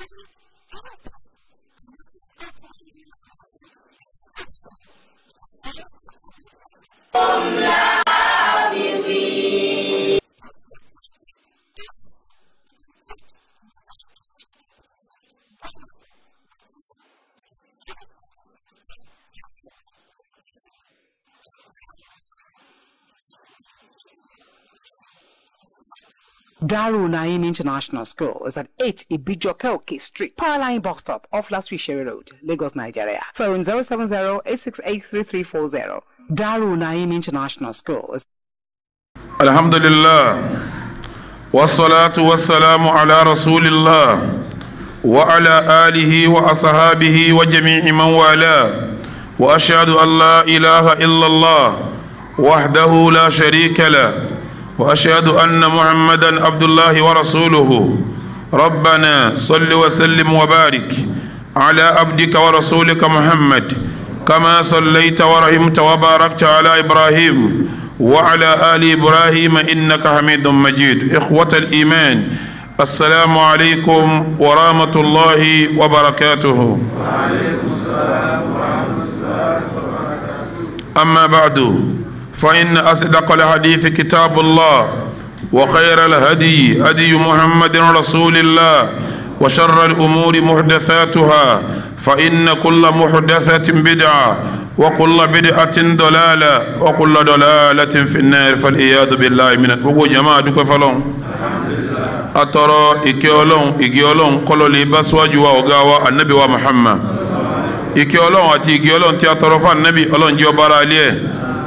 Thank you. Daru Naim International School is at 8 Ibijokeoke Street, Powerline Bus Stop, off Last Sherry Road, Lagos, Nigeria. Phone 070 868 Daru Naim International School is... Alhamdulillah. والصلاة والسلام على رسول الله وعلى آله وأصحابه وجميع من والاه وأشهد أن لا إله إلا الله وحده لا شريك له وأشهد أن محمدا عبد الله ورسوله ربنا صل وسلم وبارك على عبدك ورسولك محمد كما صليت ورحمت وباركت على إبراهيم وعلى آل إبراهيم إنك حميد مجيد إخوة الإيمان السلام عليكم ورحمة الله وبركاته وعليكم السلام ورحمة الله وبركاته أما بعد فإن أصدق الحديث كتاب الله وخير الهدي هدي محمد رسول الله وشر الأمور محدثاتها فإن كل محدثة بدعة وكل بدعة ضلالة وكل ضلالة في النار فالعياذ بالله من وقو جماعة فلون أترى إكيولون إكيولون قلوا لي بس وجوا وقاوا النبي ومحمد إكيولون أتي إكيولون تي أترى فالنبي ألون جو براليه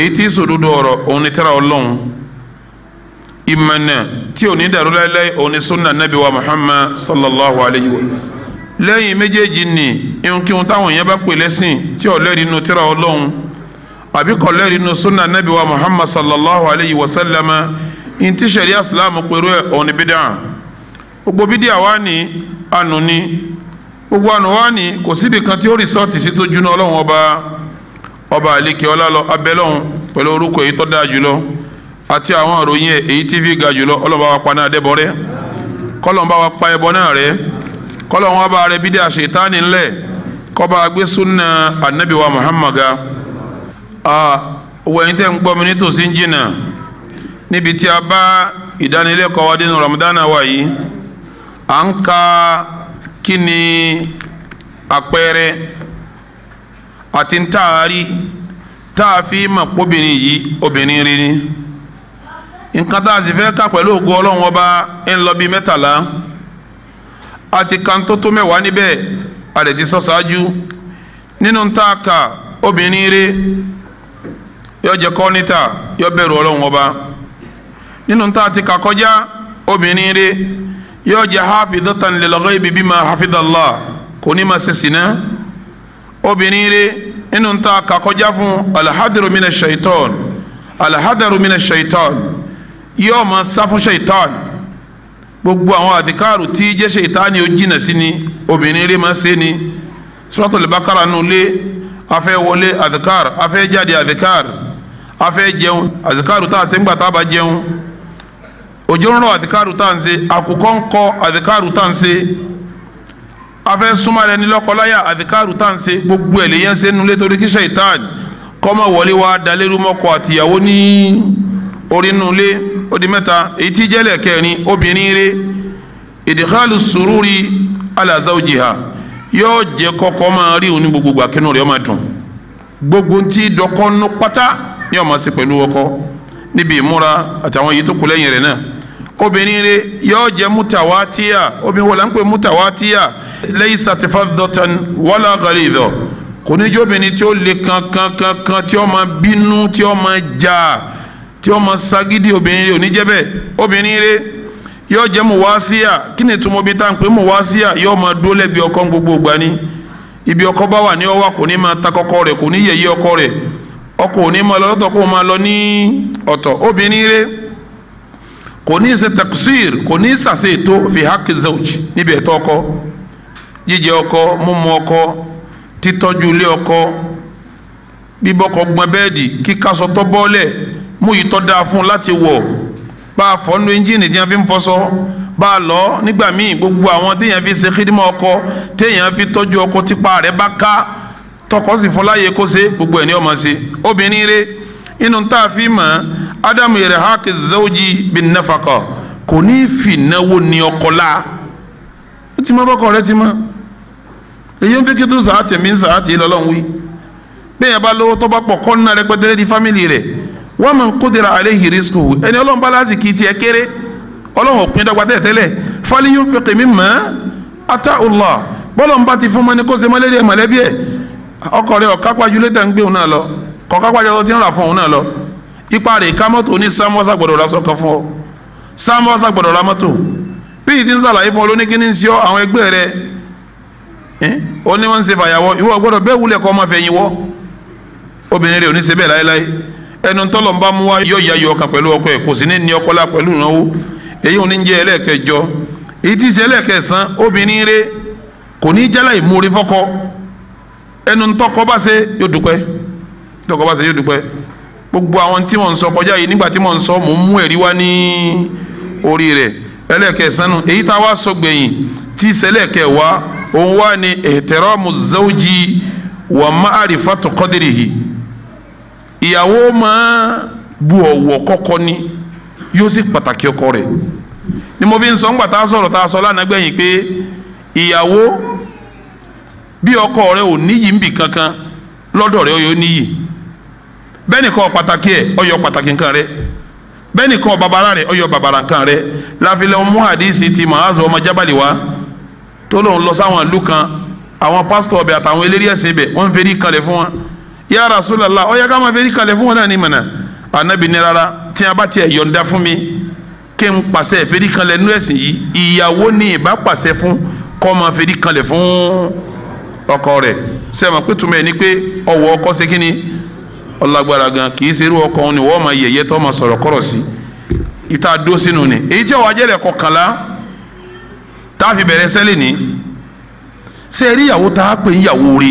èyí tí sòdodo ọ̀rọ̀ òun ni tẹ́ra ọlọ́run ìmọ̀nà tí ò ní dàrú láéláé òun ni sunna nabi wa muhammad sallallahu alayhi wa lẹ́yìn méjèèjì ni ihunkihun táwọn èèyàn bá pè lẹ́sìn tí ò lẹ́rìí nu tẹ́ra ọlọ́run àbí kò lẹ́rìí nu sunna nabi wa muhammad sallallahu alayhi wa sallam ntí sariya islam pẹ̀lú ẹ̀ òun ni bídà gbogbo bídà wa ni ànú ni gbogbo ànú wa ni kò síbi kan tí ó rìsọ́ọ̀tì sí tó júná ọlọ́run ọba. ọba àlekè ọlálọ abẹ́lọ́hún pẹ̀lú orúkọ èyí tó dáa jùlọ àti àwọn àròyìn ẹ̀ èyí tí fi ga jùlọ ọlọ́ba wa pa náà dẹ́bọ rẹ́ kọ́lọ́ba wa pa ẹbọ náà rẹ́ kọ́lọ́ba wa bá rẹ bídẹ́ àṣetánì ńlẹ̀ kọ́ba gbé súnà ànábì wa Muhammad wẹ̀yìn tẹ́ ń gbọ́ mi nítòsí ń níbi tí a bá ìdánilẹ́kọ̀ọ́ wa Ramadan wa yìí à ń ka àpẹẹrẹ àti ń taari tá a fi mọ̀ obìnrin yìí obìnrin rí ni nǹkan tá a sì fẹ́ kà pẹ̀lú ògo ọlọ́run ọba ń lọ bíi mẹ́tàlá àti kan tó tó mẹ́wàá níbẹ̀ a lè ti sọ ṣáájú nínú tá a kà obìnrin rí yóò jẹ́ kọ́nítà yóò bẹ̀rù ọlọ́run ọba nínú tá a ti kà kọjá obìnrin rí yóò jẹ́ hafidatan lil ghaibi bima hafidallah kò ní ma ṣe sìnà obìnrin rí nínú ta kakọjá fún alahadaru mina shaitan alahadaru mina shaitan yóò máa sá fún shaitan gbogbo àwọn àdìkárù tí jẹ́ shaitani ó jìnà sí ni obìnrin rí máa ṣe ni suratul bakara nù lé afẹ́ wọlé àdìkárù afẹ́ jáde àdìkárù afẹ́ jẹun àdìkárù tá a ṣe ń gbà tá a bá jẹun òjò ń rọ àdìkárù tá a ń ṣe àkùkọ ń kọ àdìkárù tá a ń ṣe afẹ́ súnmọ́ rẹ ní lọ́kọláya àdìkárù tá à ń ṣe gbogbo ẹ̀ lèyẹn ṣe nulẹ̀ torí kí ṣèitán kọ́mọ wọlé wa dalérú mọ́kọ àtìyàwó ní orí nulẹ̀ ó di mẹ́ta èyí tí jẹ́lẹ̀ kẹrin obìnrin rẹ ìdìkálù sùúrùrì ala zawjiha yóò jẹ́ kọ́kọ́ máa rí òun gbogbo àkínú rẹ̀ ọmọ dùn gbogbo ntí dọ́kọ́ nú pátá ní ọmọ sí pẹ̀lú ọkọ níbi ìmúra àtàwọn èyí tó kù lẹ́yìn rẹ̀ náà obìnrin re yóò jẹ mutawatiya obìnrin wọlé ń pè mutawatiya lẹ́yìn sàtìfà dọ̀tàn wàlà àgàlẹ̀ ìdọ̀ kò ní jẹ́ obìnrin tí ó le kankankankan tí ó máa bínú tí ó máa jà tí ó máa ságídí obìnrin rẹ ò ní jẹ́ bẹ́ẹ̀ obìnrin rẹ yóò jẹ́ muwasiya kí ni ìtumọ̀ bí tá à ń pè muwasiya yóò máa dúró lẹ́bi ọkọ gbogbo ìgbà ni ibi ọkọ bá wà ní ọwọ́ kò ní máa ta kọkọ rẹ̀ kò ní yẹ̀yẹ́ ọkọ rẹ̀ ọkọ ò ní máa lọ lọ́tọ̀ kó máa lọ ní ọ̀tọ̀ obìnrin rẹ kò ní í ṣe takusir kò ní í ṣàṣe ètò fi haki zawj níbi ẹ̀tọ́ ọkọ jíjẹ ọkọ mímu ọkọ títọ́jú ilé ọkọ bíbọ́kọ gbọn bẹ́ẹ̀dì kíkasọ tọ́ bọ́ọ̀lẹ̀ mú yìí tọ́ dáa fún láti wọ̀ bá a fọ́nú ẹ́ńjìnì tí wọ́n fi ń fọṣọ bá a lọ nígbà míì gbogbo àwọn téèyàn fi ṣe kídìmọ̀ ọkọ téèyàn fi tọ́jú ọkọ tipa rẹ̀ bá ká tọkọ sì fún láyè kó ṣe gbogbo ẹ̀ ní ọmọ ṣe obìnrin rẹ̀ inu tá fi mọ̀ ádámù yẹrẹ hákì zawji bin nafaqa kò fi náwó ní ọkọ la o ti mọ bọ́kọ rẹ ti mọ èyí ń fi kí tó sàátì mí sàátì lọ́lọ́run wí di fámìlì rẹ̀ wọ́n mọ̀ ń kódìrà alayhi rizquhu ẹni ti fún mọ́ni kó se mọ́lẹ́rì ẹ̀ mọ̀lẹ́bí ẹ̀ ọkọ̀ rẹ̀ kọ̀ọ̀kan pàjọ́ tó ti ń rà fún òun náà lọ ipa rẹ̀ ká mọ́tò ní sámọ́sà gbọ́dọ̀ ra sọ́kàn fún ọ sámọ́sà gbọ́dọ̀ ra mọ́tò bíi ti ń sàlàyé fún ọ lóníkíní ń ṣe ọ àwọn ẹgbẹ́ rẹ ó ní wọ́n ń ṣe fàyàwọ́ ìwọ gbọ́dọ̀ bẹ́ẹ̀ wulẹ̀ kọ́ ọmọ fẹ̀yìn wọ́ obìnrin rẹ̀ ò ní ṣe bẹ́ẹ̀ láéláé ẹnu tọ́lọ̀ ń bá mú wa yọ ìyá yọ pẹ̀lú ọkọ ẹ̀ kò sí ní ní ọkọ pẹ̀lú ìnáwó èyí ò ní jẹ́ ẹlẹ́ẹ̀kẹjọ èyí jẹ́ ẹlẹ́ẹ̀kẹsán obìnrin rẹ̀ kò ní jẹ́ láì múre fọ́kọ ẹnu tọ́kọ bá ṣe yóò dúpẹ́ dọ́kọ̀ bá ṣe yóò gbogbo àwọn tí mò ń sọ kọjá yìí nígbà tí mò ń sọ mò ń mú ẹ̀rí wá ní orí rẹ̀ ẹlẹ́kẹ̀sánú èyí tá a wá sọ gbẹ̀yìn tí sẹlẹ̀kẹ̀ wá òun wá bu kọkọ ni yóò sì pàtàkì ọkọ rẹ̀ ni mo fi ń sọ ńgbà tá a ọkọ ò níyì kankan lọdọ ó bẹ́ẹ̀ni kọ́ pàtàkì ẹ̀ ọyọ pàtàkì nǹkan rẹ̀ bẹ́ẹ̀ni kọ́ babara rẹ̀ ọyọ babara nǹkan rẹ̀ láfilẹ̀ ọmú àdìsí ti Mu'azu ọmọ jábàlì wa tó lóun lọ sáwọn ìlú kan àwọn pásítọ̀ ọbẹ̀ àtàwọn eléré ẹ̀sìn ibẹ̀ wọ́n ń feri kalẹ̀ fún wọn ya Rasulullah ó yẹ ká máa feri kalẹ̀ fún wọn náà ní mọ̀nà ànábì ní rárá tí a bá tiẹ̀ yọ̀ǹda fún mi kí n pàṣẹ feri kalẹ̀ nú ẹ̀sìn yìí ìyàwó ni ìbá pàṣẹ fún kó máa feri kalẹ̀ fún ọkọ rẹ̀ sẹ́wọ̀n pé ni pé ọwọ́ ọkọ ṣe kí ni ọlágbára gan kì í ṣe irú ọkọ òun ni wọ́n máa yẹ̀yẹ́ tó máa sọ̀rọ̀ kọ̀rọ̀ sí ìta dó sínú ni èyí jẹ́ wàá jẹ́rẹ̀ kọkànlá tá a fi bẹ̀rẹ̀ sẹ́lẹ̀ ní ṣe rí ìyàwó tá a pè ń yàwó rí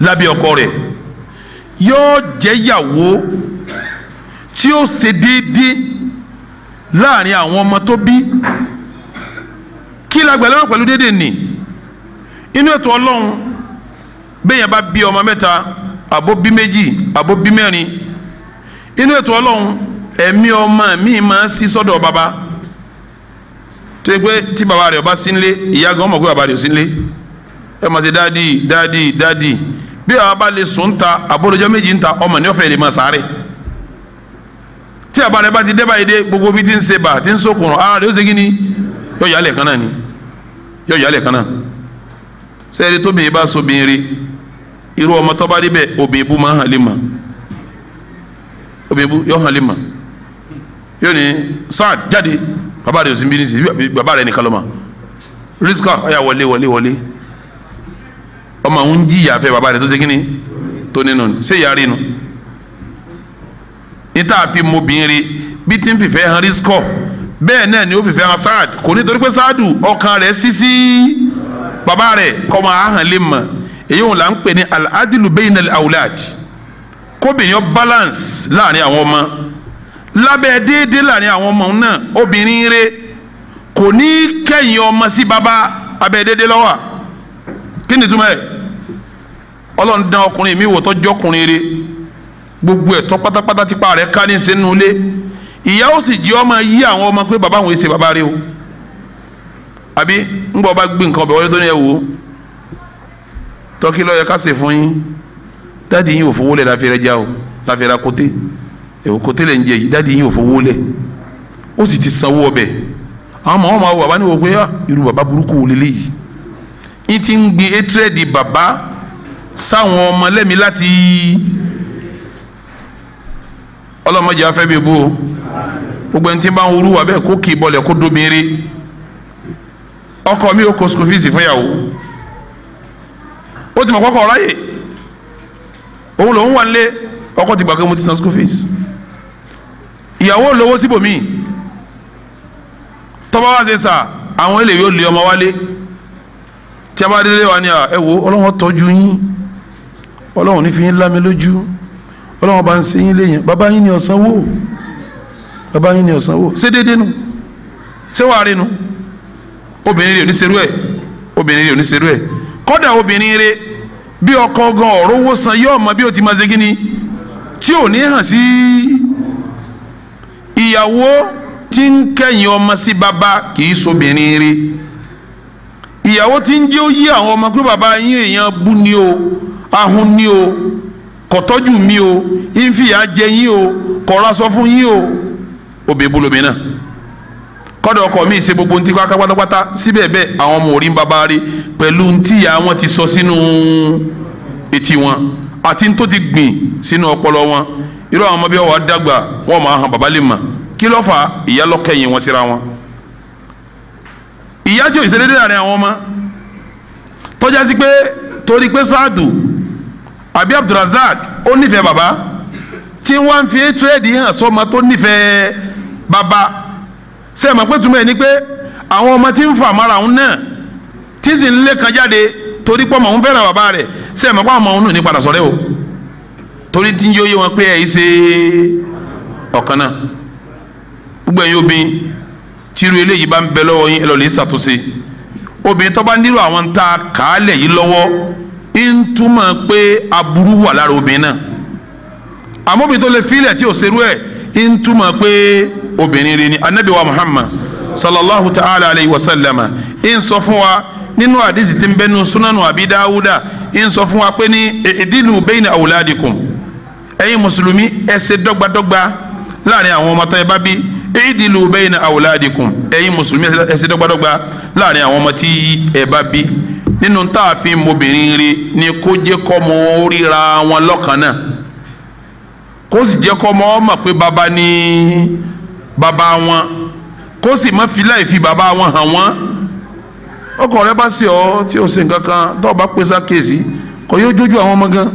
lábẹ́ ọkọ rẹ̀ yóò jẹ́ yàwó tí ó ṣe déédéé láàrin àwọn ọmọ tó bí kí lágbà pẹ̀lú déédéé nì inú ètò ọlọ́run bẹ́ẹ̀ yẹn bá bí ọmọ mẹ́ta àbó bí méjì àbó bí mẹ́rin inú ètò ọlọ́run ẹ̀mí ọmọ mi máa ń sí sọ́dọ̀ baba tó yẹ pé tí baba rẹ̀ ọba sí nílé ìyá gan mọ̀ pé baba rẹ̀ ò sí nílé ẹ mọ̀ sí dáàdì dáàdì dáàdì bí baba bá lè sùn ta àbólójọ́ méjì ń ta ọmọ ní ọ̀fẹ́ lè máa sáré tí baba rẹ̀ bá ti dé báyìí dé gbogbo bí ti ń ṣe bà ti ń sókùnrùn ara rẹ̀ ó ṣe ni yóò yálẹ̀ kan náà ni yóò yálẹ̀ kan náà sẹ́yìn tóbi yìí bá so bìnrin irú ọmọ tó bá débẹ̀ òbí ibú máa hàn lè mọ̀ òbí ibú yóò hàn lè mọ̀ yóò ní Saad jáde bàbá rẹ̀ òsínbí ní sí bàbá rẹ̀ nìkan lọ́mọ Rizka ọ̀yà wọlé wọlé wọlé ọmọ àwọn ń jìyà fẹ́ bàbá rẹ̀ tó ṣe kí ni tó nínú ni ṣé ìyá rí nu níta àfi mobìnrin bí tí ń fìfẹ́ hàn Rizkọ bẹ́ẹ̀ náà ni ó fìfẹ́ hàn Saad kò ní torí pé Saadu ọkàn rẹ̀ sí bàbá rẹ̀ kọ́ máa hàn lè mọ̀ èyí wọn là ń pè ní al-adilu bayna al-awlad kóbìnrin balance láàrin àwọn ọmọ lábẹ́ déédéé láàrin àwọn ọmọ náà obìnrin rẹ̀ kò ní kẹ́yìn ọmọ sí baba abẹ́ déédéé lọ́wọ́ kí ni túmọ̀ ẹ̀ ọlọ́run dán ọkùnrin mi wò tọ́jú ọkùnrin rẹ̀ gbogbo ẹ̀tọ́ pátápátá tipa rẹ̀ ká ní sínú ilé ìyá ó sì jẹ́ ọmọ yí àwọn ọmọ pé baba àwọn èsè baba rẹ̀ o àbí ńgbọ́ bá gbé nǹkan ọbẹ̀ wọlé tó ní ẹ wò ó tọ́kí lọ́yẹ ká ṣe fún yín dáàdi yín ò fowó lẹ̀ láfẹ́rẹ́ já o láfẹ́rẹ́ kóté èwo kóté lẹ̀ ń jẹ yìí dáàdi yín ò fowó lẹ̀ ó sì ti sanwó ọbẹ̀ àwọn ọmọ wọn máa wọ bàbá ní wo pé ah, irú bàbá burúkú wò lélẹ́yìí yín ti ń gbin étrèdì bàbá sáwọn ọmọ lẹ́mi láti ọlọ́mọdé afẹ́mi bò gbogbo ẹni tí ń bá ń wúrú bẹ́ẹ̀ kó kì í bọlẹ̀ kó dómi eré ọkọ mi ò kó school fún yàwó ó ti mọ̀ kọ́kọ́ ráyè òun lòun wà nílé ọkọ ti gbà pé mo ti san school fees ìyàwó lówó síbòmíì tọ́ba wá ṣe sà àwọn ilé yóò lé ọmọ wálé tí a bá délé wa ni à ẹ wo ọlọ́run tọ́jú yín ọlọ́run ní fi yín lámi lójú ọlọ́run bá ń ṣe yín léyìn bàbá yín ni ọ̀sán wò bàbá yín ni ọ̀sán wò ṣé déédéé nu ṣé wàá rí nu obìnrin rè oníṣerú ẹ obìnrin rè oníṣerú ẹ kọ́dà obìnrin rẹ bí ọkọ gan ọ̀rọ̀ owó san yóò mọ bí o ti máa ṣe kíni tí ò ní hàn sí ìyàwó tí ń kẹ́yìn ọmọ sí bàbá kì í sobìnrin rẹ ìyàwó tí ń jẹ́ ó yí àwọn ọmọ pé bàbá yín èèyàn bú ni o ahun ni o kọ̀tọ́jú mi o ìfìyà jẹ yín o kọ̀ra sọ fún yín o òbí bulomi náà kọ́dọ̀ ọkọ mi ṣe gbogbo ntí ká pátápátá síbẹ̀ bẹ́ẹ̀ àwọn ọmọ òrí ń bàbá rí pẹ̀lú ntí ìyá wọn ti sọ sínú etí wọn àti tó ti gbìn sínú ọpọlọ wọn irú àwọn ọmọ bí wọn dàgbà wọn máa hàn bàbá lè mà kí ló fà ìyá lọ́kẹ́yìn wọn síra wọn. ìyá tí òṣèré dé àárín àwọn ọmọ tọ́já sí pé torí pé sáàdù àbí abdulrasaq ó nífẹ̀ẹ́ bàbá tí wọ́n fi é hàn sọ́mọ tó nífẹ̀ẹ́ bàbá ṣe é mọ̀ pé túmọ̀ ẹ̀ ni pé àwọn ọmọ tí ń fà mọ́ra òun náà tí sì ń lé kan jáde torí pọ́ mọ̀ òun fẹ́ràn bàbá rẹ̀ ṣe é mọ̀ pé àwọn ọmọ òun nù ní padà sọ̀rẹ́ o torí tí ń yóò yé wọn pé ẹ̀ ṣe ọ̀kan náà gbogbo ẹ̀yin obìnrin tíru eléyìí bá ń bẹ lọ́wọ́ yín ẹ lọ́ọ́ obìnrin tó bá nílò àwọn ń ta kàálẹ̀ yìí lọ́wọ́ ń túmọ̀ pé aburú wà lára obìnrin náà àmọ́ obìnrin tó lè fílẹ̀ tí ò ṣerú ẹ̀ ń túmọ̀ pé obìnrin rẹ ni anabi muhammad sallallahu ta'ala alayhi wa sallama ń sọ fún wa nínú àdìsí tí ń bẹnu sunanu àbí dáwúdà ń sọ fún wa pé ní ìdílù bẹ́yìn àwòládìkùn ẹ̀yin mùsùlùmí ẹ ṣe dọ́gbadọ́gba láàrin àwọn ọmọ tó ẹ bá bí ìdílù bẹ́yìn àwòládìkùn ẹ̀yin mùsùlùmí ẹ dọ́gbadọ́gba láàrin àwọn ọmọ tí ẹ bá bí nínú táàfin mobìnrin rí ni kó jẹ́ kọ́ mọ́ ríra wọn lọ́kàn náà kó sì jẹ́ kọ́ ọmọ ọmọ pé baba ni baba wọn kó sì má fi láì baba wọn hàn wọ́n ọkọ rẹ bá ṣe ọ tí o ṣe nǹkan kan tó o bá pè sá kéèsì kò yóò jójú àwọn ọmọ gan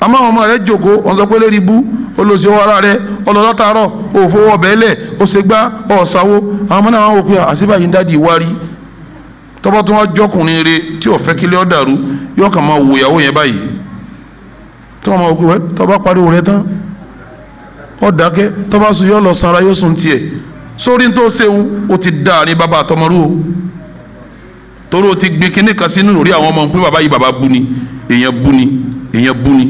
àmọ́ àwọn ọmọ rẹ jòkó wọn sọ pé lórí ibú olóòsì owó ara rẹ ọlọ́lọ́tàárọ̀ òfowó ọbẹ̀ lẹ̀ òṣègbà ọ̀sáwó àwọn ọmọ náà wọn wò pé àṣìbáyé ń dádì ìwárí tọ́bọ́ tí wọ́n jọkùnrin rẹ tí ò fẹ́ kílẹ̀ ọ̀dàrú yóò kàn máa wò ìyàwó yẹn báyìí tí wọ́n máa wò pé tó bá pariwo rẹ tán ó dákẹ́ tó bá sùn yóò lọ sanra yóò sùn tiẹ̀ sórí tó ṣeun ó ti dá àárín bàbá àtọmọrú o torí o ti gbin kínní kan sínú lórí àwọn ọmọ pé bàbá yìí bàbá bu ni èèyàn bu ni èèyàn bu ni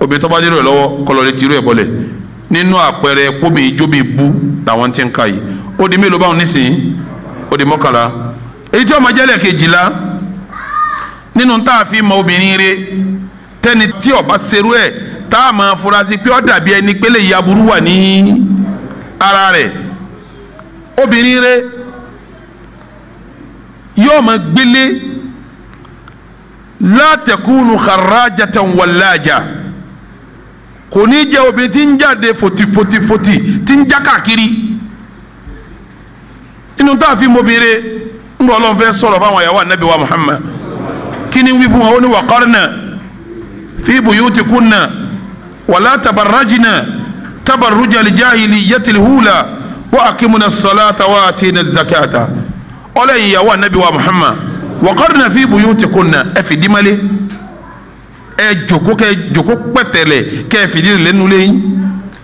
obìnrin tó bá dérò ẹ lọ́wọ́ kọlọ̀ lè tirú ẹ bọ́lẹ̀ nínú àpẹẹrẹ pómi ìjóbi bu làwọn ti ń ka yìí ó di mélòó báwọn nísìnyí ó di mọ́kànlá èyí tí wọ́n máa jẹ́ nínú tá a fi mọ obìnrin re tẹ́ni tí ọba serú ẹ̀ tá a máa fura sí pé ó dàbí ẹni pélé yaburú wà ní ara rẹ̀ obìnrin re yóò máa gbélé látẹkùnù kharajatan wàlájà kò ní jẹ́ obìnrin tí ń jáde fòtìfòtìfòtì tí ń já káàkiri inú tá a fi mọ obìnrin re ń bọ̀ ọlọ́run fẹ́ sọ̀rọ̀ fáwọn àyàwó ànábì Muhammad kíni wí fún wa ó ní waqarna fi buyutikunna wala tabarrajna tabarrujal jahiliyyatil hula wa akimuna salata wa atina zakata ọlẹ́ ìyàwó anabi wa muhammad waqarna fi buyutikunna ẹ fi dimale ẹ joko kẹ joko pẹ̀tẹ̀lẹ̀ kẹ fi di lẹ́nu lẹ́yìn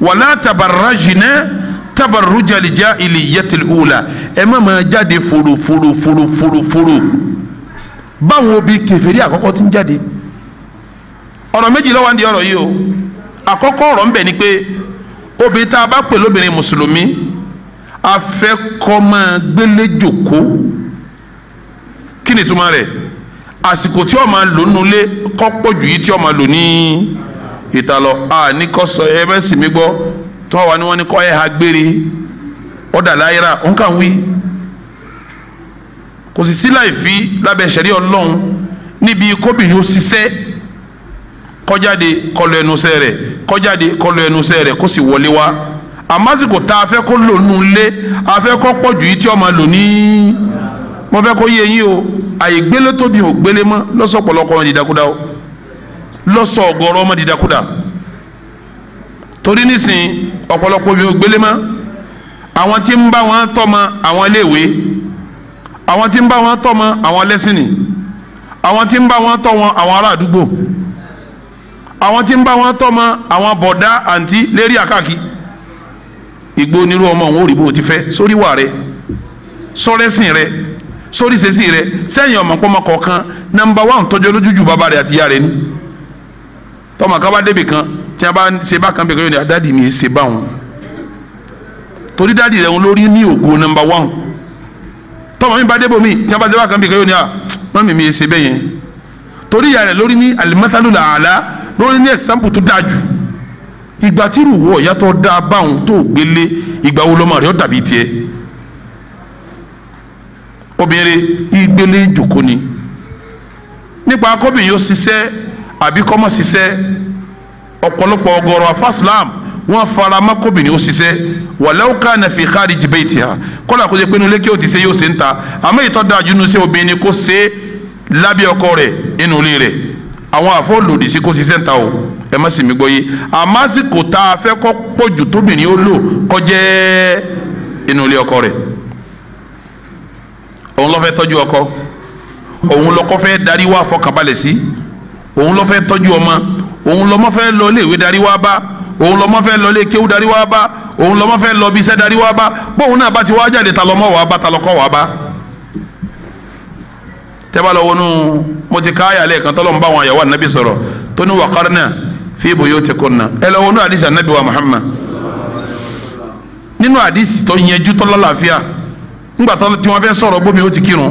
wala tabarrajna tabarrujal jahiliyyatil hula ẹ má ma jáde fòrò fòrò fòrò fòrò fòrò báwọn obi kèfèrí àkọ́kọ́ ti ń jáde ọ̀rọ̀ méjì ló wà nídìí ọ̀rọ̀ yìí o àkọ́kọ́ ọ̀rọ̀ ń bẹ ni pé obì tá a bá pè lóbìnrin mùsùlùmí afẹ́kọ́ máa gbélé jòkó kí ni ìtumọ̀ rẹ̀ àsìkò tí ó máa lò yìí tí ó máa ní ìta lọ a ní kọ́ sọ ẹ bẹ́ẹ̀ sì mí gbọ́ tí wọ́n wà ní wọ́n ní ha gbére ọ̀dà láyéra òǹkà wí kò sì sí láì fi lábẹ́ ṣẹ̀rí ọlọ́run níbi kóbìnrin ó ṣiṣẹ́ kọjáde kọlọ ẹnusẹ rẹ̀ kọjáde kọlọ ẹnusẹ rẹ̀ kó sì wọlé wá àmásìkò tá a fẹ́ kó lò nù lé a fẹ́ kó pọ̀ ju yìí tí ọmọ lò ní mo fẹ́ kó yé yín o àìgbélé tóbi ò gbélé mọ́ lọ́sọ̀ ọ̀pọ̀lọpọ̀ ọmọ dìdakuda o lọ́sọ̀ ọ̀gọ̀rọ̀ ọmọ dìdakuda torí nísìn ọ̀pọ̀lọpọ̀ ò gbélé mọ́ àwọn tí ń bá wọn tọ́ mọ àwọn iléèwé àwọn tí ń bá wọn tọ́ mọ àwọn lẹ́sìn ni àwọn tí ń bá wọn tọ́ wọn àwọn ará àdúgbò àwọn tí ń bá wọn tọ́ mọ àwọn bọ̀dá àǹtí lérí àkàkí ìgbó onírú ọmọ òun ò rí bó o ti fẹ́ sórí wà rẹ sọ́rẹ́sìn rẹ sórí sẹ́sìn rẹ sẹ́yìn ọmọ pọ́nmọ kọ̀ọ̀kan nọmba wà ń tọ́jú olójújù bàbá rẹ àti ìyá rẹ ni tọmọ kaba débì kan tí a bá ṣe bákan bẹ̀rẹ̀ yóò ní adádì mi ṣe báwọn torí dádì rẹ̀ ń lórí ní ògo nọmba wàn tọ́mọ mi bá dé bomi tí wọ́n bá débà kan bí kan yóò ní à ah, wọ́n mímí ẹsẹ̀ bẹ́ẹ̀ yẹn torí ìyá rẹ̀ lórí ní alimẹ́tàlú làálá lórí ní ẹ̀sánpù tó dáa jù ìgbà tí ìrù wọ̀ yàtọ̀ dáa báwọn tó gbélé ìgbà wo lọ́mọ rẹ̀ ó dàbí tiẹ̀ obìnrin ìgbélé jòkó ni nípa akọ́bìnrin yóò ṣiṣẹ́ àbí kọ́mọ́ ṣiṣẹ́ ọ̀pọ̀lọpọ̀ ọgọ́rọ̀ afásílámù wọ́n fara mọ́ kóbìnrin ó ṣiṣẹ́ wàlẹ́wò ká nàfi kharij baytiha kọ́lá kó jẹ́ pé inú ilé kí ó ti ṣe yóò ṣe ń ta àmọ́ ìtọ́ da àjùnú sí obìnrin kó ṣe lábẹ́ ọkọ rẹ̀ inú ilé rẹ̀ àwọn àfọ lòdì sí kó ṣiṣẹ́ ń ta o ẹ má sì mí gbọ́ yé àmọ́ àsìkò tá a fẹ́ kọ́ pọ̀jù tóbìnrin ó lò kó jẹ́ inú ilé ọkọ rẹ̀ òun ló fẹ́ tọ́jú ọkọ òun lọkọ fẹ́ darí wá fọkàbalẹ̀ sí òun ló tọ́jú ọmọ òun lọmọ fẹ́ lọ iléèwé darí wá bá òun lọ́mọ fẹ́ lọ lé kéwú darí wá bá òun lọ́mọ fẹ́ lọ bí iṣẹ́ darí wá bá bóun náà bá ti wá jáde ta lọ́mọ wá bá ta lọ́kọ́ wá bá. tẹ́bà lọ wọnú mo ti ká àyàlẹ̀ kan tọ́lọ́ ń bá àwọn àyàwó ànábì sọ̀rọ̀ tó ní wàkárínà fi buyutikunna ẹ lọ wọnú àdìsí ànábì wa Muhammad nínú àdìsí tó yẹjú tọ́lọ́ làáfíà ńgbà tí wọ́n fẹ́ sọ̀rọ̀ bómi ó ti kírun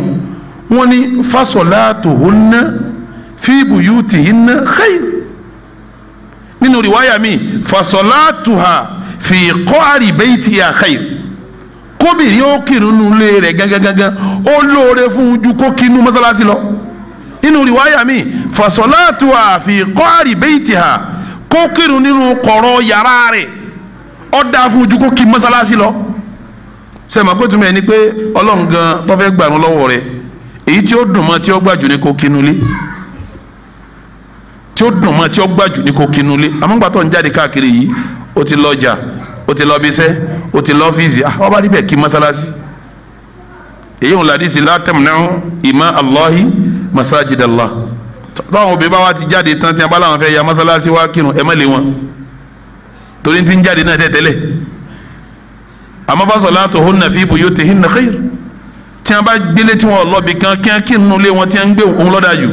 wọ́n ní fasolatuhunna fi buyutihinna khair nínú riwaya mi fasolatuha fi qari baytiha khair kóbìnrin ó kírun nínú ilé rẹ̀ gángangangan ó lóore fún un ju kó kí inú mọ́sálásí lọ nínú riwaya mi fasolatuha fi qari baytiha kó kírun nínú kọ̀rọ̀ yàrá rẹ̀ ó dáa fún un ju kó kí mọ́sálásí lọ sẹ́mi àpótúmọ̀ ẹni pé ọlọ́run gan tó gbàrún lọ́wọ́ rẹ̀ èyí tí ó dùn mọ́ tí ó gbàjù ni kó kínú lé tí ó dùn mọ́ tí ó gbàjù ní kò kinu lé amúgbàtọ̀ ń jáde káàkiri yìí ó ti lọ ọjà ó ti lọ ó ti lọ ọ́fíìsì ah, ọba níbẹ̀ kí mọ́sálásí èyí ń ladí sí látẹ̀mùnáwó ìmọ̀ Allahi masajid Allah báwọn obìnrin bá wa ti jáde tán tí a bá làwọn fẹ́ ya mọ́sálásí wá kírun ẹ̀ mọ́lẹ̀ wọn torí ti ń jáde náà tẹ́tẹ́lẹ̀ àmọ́ fasolatuhunna fi buyutihinna khair tí a bá gbélé tí wọn lọ́ọ̀bì kan kí n kí n nulẹ̀ wọn tí a ń gbé òun lọ́dà jù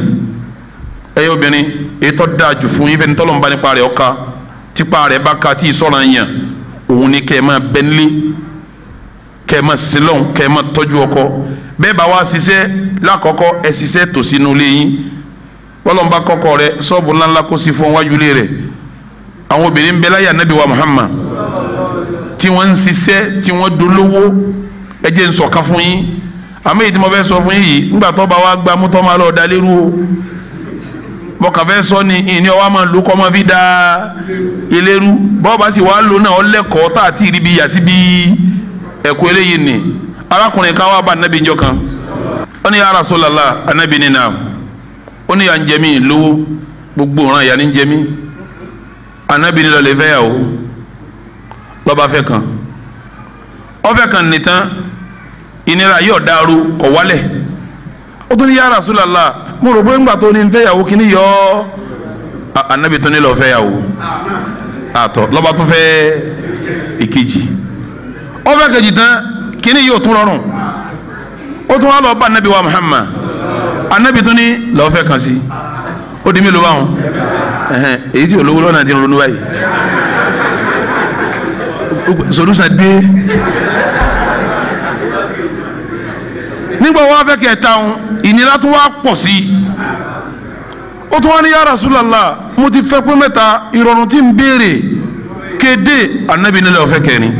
ẹ̀yẹ obìnrin ètò dájú fún yín fẹ́ni tọ́lọ́n bá nípa rẹ̀ ọ̀ka tipa rẹ̀ bá ka tí ì sọ̀rọ̀ yàn òun ni kẹ́ ẹ máa bẹ́ńlé kẹ́ ẹ máa sílọ̀n kẹ́ ẹ máa tọ́jú ọkọ bẹ́ẹ̀ bá wá ṣiṣẹ́ lákọ̀ọ́kọ́ ẹ ṣiṣẹ́ tòsínú ilé yín wọ́lọ́n bá kọ́kọ́ rẹ sọ́ọ̀bù ńláńlá kó sí fún wájú ilé rẹ̀ àwọn obìnrin bẹ́ẹ̀ láyà nábì wa Muhammad tí wọ́n ń ṣiṣẹ́ tí wọ́n dolówó ẹ jẹ́ n sọ̀kan fún yín àmì ìdí mo fẹ́ sọ fún yín mọ̀kànfẹ́ sọ ni ìní ọwọ́ máa lu kọ́ máa fi da eléru bọ́ọ̀bá sì wàá lò náà ọlẹ́kọ̀ọ́ tá àti ìríbi yàsí bí ẹ̀kọ́ eléyìí ni arákùnrin kan wá bá anabi njọ kan ó ní ya Rasulullah anabi nínà ó ní yà ń jẹ lówó gbogbo ọ̀ràn yà ní ń anabi nílò lè fẹ́ yà o lọ́ba fẹ́ kan ọfẹ́ kan nìtàn ìnira yóò dàrú kọ̀ wálẹ̀ ó tún ní mo rò pé ńgbà tó ní fẹ́yàwó kí ni yọ anabi tó ní lọ fẹ́yàwó àtọ̀ lọ́ba tó fẹ́ ìkejì ọ̀fẹ́ kejì tán kí ni yóò tún rọrùn ó tún wá lọ bá anabi wa Muhammad anabi tó ní lọ́ọ́ fẹ́ kan sí ó di mí ló bá wọn èyí tí olówó lọ́nà ti ronú báyìí solusa dé nígbà wọn fẹ́ kẹta wọn ìnira tó wá pọ̀ sí i ó tún wá ní ya Rasulullah mo ti fẹ́ pé mẹ́ta ìrọ̀rùn tí ń béèrè kéde anabi nílẹ̀ ọ̀fẹ́ kẹrin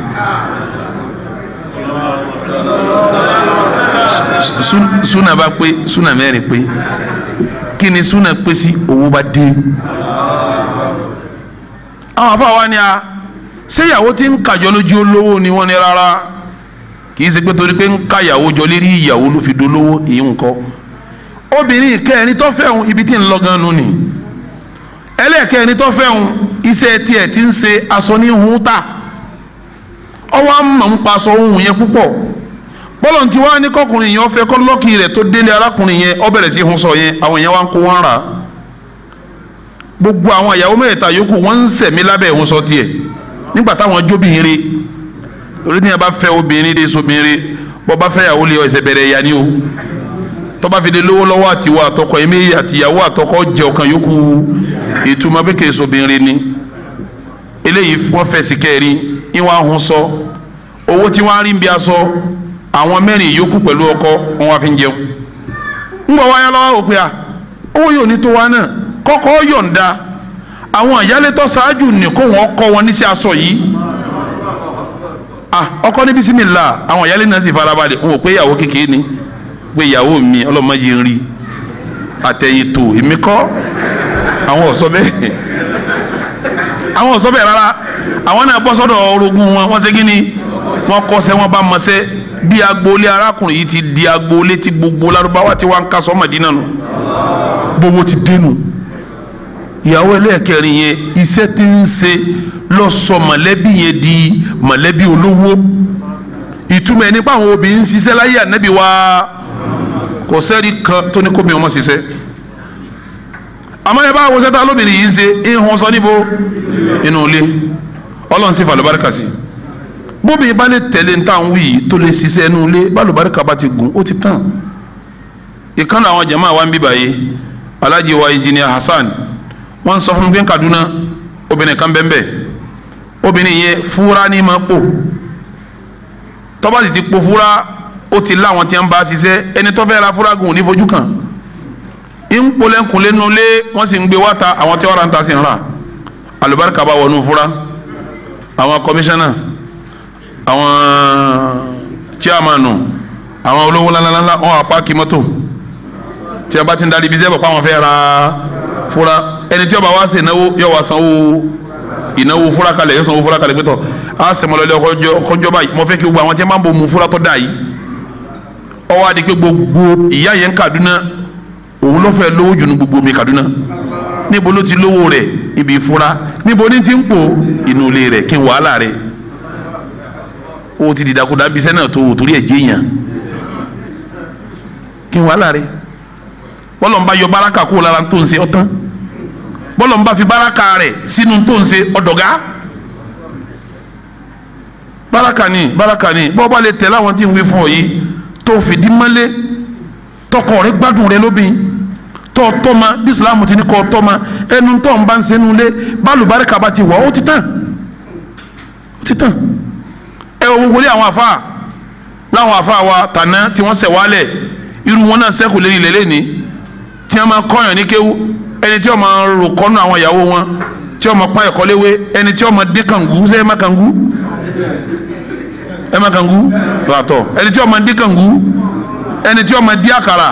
súnà bá pé súnà mẹ́rin pé kí ni súnà pé sí owó bá dé àwọn afọ àwa ni a ṣé ìyàwó ti ń kàjọ lójú olówó ni wọ́n ní rárá. kìí se ṣe pé torí pé ń káyàwó jọ lérí ìyàwó ló fi dolówó èyí ń kọ́ obìnrin kẹrin ibi tí ń lọ gan nu ni ẹlẹ́ẹ̀kẹrin tó fẹ́hùn iṣẹ́ ti ń ṣe aṣọ ní hun ta ọwọ́ á mọ̀ ń pa ohun yẹn púpọ̀ bọ́lọ̀ tí wọ́n ní kọkùnrin yẹn ọ̀fẹ́ kọ́ lọ́ọ̀kì tó délé arákùnrin yẹn wọn rà gbogbo àwọn ìyàwó yòókù ń torí tí yẹn bá fẹ́ obìnrin de sobìnrin bọ́ bá fẹ́ yàwó lé ọ ẹsẹ̀ bẹ̀rẹ̀ yanni o tọ́ba fi de lówó lọ́wọ́ àtiwọ́ àtọkọ yìí méjì àtìyàwó àtọkọ jẹ ọ̀kan yòókù ìtumọ̀ pé kèé sobìnrin ni eléyìí wọ́n fẹ̀sì kẹrin ìwọ̀n ahun sọ owó tí wọ́n á rí bí aṣọ àwọn mẹ́rin yòókù pẹ̀lú ọkọ wọn wá fi ń jẹun ń bọ̀ wáyà lọ́wọ́ òpin à owó yóò ní tó wá náà kọ́kọ́ yọ̀ǹda àwọn ìyálétọ́ ṣáájú nìkó wọn kọ́ wọn níṣẹ́ aṣọ yìí Ah, ọkọ ní bisimilah àwọn ìyáálé náà sì farabalẹ̀ wọn ò pé ìyàwó kékeré ni pé ìyàwó mi ọlọ́mọ yìí ń rí àtẹ̀yìn tó èmi kọ́ àwọn ò sọ bẹ́ẹ̀ àwọn ò sọ bẹ́ẹ̀ rárá àwọn náà bọ́ sọ́dọ̀ orogún wọn wọ́n ṣe kí ni wọ́n kọ́ṣẹ́ wọ́n bá mọṣẹ́ bí agboolé arákùnrin yìí ti di agboolé tí gbogbo Lárúbáwá ti wá ń kásọ̀ Mádínà nù gbogbo ti dénú. No ìyàwó ẹlẹ́ẹ̀kẹrin yẹn iṣẹ́ tí ń ṣe lọ sọ mọ̀lẹ́bí yẹn di mọ̀lẹ́bí olówó ìtumọ̀ ẹni pé àwọn obìnrin ń ṣiṣẹ́ láyé ànábì wa kò sẹ́ni kan tó ní kó mi ọmọ ṣiṣẹ́ àmọ́ ẹ bá wo sẹ́ta lóbìnrin yìí ń ṣe ihun sọ níbo inú ilé ọlọ́run sì fàlùbáríkà sí bóbi bá lè tẹ̀lé ní táwọn wí tó lè ṣiṣẹ́ inú ilé bálùbáríkà bá ti gùn ó ti tàn ìkànnì àwọn jàmáà wa ń bíbà yìí alájí wa Hasan wọ́n sọ fún mi pé Kaduna obìnrin kan bẹ́ẹ̀ bẹ́ẹ̀ obìnrin yẹn fúra ní máa pò tó bá sì ti po fúra ó ti láwọn tí ń bá ṣiṣẹ́ ẹni tó fẹ́ ra fúra gùn ní fojú kan ń polẹ́kùn lẹ́nu lé wọ́n sì ń gbé wá ta àwọn tí wọ́n ra ń ta sí ń rà bá wọnú fúra àwọn kọmíṣánná àwọn chairmanu àwọn olówó ńláńláńlá wọn àpá kí mọ́tò tí wọ́n bá ti ń darí ibi sẹ́bọ̀ pa àwọn fẹ́ ra fúra ẹni tí ó bá wá ṣe ìnáwó yóò wá sanwó ìnáwó fúra kalẹ̀ yóò sanwó fúra kalẹ̀ pé tọ̀ á sẹ̀mọ́lẹ́lẹ́ ọkọ̀jọ́ báyìí mo fẹ́ kí gbogbo àwọn tí wọ́n máa ń bò mú fúra tó yìí ó wá gbogbo ìyá yẹn Kaduna òun ló lówó jù gbogbo mi Kaduna níbo ló ti lówó rẹ̀ ibi ìfura níbo ní ti ń pò inú ilé rẹ̀ kí n wàhálà rẹ̀ o ti dìdàkudà bí sẹ́nà tó o torí ẹ̀ jẹ́yàn kí n wàhálà rẹ̀ bọ́lọ̀ ń bá yọ báraka kó o lára tó ń ṣe ọ̀tán bọ́lọ̀ ń bá fi báraka rẹ̀ sínú tó ń ṣe ọ̀dọ̀gá báraka ni báraka ni bọ́ bá lè tẹ̀ láwọn tí ń wí fún ọ yìí tó fìdí mọ́lé tọkọ rẹ gbádùn rẹ lóbìn tọ́ tọ́ma bí Islam ti ní kọ́ tọ́ma ẹnu tọ́ ń bá ń sẹ́nu lé bálù báraka bá ti wọ̀ ó ti tàn ó ti tàn ẹ wo wọlé àwọn àfa láwọn àfa wa tàná tí wọ́n sẹ̀ wálẹ̀ irú wọn náà sẹ́kù lé ilẹ̀ tí wọ́n máa kọ́yàn ní kéwú ẹni tí ó máa rò kọ́nù àwọn ìyàwó wọn tí ó máa pọ́n ẹ̀kọ́ léwé ẹni tí ó máa dín kàngú ṣé ẹ má kàngú ẹ má kàngú làtọ̀ ẹni tí ó máa dín kàngú ẹni tí ó máa dín àkàrà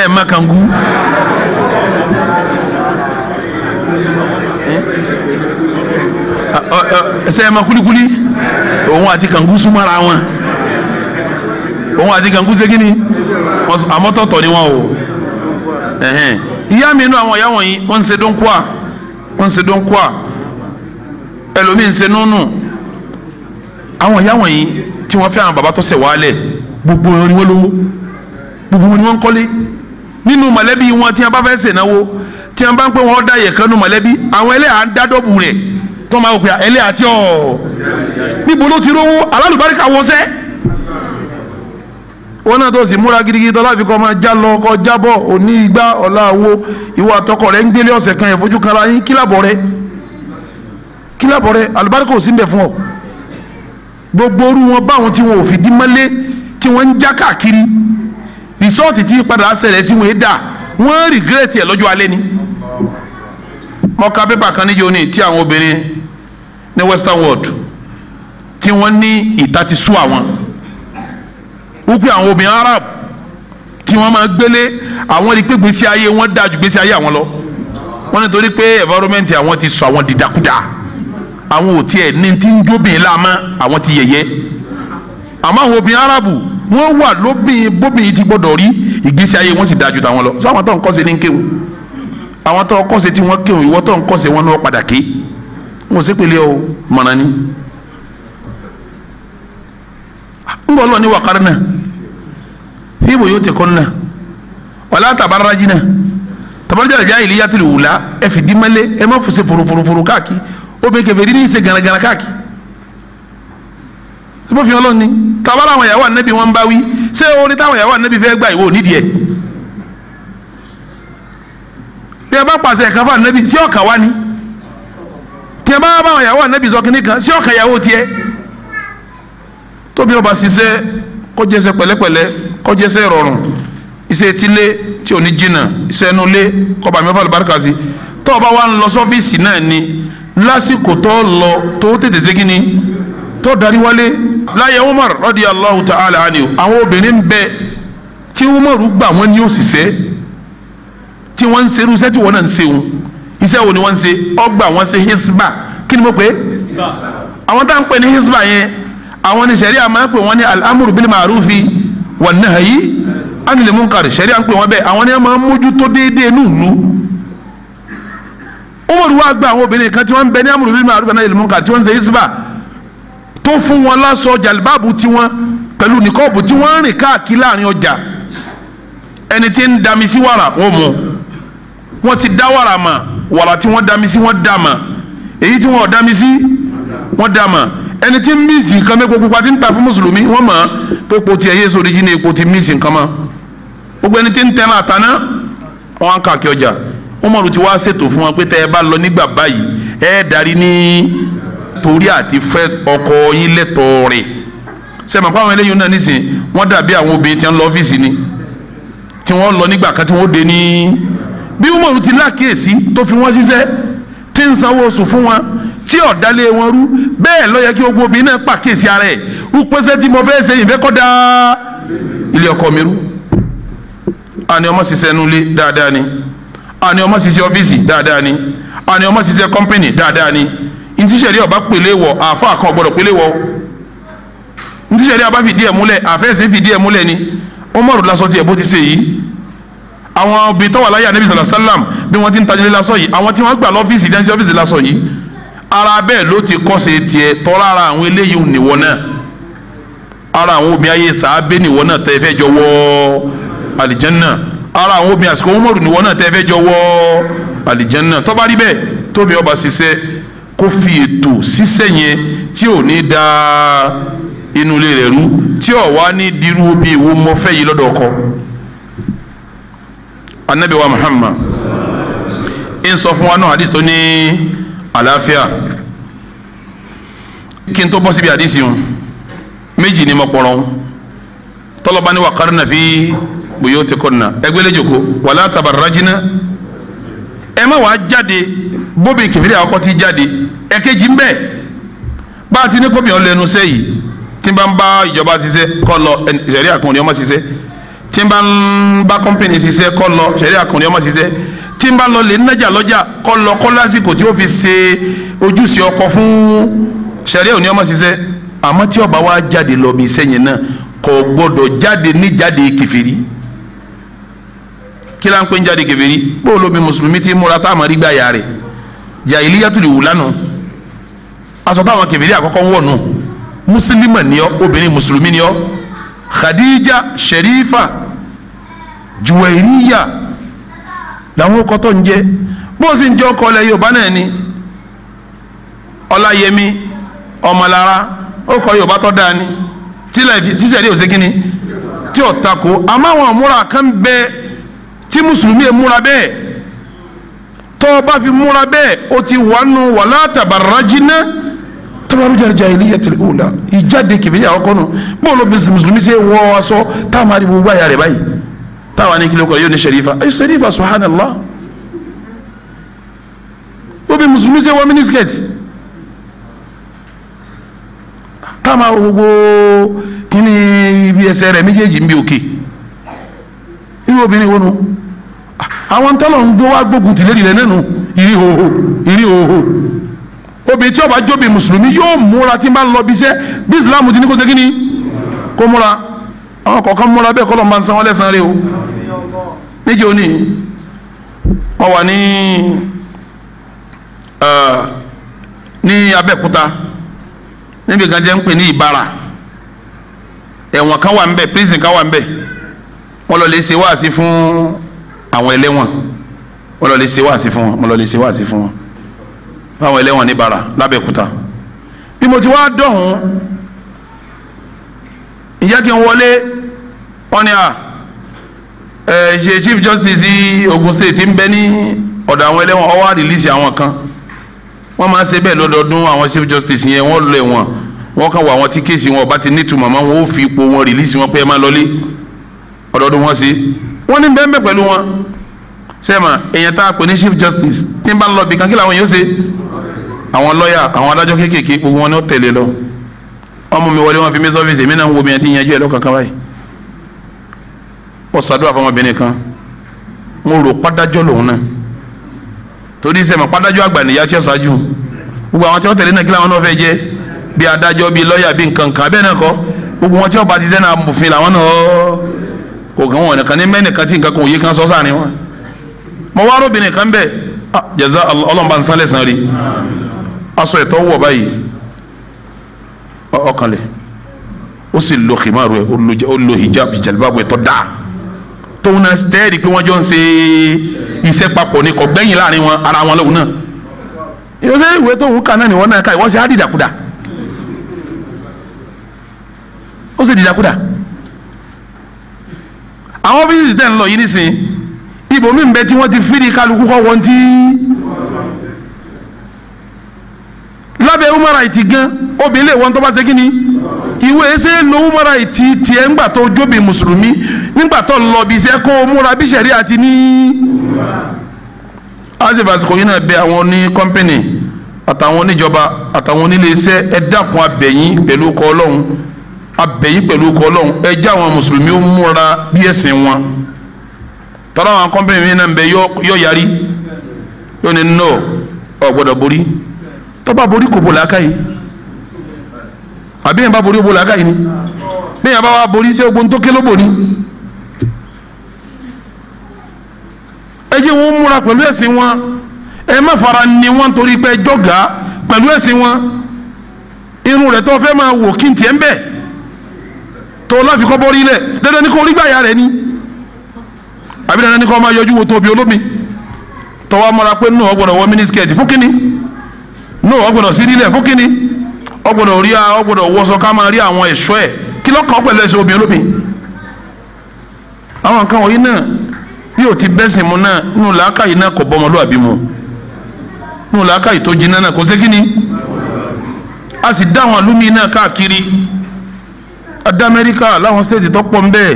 ẹ má kàngú. ṣé ẹ má kulikuli òun àti kàngú súnmọ́ra wọn òun àti kankú ṣe kí ni àmọ́tọ̀tọ̀ ni wọn o ìyá mi inú àwọn ìyá wọ̀nyí wọ́n ń ṣe dónkúà wọ́n ń ṣe dónkúà ẹlòmíín ṣe nùnù àwọn ìyá wọ̀nyí tí wọ́n fẹ́ àwọn bàbá tó ṣẹ̀ wálẹ̀ gbogbo wọn ni wọ́n lówó gbogbo wọn ni wọ́n ń kọ́lé nínú mọ̀lẹ́bí wọn tí wọ́n bá fẹ́ ṣe náwó tí wọ́n bá ń pè wọ́n dá yẹ̀kan nínú mọ̀lẹ́bí àwọn ẹlẹ́yà ń dá dọ́bù rẹ̀ tó máa wò pé ẹlẹ́yà tí ọ̀ níbo ló ti rówó alálùbáríkà wọ́sẹ́ wọn náà tó sì múra gidigidi tó láfi kọ́ máa já lọ kọ́ jábọ̀ òní igbá ọ̀la àwo ìwọ àtọkọ rẹ ń gbélé ọ̀sẹ̀ kan yẹn fojú kanra yín kílàbọ̀ rẹ kílàbọ̀ rẹ àlùbáríkà ò sí ń bẹ̀ fún ọ gbogbo orú wọn báwọn tí wọn ò fìdí mọ́lé tí wọ́n ń já káàkiri rìsọ́ọ̀tì tí padà ṣẹlẹ̀ sí wọn dà wọ́n rìgírẹ́tì ẹ̀ lọ́jọ́ alẹ́ ni mo pépà kan níjó ní western world tí wọ́n ní ìta wípé àwọn obìnrin arab tí wọ́n máa gbélé àwọn rí pé gbèsè ayé wọn dáa ju gbèsè ayé àwọn lọ wọ́n ní torí pé environment àwọn ti sọ àwọn dìdàkudà àwọn ò tiẹ̀ ní ti ń jóbìn láàmú àwọn ti yẹ̀yẹ́ àmọ́ àwọn obìnrin arabu wọ́n wà lóbìn bóbìn ti gbọ́dọ̀ rí ìgbésí ayé wọ́n sì dájú tàwọn lọ sáwọn tó ń kọ́sẹ̀ ní kéwù àwọn tó ń kọ́sẹ̀ tí wọ́n kéwù ìwọ́ tó ń kọ́sẹ̀ wọn ni padà ké wọn ò sí pèlè o mọ̀nà ni. ń bọ̀ lọ ní wàkàrẹ́ náà fi buyutikunna wala tabarajina, tabarraja al-jahiliyyati al-ula ẹ fi dimale ẹ má fuse foroforo káàkì obe kẹfẹ ní ìse gànàgànà káàkì sọ fi ọlọ́run ni tabara àwọn ìyàwó ànábì wọn bá wí ṣé orin táwọn ìyàwó ànábì fẹ́ gbà ìwọ nídìí ẹ̀ bí ẹ bá pàṣẹ ẹ̀kan fún ànábì sí ọ̀kan wá ni tí ẹ bá bá àwọn ìyàwó ànábì sọ kínní kan sí ọ̀kan ìyàwó tiẹ̀ tóbi ọba ṣiṣẹ́ kó jẹsẹ pẹ̀lẹ́pẹ̀lẹ́ kọjẹsẹ rọrùn iṣẹ́ etílé tí ò ní jìnnà iṣẹ́ ẹnulé kọba mi fàlù barika sí tó o bá wà ń lọ sọ́fíìsì náà ni lásìkò tó lọ tó tètè ṣe kíni tó darí wálé láyé Umar radiyallahu ta'ala anhu àwọn obìnrin ń bẹ tí Umar gbà wọ́n ní òṣìṣẹ́ tí wọ́n ń serú iṣẹ́ tí wọ́n náà ń seun iṣẹ́ wo ni wọ́n ń ṣe ọgbà wọ́n ṣe hisba kí ni mo pè é àwọn táwọn pè ní hisba yẹn àwọn ní ṣẹ̀ríà máa ń pè wọ́n ní al ma'rufi wà náà yìí ánilẹ̀ múnkàrì sẹ́rí à ń pè wọ́n bẹ́ẹ̀ àwọn ni wọ́n máa ń mójútó déédéé ní ìlú Umaru wa gba àwọn obìnrin kan tí wọ́n ń bẹ ní amúlù bíi màálù bẹ́ẹ̀ náà múnkàrì tí wọ́n ń ṣe isba tó fún wọn láṣọ jàlibáàbù tiwọn pẹ̀lú nìkọ́ọ̀bù tí wọ́n ń rìn káàkiri láàrin ọjà ẹni tí ń dami sí wàrà wọ́n mu wọ́n ti dá wàrà mà wàrà tí wọ́n dami sí wọ́n dà mà èyí tí wọ́n dami sí wọ́n dà mà ẹni tí ń mísì nǹkan mẹ́kọ̀ọ́ pupa tí ń ta fún mùsùlùmí wọ́n mọ̀ ọ́n pé kò tiẹ̀ yé sórí jí ni kò ti mísì nǹkan mọ́ gbogbo ẹni tí ń tẹ́lá àtàná ọ̀hún kàkí ọjà Umaru ti wá ṣètò fún wọn pé tẹ́ ẹ bá lọ nígbà báyìí ẹ darí ní torí àti fẹ́ ọkọ yín lẹ́tọ̀ọ́ rẹ̀ sẹ́mi àpá àwọn eléyìí náà nísìn wọ́n dàbí àwọn obìnrin tí wọ́n lọ ọ́fíìsì ni tí wọ́n lọ nígbà kan tí wọ́n dé ní bí Umaru ti lákèésí tó fi wọ́n ṣiṣẹ́ tí ń sanwó oṣù fún wọn tí ọ̀dálé wọn rú bẹ́ẹ̀ ló yẹ kí gbogbo obìnrin náà pàkíyèsí ara ẹ̀ rúpẹ́sẹ́ tí mo fẹ́ ṣe ìfẹ́ kọ́ da ilé ọkọ mi rú àní ọmọ ṣiṣẹ́ nulẹ̀ dáadáa ni àní ọmọ ṣiṣẹ́ ọ́fíìsì dáadáa ni àní ọmọ ṣiṣẹ́ kọ́mpìnì dáadáa ni ntíṣẹ̀rí ọba pèlè wọ àfa kan ọ̀gbọ́dọ̀ pèlè wọ ntíṣẹ̀rí ọba fìdí ẹ̀ múlẹ̀ àfẹ́sẹ̀ fìdí ẹ̀ múlẹ̀ ni Umaru lásán tiẹ̀ bó ti ṣe yìí àwọn obìnrin tó wà láyé Ànábì sallallahu alaihi wasallam bí wọ́n ti ń tajilé lásán yìí àwọn tí wọ́n gbà lọ́fíìsì dẹ́ńsí ọ́fíìsì lásán yìí ara bẹ́ẹ̀ ló ti kọ́ṣe tiẹ̀ tọ́ra ara àwọn eléyìí nìwọ náà ara àwọn obìnrin ayé sàábé nìwọ náà tẹ́ fẹ́ jọ wọ àlìjẹ́nà ara àwọn obìnrin àsìkò umaru nìwọ náà tẹ́ fẹ́ jọ wọ àlìjẹ́nà tó rí bẹ́ẹ̀ tóbi ọba ṣiṣẹ́ kó fi ètò ṣiṣẹ́ yẹn tí ò ní da inú ilé rẹ̀ rú tí ò wá ní dirú bí ìwo mọ fẹ́ yìí lọ́dọ̀ ọkọ anabi wa muhammad ń sọ fún wa náà hadith tó ní. àlàáfíà kí n tó bọ́ síbi àdísì wọn méjì ni mo pọ̀rọ̀ wọn tọ́lọ́ba ní wàkàrínà fi bòyó ti kọ́ nà ẹgbẹ́lẹ́ jòkó wàlá tabarajina ẹ má wàá jáde bóbi kẹfìrí àkọ́kọ́ ti jáde ẹ̀kejì ń bẹ bá a ti ní kóbìnrin lẹnu sẹ́yìí tí n bá ń bá ìjọba ṣiṣẹ́ kọ́ lọ ṣẹ̀rí àkùnrin ọmọ ṣiṣẹ́ tí n bá ń bá kọ́mpìnì ṣiṣẹ́ kọ́ lọ ṣẹ̀rí àkùnrin ọmọ ṣiṣẹ́ tí ń bá lọ lè nájà lọ́jà kọ́ lọ kọ́ lásìkò tí ó fi ṣe ojúṣe ọkọ fún sẹ̀rí òní ọmọ ṣiṣẹ́ àmọ́ tí ọba wa jáde lọ bí iṣẹ́ yẹn náà kò gbọ́dọ̀ jáde ní jáde kẹfìrí kí ló ń pè ń jáde kẹfìrí bóò lómi mùsùlùmí ti múra táwọn àmọ́ rí gbà rẹ̀ yà ìlíyàtò lè wù lánàá aṣọ táwọn kẹfìrí àkọ́kọ́ ń wọ̀ nù mùsùlùmí ni ọ obìnrin mùsùlùmí ni ọ khadija sherifa juwairiya làwọn ọkọ tó ń jẹ bó sì ń jẹ ọkọ ilẹ̀ yorùbá náà ni ọláyẹmí ọmọlára ọkọ yorùbá tó dáa ni tíṣẹ̀rí ò sí kínní tí ò takò àmọ́ àwọn àmúra kan bẹ tí mùsùlùmí ẹ̀ múra bẹ́ẹ̀ tó o bá fi múra bẹ́ẹ̀ o ti wà nù wàlá tabarrajina tabarujar jahiliyatil ula ìjáde kìfìyà ọkọ nù bó o mùsùlùmí ṣe wọ aṣọ táwọn àdìbò wáyà báyìí táwa ní kí ló kọ yóò ní Sharifa ẹ Sharifa subhanallah ó bí mùsùlùmí ṣe wọ mínísíkẹ̀tì táwa gbogbo kíní ibi ẹsẹ̀ rẹ̀ méjèèjì ń bi òkè irú obìnrin wo nu àwọn tọ́lọ̀ ń gbówá gbógun tìlẹ́rì rẹ̀ nínú ìrí hoho ìrí hoho obìnrin tí ó bá jóbi mùsùlùmí yóò múra tí n bá lọ bí iṣẹ́ bí Islam ti ní kó ṣe kí ni kó múra àwọn kọ̀ọ̀kan múra bẹ́ẹ̀ kọ́ ló ń bá ń san lẹ́sàn-án rẹ o níjẹ́ òní wọ́n wà ní ní Abẹ́òkúta níbi kan jẹ́ ń pè ní Ìbàrà ẹ̀wọ̀n kan wà ń bẹ̀ prison kan wà ń bẹ̀ wọ́n lọ lè ṣe wáàsí fún àwọn ẹlẹ́wọ̀n wọ́n lọ lè ṣe wáàsí fún wọn wọ́n lọ lè ṣe wáàsí fún wọn fáwọn ẹlẹ́wọ̀n ní Ìbàrà lábẹ́òkúta bí mo ti wá dọ̀hún ìjẹ́ kí n wọlé wọ́n ṣe eh, chief justice Ogun State ń bẹ ní ọ̀dọ̀ àwọn ẹlẹ́wọ̀n ọwọ́ àrìlísì àwọn kan wọ́n máa ń ṣe bẹ́ẹ̀ lọ́dọọdún àwọn chief justice yẹn wọ́n lọ ẹ̀wọ̀n wọ́n kàn wọ àwọn tí kéèsì wọn ọba ti nítumọ̀ mọ́ wọn ó fi ipò wọn rìlísì wọn pé ẹ máa lọlé ọ̀dọọdún wọn sí wọ́n ní bẹ́ẹ̀ pẹ̀lú wọn sẹ́ẹ̀mà èèyàn tá a pè ní chief justice tí ń bá lọ bìkan kí làwọn yóò ṣe àwọn lọ́ọ̀yà àwọn adájọ́ kéékèèké gbogbo wọn ni ó tẹ̀lé lọ ọmọ mi wọlé wọn fi mí sọ́fíìsì èmi náà ń wo mi àti ìyẹn ó ṣàdúrà fọmọbìnrin kan mo rò pádájọ́ lòun náà torí sẹ́mi pádájọ́ àgbà nìyá tí ó ṣáájú gbogbo àwọn tí wọ́n tẹ̀lé náà kí làwọn náà fẹ́ jẹ́ bí adájọ́ bí lọ́ọ̀yà bí nǹkan kan abẹ́ náà kọ́ gbogbo wọn tí wọ́n bá ti sẹ́nà amòfin làwọn náà kò kàn wọ́n nìkan ní mẹ́nìkan tí nǹkan kan òye kan sọ sáà wọn. mo wá arábìnrin kan bẹ́ẹ̀ ah jaza sálẹ̀ sàn rí aṣọ ìtọ́ wọ̀ báyìí ọkànlẹ̀ ó sì lo khimaru ẹ̀ ó lo hijab ìjàlbábù ẹ̀tọ́ dáa tóun náà tẹ́ẹ̀rì pé wọ́n jọ ń ṣe iṣẹ́ papọ̀ ni kò gbẹ́yìn láàrin wọn ara wọn lòun náà ìrọsẹ́ ìwé tóun kà náà ni wọ́n náà ká ìwọ́n ṣe á dìdàkudà ó sì dìdàkudà àwọn ọ́fíìsì tẹ̀ ń lọ yìí nísìnyí ibòmí ń bẹ tí wọ́n ti fìdí kálukú kọ́ wọ́n ti lábẹ́ umara ìtì gan obìnrin lè wọ́n tó bá ṣe kí ni ìwé ẹsẹ̀ lówó mọ́ra ìtì tiẹ̀ ńgbà tó jóbi mùsùlùmí nígbà tó lọ bí iṣẹ́ kó o múra bí sẹ̀rí àti ní. a sì fàṣẹ kòyìn náà bẹ àwọn ní kọ́ńpìnì àtàwọn oníjọba àtàwọn onílé iṣẹ́ ẹ dákun abẹ̀yìn pẹ̀lú ọkọ̀ ọlọ́run abẹ̀yìn pẹ̀lú ọkọ̀ ọlọ́run ẹ já àwọn mùsùlùmí ó múra bí ẹ̀sìn wọn. tọ́lá àwọn kọ́ńpìnì mi náà bẹ yọ yarí yóò ní no ọ̀ gbọ́dọ̀ borí tọ́ba borí kò bò lákàyè àbí yẹn bá borí owó làákàyè ni bí yẹn bá wà borí sí ogun tó ké ló borí. ẹ jẹ́ wọn múra pẹ̀lú ẹ̀sìn wọn ẹ má fara ni wọn torí pé jọ̀gá pẹ̀lú ẹ̀sìn wọn irun rẹ̀ tó fẹ́ máa wò kí n tiẹ̀ ń bẹ̀ tó láfi kọ́ bọ́rí lẹ̀ dandan ni kò rí gbàyà rẹ̀ ni àbí dandan ni kò máa yọjú wo tóbi olómi tọ́wọ́ mọ́ra pé nù ọgbọ̀nà wọ mínísíkẹ̀tì fún kínní nù ọgbọ̀nà sí nílẹ̀ fún kínní ọ gbọ́dọ̀ rí ọ gbọ́dọ̀ wọṣọ ká máa rí àwọn ẹ̀ṣọ́ ẹ̀ kí lọ́kàn pẹ̀lú ẹ̀ṣọ́ obìnrin lóbi àwọn nǹkan wọ̀nyí náà bí o ti bẹ́sìn mu náà nínú làákàyè náà kò bọ́ ọmọlúwàbí mu nínú làákàyè tó jiná náà kò sé kí a sì dá àwọn àlùmí náà káàkiri adá amẹ́ríkà láwọn stéètì tó pọ̀ ń bẹ́ẹ̀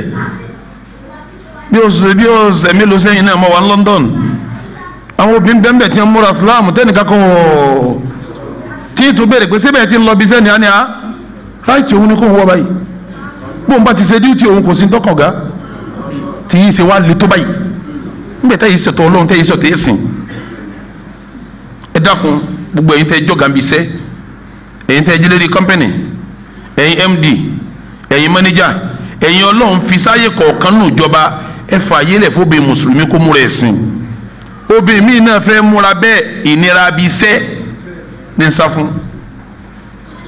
bí o sè bí o sè mélòó sẹ́yìn náà mo wà ní London àwọn obìnrin bẹ́ẹ̀ bẹ́ẹ̀ ti ń múra Islam tẹ́nìkan kan wọ̀ọ́ tí ìtò béèrè pé síbẹ̀ tí ń lọ bí sẹ́ni á ní á láìtì òun ni kò ń wọ báyìí bóun bá ti ṣe díútì òun kò sí tọkàn ga tí yìí ṣe wá le tó báyìí nígbà tẹ́ yìí ṣètò ọlọ́run tẹ́ yìí ṣètò ẹ̀sìn ẹ dákun gbogbo ẹ̀yin tẹ́ jọ̀gá ń bí sẹ́ ẹ̀yin tẹ́ jílérí kọ́mpẹ́nì ẹ̀yin md ẹ̀yin mẹ́nẹ́jà ẹ̀yin ọlọ́run fi sáyé kọ̀ọ̀kan nù jọba ẹ fààyè lẹ̀ fóbi mùsùlùmí kó múra ẹ̀sìn obìnrin náà fẹ́ múra bẹ́ẹ̀ ìnira bíi sẹ́ẹ́ ní nsá fún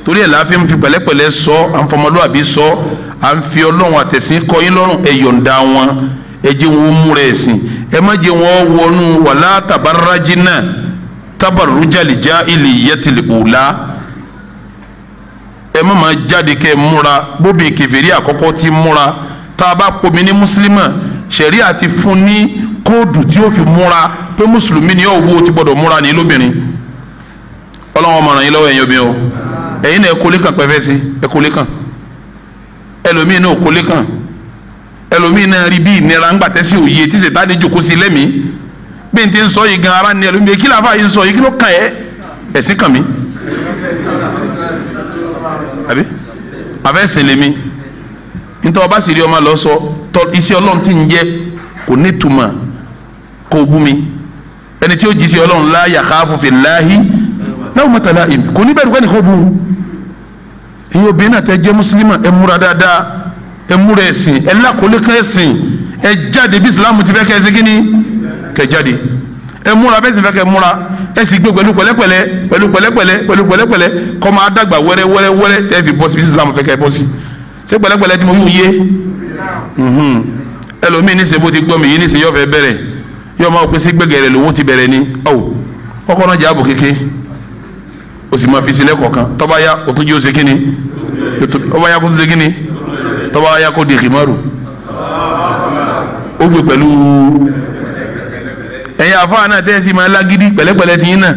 torí ẹ̀ láàfin fi pẹ̀lẹ́pẹ̀lẹ́ sọ à ń fọmọlúwàbí sọ à ń fi ọlọ́run àtẹ̀sìn kọ́ yín lọ́rùn ẹ yọ̀ǹda wọn ẹ jẹ́ wọn mú rẹ̀ sìn ẹ má jẹ́ wọn wọnú wàlá tàbárájì náà tábàrújàlì já ilé yẹtìlì òòlá ẹ má má jáde kẹ́ múra bóbi kẹfẹ́rí àkọ́kọ́ ti múra tá a bá pomi ní mùsùlùmá ṣẹ̀ríà ti fún ní kóòdù tí ó fi múra pé mùsùlùmí ni ọ̀ wo ti gbọ́dọ̀ múra ní lóbìnrin ọlọ́wọ́n mọ̀ràn yín lọ́wọ́ ẹ̀yin obìnrin o ẹ̀yin náà ẹ̀kọ́ lẹ́kàn pẹ́fẹ́ sí ẹ̀kọ́ lẹ́kàn ẹlòmíín náà ẹ̀kọ́ lẹ́kàn ẹlòmíín náà rí bí ìnira ń gbàtẹ́ sí òye tí sètáni jòkó sí lẹ́mìí bí n ti ń sọ yìí gan ara ni ẹlòmíín kí làbá yìí ń sọ yìí kí ló kàn ẹ́ ẹ̀sìn kàn mí àbí àfẹ́sìn lèmi nítorí ọba sì rí ọmọ lọ sọ iṣẹ́ ọlọ́run ti ń jẹ́ kò ní ìtumọ̀ kò bú mi ẹni tí ó jí sí ọlọ́run láyà káfọ́fẹ́ láhìí láwọn mọ̀tàlá èmi kò ní bẹ̀rù kẹ́ni kó bu ìyẹn obìnrin náà tẹ́ jẹ́ mùsùlùmí ẹ múra dáadáa ẹ múra ẹ̀sìn ẹ lákòólé kan ẹ̀sìn ẹ jáde bí islam ti fẹ́ kẹ́ ẹ ṣe kíni kẹ́ jáde ẹ múra bẹ́ẹ̀ sì fẹ́ kẹ́ múra ẹ sì gbé pẹ̀lú pẹ̀lẹ́pẹ̀lẹ́ pẹ̀lú pẹ̀lẹ́pẹ̀lẹ́ pẹ̀lú pẹ̀lẹ́pẹ̀lẹ́ kọ́ máa dàgbà wẹ́rẹ́ wẹ́rẹ́ wẹ́rẹ́ tẹ́ fi bọ́ sí bí islam fẹ́ kẹ́ bọ́ sí ṣé pẹ̀lẹ́pẹ̀lẹ́ tí mo yún yé mhm. ẹlòmíín ní sebo ti gbọ́ mi yìí ní sèyí ọ̀fẹ́ bẹ̀rẹ̀ yọ̀ọ́ máa pèsè gbẹ̀gẹ̀rẹ̀ lòun ti bẹ̀rẹ̀ ni ọ̀ kọ́kọ́ náà jẹ́ àbò kékeré o sì máa fi sílẹ̀ kọ̀ọ̀kan tọ́ba ya o tún jẹ́ o ṣe kíni tọ́ba ya kó tún ṣe kíni tọ́ba ya kó di kìmọ́rù ó gbé pẹ̀lú ẹ̀yin àfáà náà tẹ́ ẹ sì máa lágídí pẹ̀lẹ́pẹ̀lẹ́ tiyín náà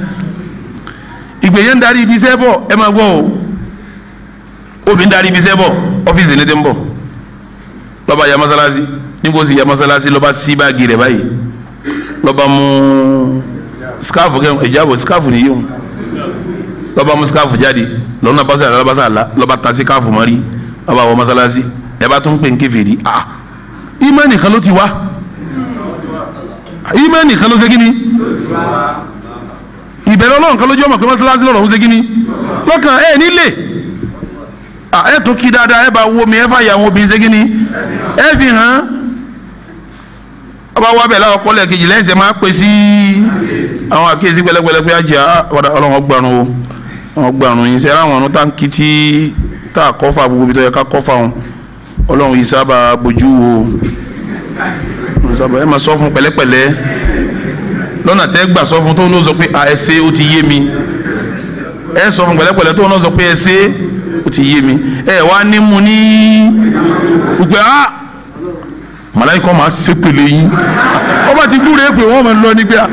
ìgbéyẹn ń darí ibi iṣẹ́ bọ̀ ẹ máa gbọ́ o obìnrin darí ibi iṣẹ́ bọ̀ ọ́fíìsì ní ti ń bọ̀ lọ́ba ya masalasi, nígbà ó ya masalasi, lọ́ba sí báàgì rẹ̀ báyìí lọ́ba mú skáàfù kẹ́hìn ìjábọ̀ skáàfù nìyí o lọ́ba musikafu jáde lọ́nà basa àlá basa àlá lọ́ba tasi káfù mọ́rí lọ́ba wọ masalasi ẹ tún pè ń kèfèrí ah ìmánì kan ló ti wá ìmánì kan ló ṣe kí ni ìbẹ̀rẹ̀ ọlọ́run kan lójú ọmọ pé masalasi lọ́rọ̀ ń ṣe kí ni lọ́kàn ẹ̀ nílé ẹ tún kí dáadáa ẹ bá wo mi ẹ fà yà àwọn obìnrin ṣe kí ni ẹ fi hàn án ọba wa bẹ̀ láwọn kọ́lẹ̀ lẹ́sẹ̀ máa pè àwọn àkíyèsí pẹ̀lẹ́pẹ̀lẹ́ pé ajá ọlọ́run ọgbàrún o wọn gba àrùn yìí sẹ́yìn àwọn ọ̀nà tá ń kí tí tá a kọ́ fa gbogbo ibi tó yẹ ká kọ́ fa wọn ọlọ́run yìí sábà bójú wo sábà ẹ máa sọ fún pẹ̀lẹ́pẹ̀lẹ́ lọ́nà tẹ́ gbà sọ fún tóun náà sọ pé ẹ ṣe ó ti yé mi ẹ sọ fún pẹ̀lẹ́pẹ̀lẹ́ tóun náà sọ pé ẹ ṣe ó ti yé mi ẹ wá ní mu ní gbẹ á màláìkọ́ máa ṣépele yín ọba ti gbúre pé wọ́n máa lọ nígbà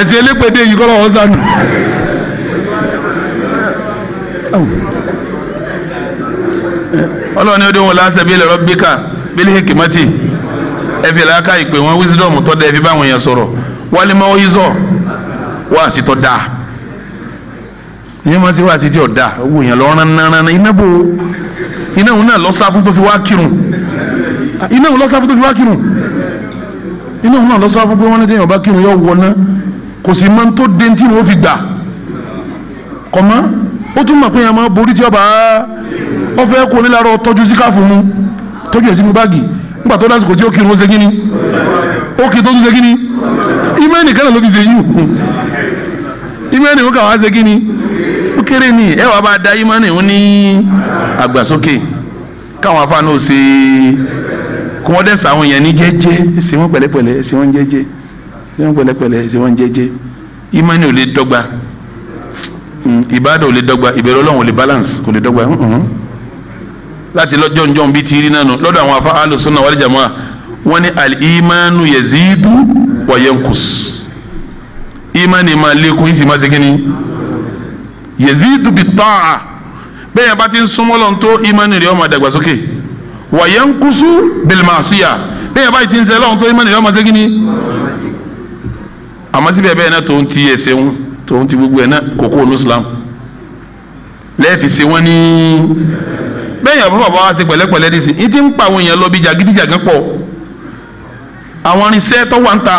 ẹ̀sìn elépèdé yìí kọ́ lọ́wọ́ sànù ọlọ́run ni ó dé wọn lásẹ̀ bí lọ́rọ́ bíkà bí lè hekimati ẹ fi làákà ìpè wọn wisdom tọ́ da ẹ fi báwọn èèyàn sọ̀rọ̀ wálé mọ́ ìzọ̀ wá sí tọ́ da ìyẹn máa ń ṣe wá sí tí ò da owó èèyàn lọ rán rán rán iná bò iná òun náà lọ sáfù tó fi wá kírun iná òun lọ sáfù tó fi wá kírun iná òun náà lọ sáfù pé wọ́n ní téèyàn bá kírun yọ wọ kò sì máa ń tó dentí ni ó fi gbà kọ́mọ́ ó tún mọ̀ pé yẹn máa borí tí ọba ọ fẹ́ kó níláàrọ̀ tọ́jú síkáàfù mu tọ́jú ẹ̀ sínú báàgì nígbà tó lásìkò tí ó kiri ó ṣe kíni ó kiri tó tún ṣe kíni ìmọ̀ ẹnìkan náà ló fi ṣe yìí ìmọ̀ ẹnìkan kà wá ṣe kíni ó kéré ni ẹ wàá bá da ìmọ̀ ẹnìkan ní àgbàsókè káwọn afáàná ò ṣe kí wọ́n dẹ́sẹ̀ àwọn èèyàn ní jẹ́jẹ́ ẹ̀sìn wọn pẹ̀lẹ́pẹ̀lẹ́ ẹ̀sìn wọn jẹ́jẹ́ ẹ̀sìn wọn pẹ̀lẹ́pẹ̀lẹ́ ẹ̀sìn wọn jẹ́jẹ́ ìmọ̀ ẹnì ò lè dọ́gba ìbádà ò lè dọ́gba ìbẹ̀rù ọlọ́run ò lè balance kò lè dọ́gba mm-hmm. láti lọ́jọ́ njọ́ bíi ti rí náà nù lọ́dọ̀ àwọn afa alùsùnà wal jamaa wọ́n ní al-imanu yazidu wa yankus máa lékún yìí sì máa ṣe kí ni yazidu bi ta'a bẹ́ẹ̀ yẹn bá ti ń súnmọ́ lọ́n tó ìmánu rẹ̀ ó máa dàgbàsókè wa bẹ́ẹ̀ yẹn bá ti ń sẹ́ lọ́n tó ìmánu rẹ̀ ó máa ṣe ni àmọ́ síbẹ̀ bẹ́ẹ̀ náà tó ń ti ẹ̀ṣẹ̀ wọn tòun ti gbogbo ẹ̀ náà kókó onú islam lẹ́ẹ̀fi ṣe wọ́n ní bẹ́ẹ̀yàn bàbá bàbá wa ṣe pẹ̀lẹ́pẹ̀lẹ́ ní sìn ìtì ń pa àwọn èèyàn lọ bí jàgídíjàgán pọ̀ àwọn irinṣẹ́ tó wà ń ta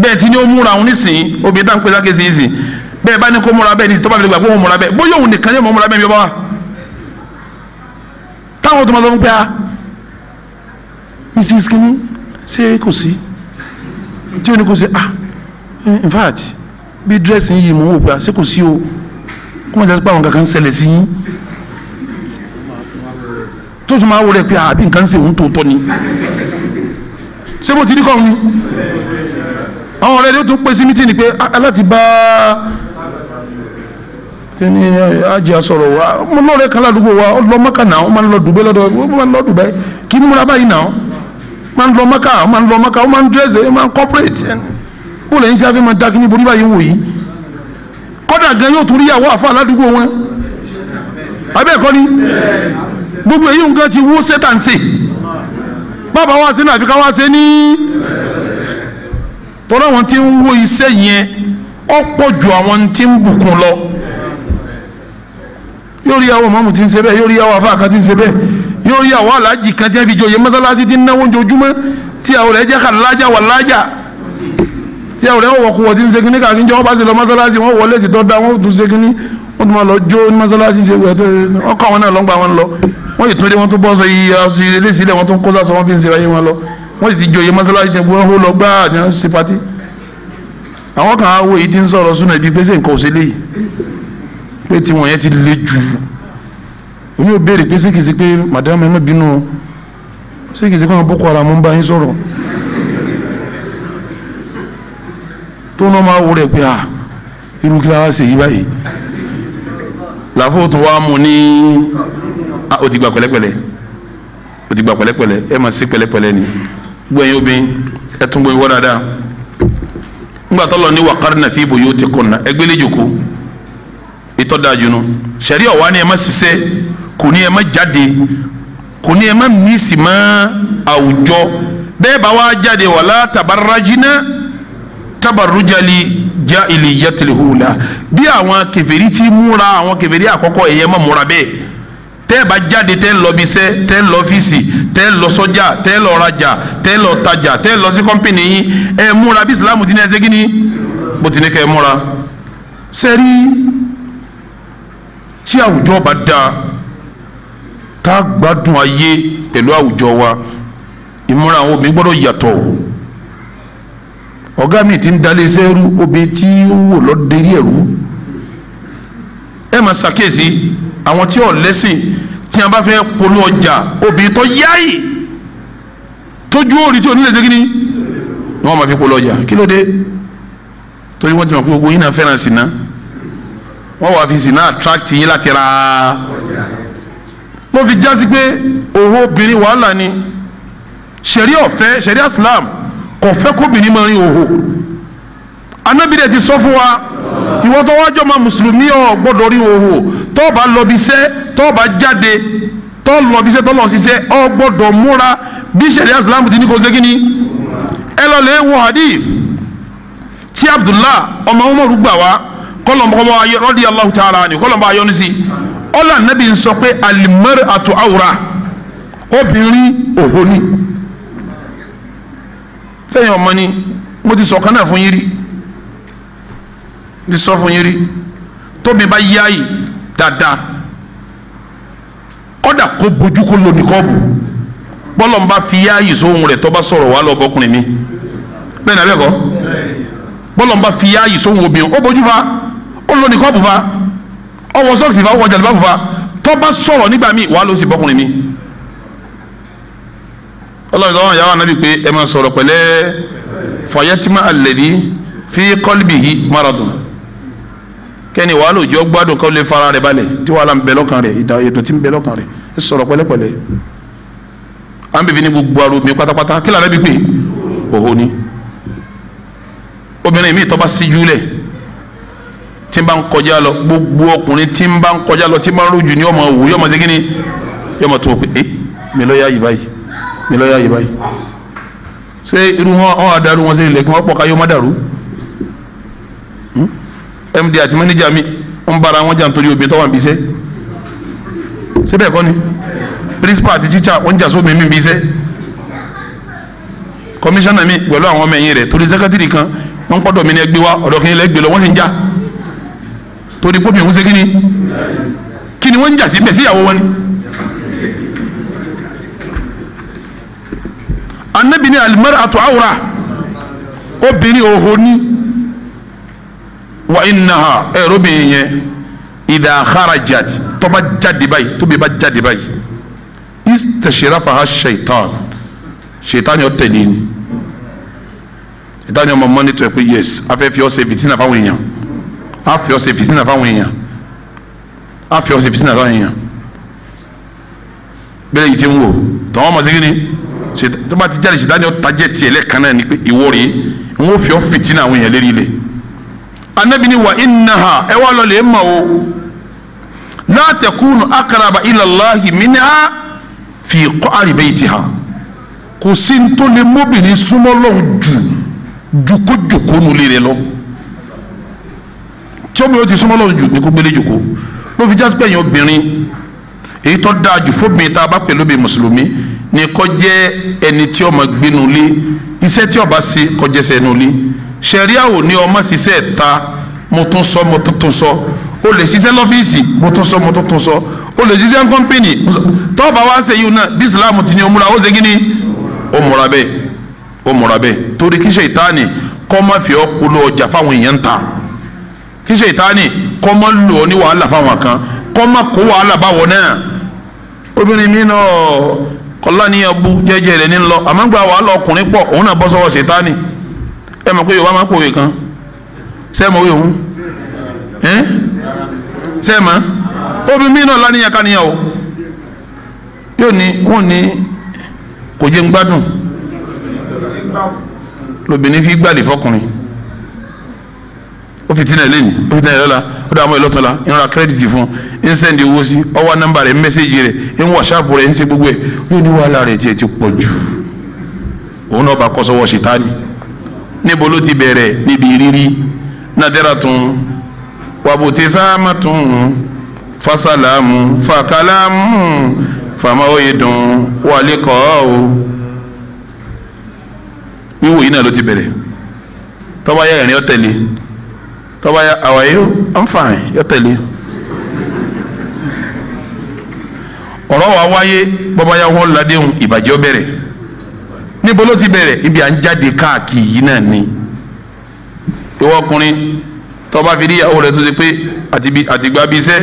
bẹ́ẹ̀ tí ni ó múra òun nísìnyí obìnrin tá à ń pè sáké sìn sìn bẹ́ẹ̀ bá ní kó múra bẹ́ẹ̀ ní tó bá fi lè gbà pé òun múra bẹ́ẹ̀ bóyá òun nìkan ní múra bẹ́ẹ̀ mi bá táwọn tó máa lọ pẹ́ a ah in fact bí dírẹ́sì yìí mò ń wò pé àṣẹ kò sí o kó má jẹ́ pé àwọn kankan ń ṣẹlẹ̀ sí yín tó tún máa wò rẹ̀ pé àbí nǹkan ń ṣe òun tòótọ́ ni ṣé bó ti rí kọ́ọ̀ni àwọn ọ̀rẹ́ ló tún pè sí mítìnì pé aláti bá kíni ajé asọ̀rọ̀ wa mo lọ́ọ̀rẹ́ kan ládùúgbò wa ó lọ mọ́kà náà ó máa ń lọ dùbẹ́ lọ́dọ̀ ó máa ń lọ dùbẹ́ kí ni múra báyìí náà ó máa ń lọ mọ́kà ó máa ń lọ mọ́kà ó máa ń dírẹ́sì ó máa ń kọ́pẹ́rẹ́tì ẹni bó lẹ́yìn sí afẹ́ máa da kíní borí báyìí wò yìí kọ́dà gan yóò tún rí àwọn àfa aládùúgbò wọn abẹ́ ẹ̀kọ́ ni gbogbo èyí nǹkan ti wó sẹ́tà ń sè bàbá wa ṣe ní àfikà wa ṣe ní tọ́lá wọn ti ń wó iṣẹ́ yẹn ọ̀pọ̀ ju àwọn tí ń bùkún lọ yóò rí àwọn mọ́mù tí ń ṣe bẹ́ẹ̀ yóò rí àwọn afá kan tí ń ṣe bẹ́ẹ̀ yóò rí àwọn aláàjì kan tí ń fi jòyè mọ́sálásí tí ń náwó ojoojúmọ́ tí àwọn rẹ̀ jẹ́ kà lájà wà lájà tí ọ̀rẹ́ wọn wọ̀kú wọ̀ tí ń ṣe kínní kàkí jẹ́ wọ́n bá ṣe lọ mọ́sálásí wọ́n wọlé sí tọ́ da wọ́n tún ṣe kínní wọ́n tún máa lọ jó ní mọ́sálásí ṣe wẹ̀ tó ọkọ̀ àwọn náà lọ́ngbà wọn lọ wọ́n sì tún lé wọ́n tún bọ́ sọ iye eléyìí lẹ̀ wọ́n tún kó sásọ wọ́n fi ń ṣe ayé wọn lọ wọ́n sì ti jó iye mọ́sálásí tẹ̀ wọ́n hó lọ gbáà ní wọ́n ṣe pati. àwọn kan awo yìí ti ń sọ̀rọ̀ súnà ibi pé ṣe nǹkan òṣè léyìí pé tiwọn yẹn ti le tó náà máa wúrẹ̀ pé à ah, irú kí wọ́n á ṣe yí báyìí làáfóò tó wá mú ní ah, ó ti gba pẹ̀lẹ́pẹ̀lẹ́ ó ti gba pẹ̀lẹ́pẹ̀lẹ́ ẹ máa ṣe pẹ̀lẹ́pẹ̀lẹ́ ni gbẹ̀yìn obìnrin ẹ tún gbẹ̀yìn wọ́n dáadáa ńgbà tó lọ ní wàkàrínà fi buyutikunna ẹgbẹ́lẹ́ jòkó ìtọ́ da junu sẹ̀rí ọ̀wá ni ẹ má ṣiṣẹ́ kò ní ẹ má jáde kò ní ẹ má mísì má àwùjọ bẹ́ẹ̀ bá wá jáde wàlá tabarrajina tabarujali jaili yatilihula bí àwọn kèfèrí ti múra àwọn kèfèrí àkọ́kọ́ ẹ̀yẹ mọ̀ múra bẹ́ẹ̀ tẹ́ ẹ bá jáde tẹ́ ẹ lọ bisẹ́ tẹ́ ẹ lọ ọ́fíìsì tẹ́ ẹ lọ sọ́jà tẹ́ ẹ lọ rajà tẹ́ ẹ lọ tajà tẹ́ ẹ lọ sí kọ́mpìnì yín ẹ múra bí Islam ti ní ẹsẹ̀ gíní bó ti ní kẹ́ ẹ múra. sẹ́rí tí àwùjọ bá dáa tá a gbádùn ayé pẹ̀lú àwùjọ wa ìmúra àwọn obìnrin gbọ́dọ̀ yàtọ̀ o ọ̀gá mi ti ń dalẹ̀ iṣẹ́ rú obìnrin tí ó wò lọ́dẹ̀rí ẹ̀rú ẹ máa ṣàkíyèsí àwọn tí ò lẹ́sìn tí a bá fẹ́ polú ọjà obìnrin tó yáyì tójú òòrì tí ò nílẹ̀ ṣe ni wọ́n máa fi polú ọjà kí ló dé torí wọ́n ti mọ̀ pé gbogbo yín náà fẹ́ràn sínà wọ́n wàá fi sínà attract yín láti ra ló fi jásí pé òwò obìnrin wàhálà ni ṣẹ̀rí ọ̀fẹ́ ṣẹ̀rí Islam kò fẹ́ kóbìnrin máa rin òhò anábì dẹ̀ ti sọ fún wa ìwọ tó wájọ́ máa mùsùlùmí ò gbọ́dọ̀ rin òhò tó bá lọ́bi iṣẹ́ jáde tó lọ́bi iṣẹ́ tó ọ gbọ́dọ̀ múra bí sẹ̀ríà islam ti ní kó ṣe ni ẹ lọ lè wọ hadith tí abdullah ọmọ umaru gbà wá kọlọmọkọmọ ayé rọdí aláhu taala ni kọlọmọ ayọnu sí ọlọ anabi ń sọ pé alimẹri àtọ awura obìnrin òhóni tẹ̀yìn ọmọ ni mo ti sọ̀kan náà fún yín rí ti sọ fún yín rí tóbi bá yá yìí dáadáa kọ́dà kó bojú kó lo nìkọ́ọ̀bù bọ́lọ̀ ń bá fi yá yìí sóhun rẹ̀ tó bá sọ̀rọ̀ wà lọ bọkùnrin mi bẹ́ẹ̀ ni abẹ́kọ̀ bọ́lọ̀ ń bá fi yá yìí sóhun obìnrin ó bojú fa ó lo nìkọ́ọ̀bù fa ọwọ́ sọ́ọ̀sì fa ọwọ́ jàlùbá fa tó bá sọ̀rọ̀ nígbà míì wà lọ sí bọkùnrin mi ọlọ́run lọ́wọ́ ìyàwó anabi pé ẹ máa sọ̀rọ̀ pẹ̀lẹ́ fayatima alẹ́dí fi qalbihi maradun kẹ́ni wàá lò jọ gbádùn kọ́ lè fara rẹ̀ balẹ̀ tí wàhálà ń bẹ lọ́kàn rẹ̀ ìdọ̀tí ń bẹ lọ́kàn rẹ̀ ẹ sọ̀rọ̀ pẹ̀lẹ́pẹ̀lẹ́ à ń bèbí ní gbogbo ara obìnrin pátápátá kí lànà bí pé òhò ni obìnrin mi tó bá síjú tí n bá ń kọjá lọ gbogbo ọkùnrin tí n bá ń kọjá lọ tí n bá ń rojú ni yọmọ wò yọmọ segin ni yọmọ tó o pé ẹ eh, mi lọ yá yìí báyìí ní lọ́yà yìí báyìí ṣé irú wọn wọn àdàrú wọn sí ilẹ̀ kí wọ́n pọ̀ káyọ́ má dàrú md hmm? àti manager mi ń bára wọn jà nítorí obìnrin tó wà ń bíṣẹ́ síbẹ̀ kọ́ ni principal àti teacher wọ́n jà sómi mi bíṣẹ́ commissioner mi pẹ̀lú àwọn ọmọ ẹ̀yìn rẹ̀ torí secretary kan wọ́n ń pọ́dọ̀ mi ní ẹgbẹ́ wa ọ̀dọ̀ kìnìún lẹ́gbẹ̀ẹ́ lọ wọ́n sì ń jà torí pópin òun ṣe kí ni kí ni wọ́n ń jà síbẹ̀ síyàwó wọn ni. anabi ní al-mar'atu awra obìnrin òhò ní wa innaha ẹ̀rọ bìnrin yẹn idha kharajat tó bá jáde báyìí tóbi bá jáde báyìí istashrafaha shaitan shaitan yóò tẹ̀lé ni shaitan yóò mọ mọ́ni tó yẹ pé yes afẹ́ fi ọ́ ṣe fáwọn èèyàn afẹ́ ọ́ ṣe fáwọn èèyàn afẹ́ ọ́ ṣe fáwọn èèyàn bẹ́ẹ̀ yìí ti ń wò tọ́wọ́n mọ̀ sí kí ni tó bá ti jáde ṣètàní ọ̀ tajẹ́ tiẹ̀ lẹ́ẹ̀kan náà ni pé ìwọ rèé n ó fi ọ́ fìtínà àwọn èèyàn lérí ilé anabi ni wa innaha ẹ wá lọ lè mọ̀ o la takunu akaraba ilallahi minha fi qa'ri baytiha kò sí ní tó lè mọ́bìnrin súnmọ́ lọ́hùn jù jòkójòkó nulẹ̀ rẹ lọ tí ọmọ yóò ti súnmọ́ lọ́hùn jù ní kó gbélé jòkó ló fi jásí pé obìnrin èyí tó dáa jù fóbìnrin tá a bá pẹ̀lú bíi mùsùlùmí ni kó jẹ́ ẹni tí ó máa gbénu lé iṣẹ́ tí ó bá ṣe kó jẹ́ sẹ́nu lé sẹ̀ríà ò ní ọmọ ṣiṣẹ́ ta mo tún sọ mo tún tún sọ o lè ṣiṣẹ́ lọ́fíìsì mo tún sọ o lè ṣiṣẹ́ kọ́ńpìnì tó bá wá ṣe yìí náà ti ní ọmúra ó ṣe kí ni ó múra bẹ́ẹ̀ ó múra bẹ́ẹ̀ torí kí ṣètáàní kọ́ má fi ọ́ kúlò ta kí ṣètáàní kọ́ má lò ó ní wàhálà kan kọ́ má kó wàhálà báwọn náà obìnrin mi náà kọlá níyàn bú jẹ́jẹ́ rẹ̀ ní lọ amagba wàhálà ọkùnrin pọ òun náà bọ́ sọ́wọ́ ṣètánì ẹ mọ̀ pé yorùbá máa ń pòwe kan ṣé ẹ mọ̀ wí òun ẹ ṣé ẹ mọ̀ mi náà o yóò ní wọn ní kò jẹun gbádùn lóbìnrin fi gbàdé fọkùnrin ó fi tinẹ̀ ó fi ó ìrora kírẹ́dìtì fún ń sẹ́ndì owó sí ọwọ́ nọ́mbà rẹ̀ ń mẹ́sẹ̀gì rẹ̀ ń wọ̀ṣáàpù rẹ̀ ń ṣe gbogbo ẹ̀ yóò ní wàhálà rẹ̀ tiẹ̀ ti pọ̀ jù òun náà bá kọ́ sọ́wọ́ ṣìtáni níbo ló ti bẹ̀rẹ̀ níbi rírí nàdẹ́rà tún wàbùtí sáàmà tún fasalamu fakalamu famawoye dùn wàlẹ́ kọ́ o wíwò yìí náà ló ti bẹ̀rẹ̀ tọ́ba yá ẹ̀rín ọ̀tẹ̀lẹ̀ tọ́ba yá àwàyé ọ̀nfààní ọ̀tẹ̀lẹ̀. ọ̀rọ̀ wa wáyé bọ́báyá wọn ládéhùn ìbàjẹ́ bẹ̀rẹ̀ níbo ló ti bẹ̀rẹ̀ ibi à ń jáde káàkiri yìí náà ni ìwọ ọkùnrin tọ́ba fi díyàwó rẹ̀ tó ti pé àtìgbà bíi iṣẹ́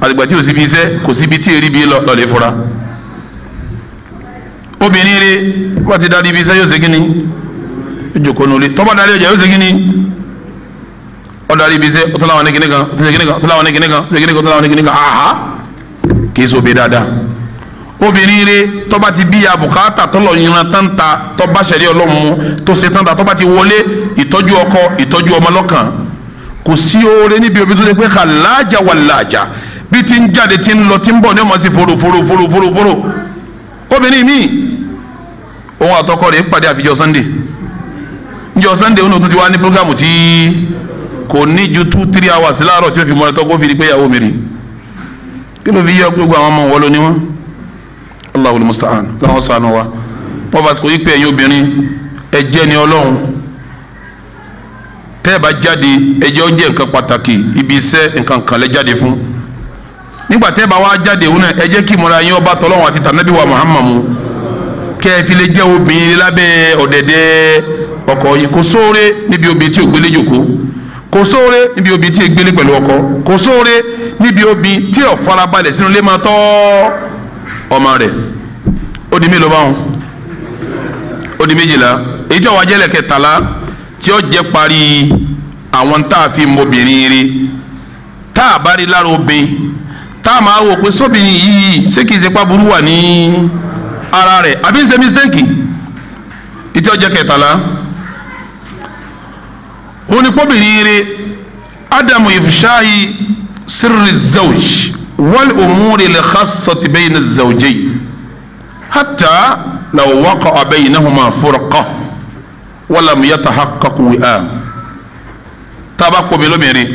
àtìgbà tí ò sí bíi iṣẹ́ kò sí bíi tí èrí bíi lọ́lẹ̀ fura obìnrin rẹ̀ wọ́n ti darí ibi iṣẹ́ yóò ṣe kí ni ìjòkó nulẹ̀ tọ́ba darí ọjà yóò ṣe kí ni ọ̀darí ibi iṣẹ́ ọ̀tọ́láwọn ní kíní kan ọ̀tọ́láwọn ní kíní kan ọ̀tọ́láwọn ní kíní kan ọ̀tọ́láwọn ní kíní kan aha kì í sobi dáadáa obìnrin rẹ tọ́ba ti bí ya bùkátà tọ́lọ̀ yìnyín tán ta tọ́ba sẹ̀rí ọlọ́run tó ṣe tán ta tọ́ba ti wọlé ìtọ́jú ọkọ ìtọ́jú ọmọ lọ́kàn kò sí oore níbi omi tó ṣe pé kà láàjà wà láàjà bí ti ń jáde ti ń lọ ti ń bọ̀ ní ọmọ sí fòrò fòrò fòrò fòrò fòrò obìnrin míì òun àtọkọ rẹ̀ pàdé àfijọ́ Sunday njọ Sunday òun òtún ti ní programu tí kò ní ju two three hours láàárọ̀ tí ó fi mọ́ ẹ tọ́ kó fi di pé ìyàwó mi rìn kí ló fi yẹ gbogbo àwọn ọmọ wọlé ni wọn Allahul musta'an làwọn sànù wa wọn bá sọ wípé ẹ̀yin obìnrin ẹ ni Ọlọ́run tẹ́ ẹ bá jáde ẹjẹ ó jẹ́ nǹkan pàtàkì ibi iṣẹ́ nǹkan kan lẹ jáde fún nígbà tẹ́ ẹ bá wá jáde òun náà ẹ kí ìmọ̀ra yín ọba tọlọ́run àti tànàbí wa Muhammadu kẹ́ ẹ fi lè jẹ́ obìnrin lábẹ́ ọ̀dẹ̀dẹ̀ ọkọ yìí kò sóore níbi obìnrin tí ò gbélé jòkó kò sóore níbi obì tí egbélé pẹ̀lú ọkọ kò sóore níbi obì tí ó farabalẹ̀ sínú ilé máa tọ́ ọmọ rẹ̀ ó di mélòó báwọn ó di méjìlá èyí tí ó wá jẹ́ tí ó jẹ́ parí àwọn tá a fi mọ obìnrin rí tá a bá rí lára obìnrin tá a máa wò pé sóbìnrin yìí ṣé kìí ṣe pàbùrù wà ní ara rẹ̀ àbí ń ṣe mistake ìtí ó jẹ́ kẹtàlá òun ni pọ́bìnrin rẹ ádámù ìfṣáyì sírì zawj wal umuri l-khassati bayna zawjayn hatta law waqa'a baynahuma furqa wa lam yatahaqqaq wi'am tába pọ̀ bẹ́ẹ̀ lóbìnrin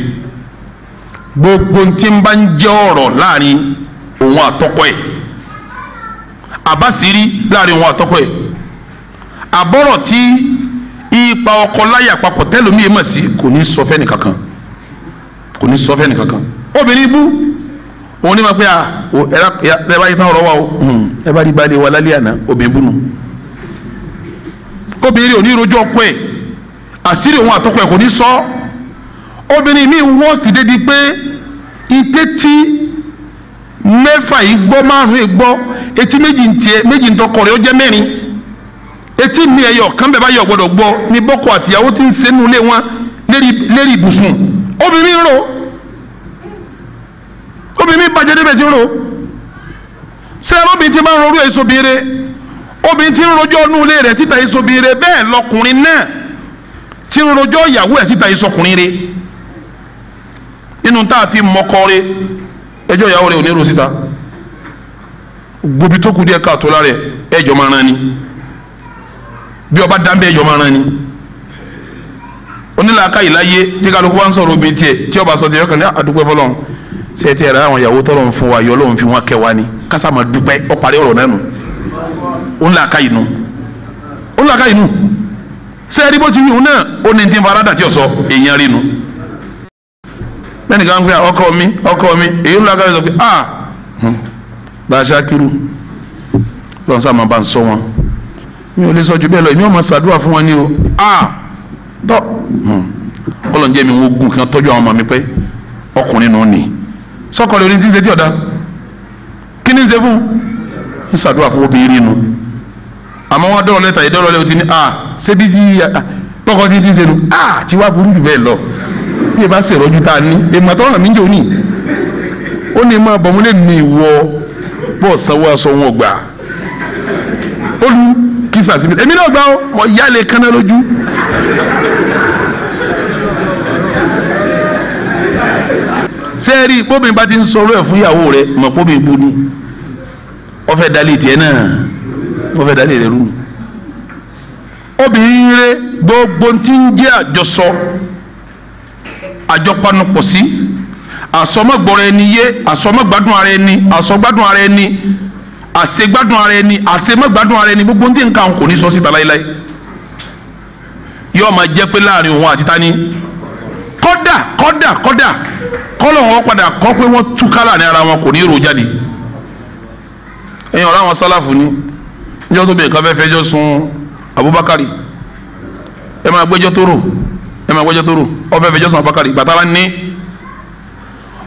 gbogbo tí ń bá ń jẹ́ ọ̀rọ̀ láàrin òun àtọ́kọ ẹ̀ àbáṣírí láàrin òun àtọ́kọ ẹ̀ àbọ̀rọ̀ tí ipa ọkọ láyà papọ̀ tẹ́lómi yẹn mọ̀ sí kò ní sọ fẹ́ nìkankan kò ní sọ fẹ́ nìkankan obìnrin ma pé ẹ bá yí tán ọ̀rọ̀ wa o hmm. ẹ bá rí balẹ̀ wa lálẹ́ àná obìnrin bú nu obìnrin ọkọ ẹ̀ àṣírí òun àtọkọ ẹ̀ kò ní sọ obìnrin mi wọ́ọ̀sì dédi pé ìtẹ́tí mẹ́fà yìí gbọ́ márùn-ún yìí gbọ́ etí méjì ń tiẹ̀ méjì ń tọkọ etí mi ẹyọ kan bẹ́ẹ̀ báyọ̀ gbọ́dọ̀ gbọ́ ni bọ́kọ àtìyàwó ti ń sẹ́nu lé wọn lérí ibùsùn obìnrin rò obìnrin bàjẹ́ débẹ̀ ti rò ṣé ẹlọ́bìn ti máa ń rọrú èso bìíre obìnrin ti ń rojọ́ inú ilé rẹ̀ síta èso bìíre bẹ́ẹ̀ lọkùnrin náà ti ń rojọ́ ìyàwó ẹ̀ síta èso ọkùnrin rẹ̀ nínú tá a fi mọ́kọ rẹ̀ ẹjọ́ ìyàwó rẹ̀ ò ní rò síta gbobi tó kù díẹ̀ káàtó lára ẹ̀ ẹjọ́ máa rán ni bí ọba dábẹ́ yọmọ ara ni onílàáká yìí láyé tí kálukú bá ń sọ̀rọ̀ obìnrin tiẹ̀ tí ọba sọ tiẹ̀ ọkàn ní àdúgbò fọlọ́n ṣe tiẹ̀ rẹ àwọn ìyàwó tọ́lọ̀ ń fún wa yọ lóun fi wọn kẹ́ wa ni kásá máa dúpẹ́ ọ parí ọ̀rọ̀ náà nù onílàáká yìí nù onílàáká yìí nù ṣe é bó ti wí náà ó ní ti farada tí ò èèyàn rí nu lẹ́nu pé ah, ọkọ mi ọkọ mi èyí ló lágbára sọ pé ah hmm, bá a ṣáà kírú mi ò lè sọ ju bẹ́ẹ̀ lọ èmi ò máa ṣàdúrà fún wọn ni o ah tọ́ hmm. ọlọ́njẹ́ mi ń gùn kí wọ́n tọ́jú àwọn ọmọ mi pé ọkùnrin nù ní sọ́kọ̀ lórí ti ń ṣe tí ọ̀dà kí ni ń ṣe fún ń ṣàdúrà fún obìnrin nu àmọ́ wọn dọ́rọ̀ lẹ́tà ìdọ́rọ̀ lẹ́wọ̀ ti ní ah ṣébi ti tọkọ ti ti ṣe nu ah ti wá burú jù bẹ́ẹ̀ lọ bí ẹ bá ṣèrọ́jú tá a ní èmi àtọ́ràn mi ń jò ní ó ní máa bọ̀ sàṣìbí èmi náà gbà ó mọ yálé kaná lójú. sẹ́ẹ̀rì pómi bá ti ń sọ̀rọ̀ ẹ̀ fún ìyàwó rẹ̀ mọ̀ pómi bu ni wọ́n fẹ́ dalí tiẹ̀ náà wọ́n fẹ́ dalí rẹ̀ rú obìnrin rẹ gbogbo ti ń jẹ́ àjọsọ àjọpanupọ̀ sí àsọmọgbọ̀rọ̀ ẹni yé àsọmọgbádùn ara ẹni àsọgbádùn ara ẹni àṣegbádùn ara ẹni àṣemọ́gbádùn ara ẹni gbogbo ní tí nǹkan kò ní sọ síta láéláé yóò máa jẹ́ pé láàrin òun àti tani kọ́dà kọ́dà kọ́dà kọ́lọ̀ wọn padà kọ́ pé wọ́n túká láàrin ara wọn kò ní rò jáde ẹ̀yin ọ̀rọ̀ àwọn sálàfù ni níjọ́ tó bẹ̀rẹ̀ kan fẹ́ fẹjọ́ sun Abubakari ẹ máa gbẹ́jọ́ tó rò ẹ máa gbẹ́jọ́ tó rò ọ fẹ́ fẹjọ́ sun Abubakari bàtàlá ní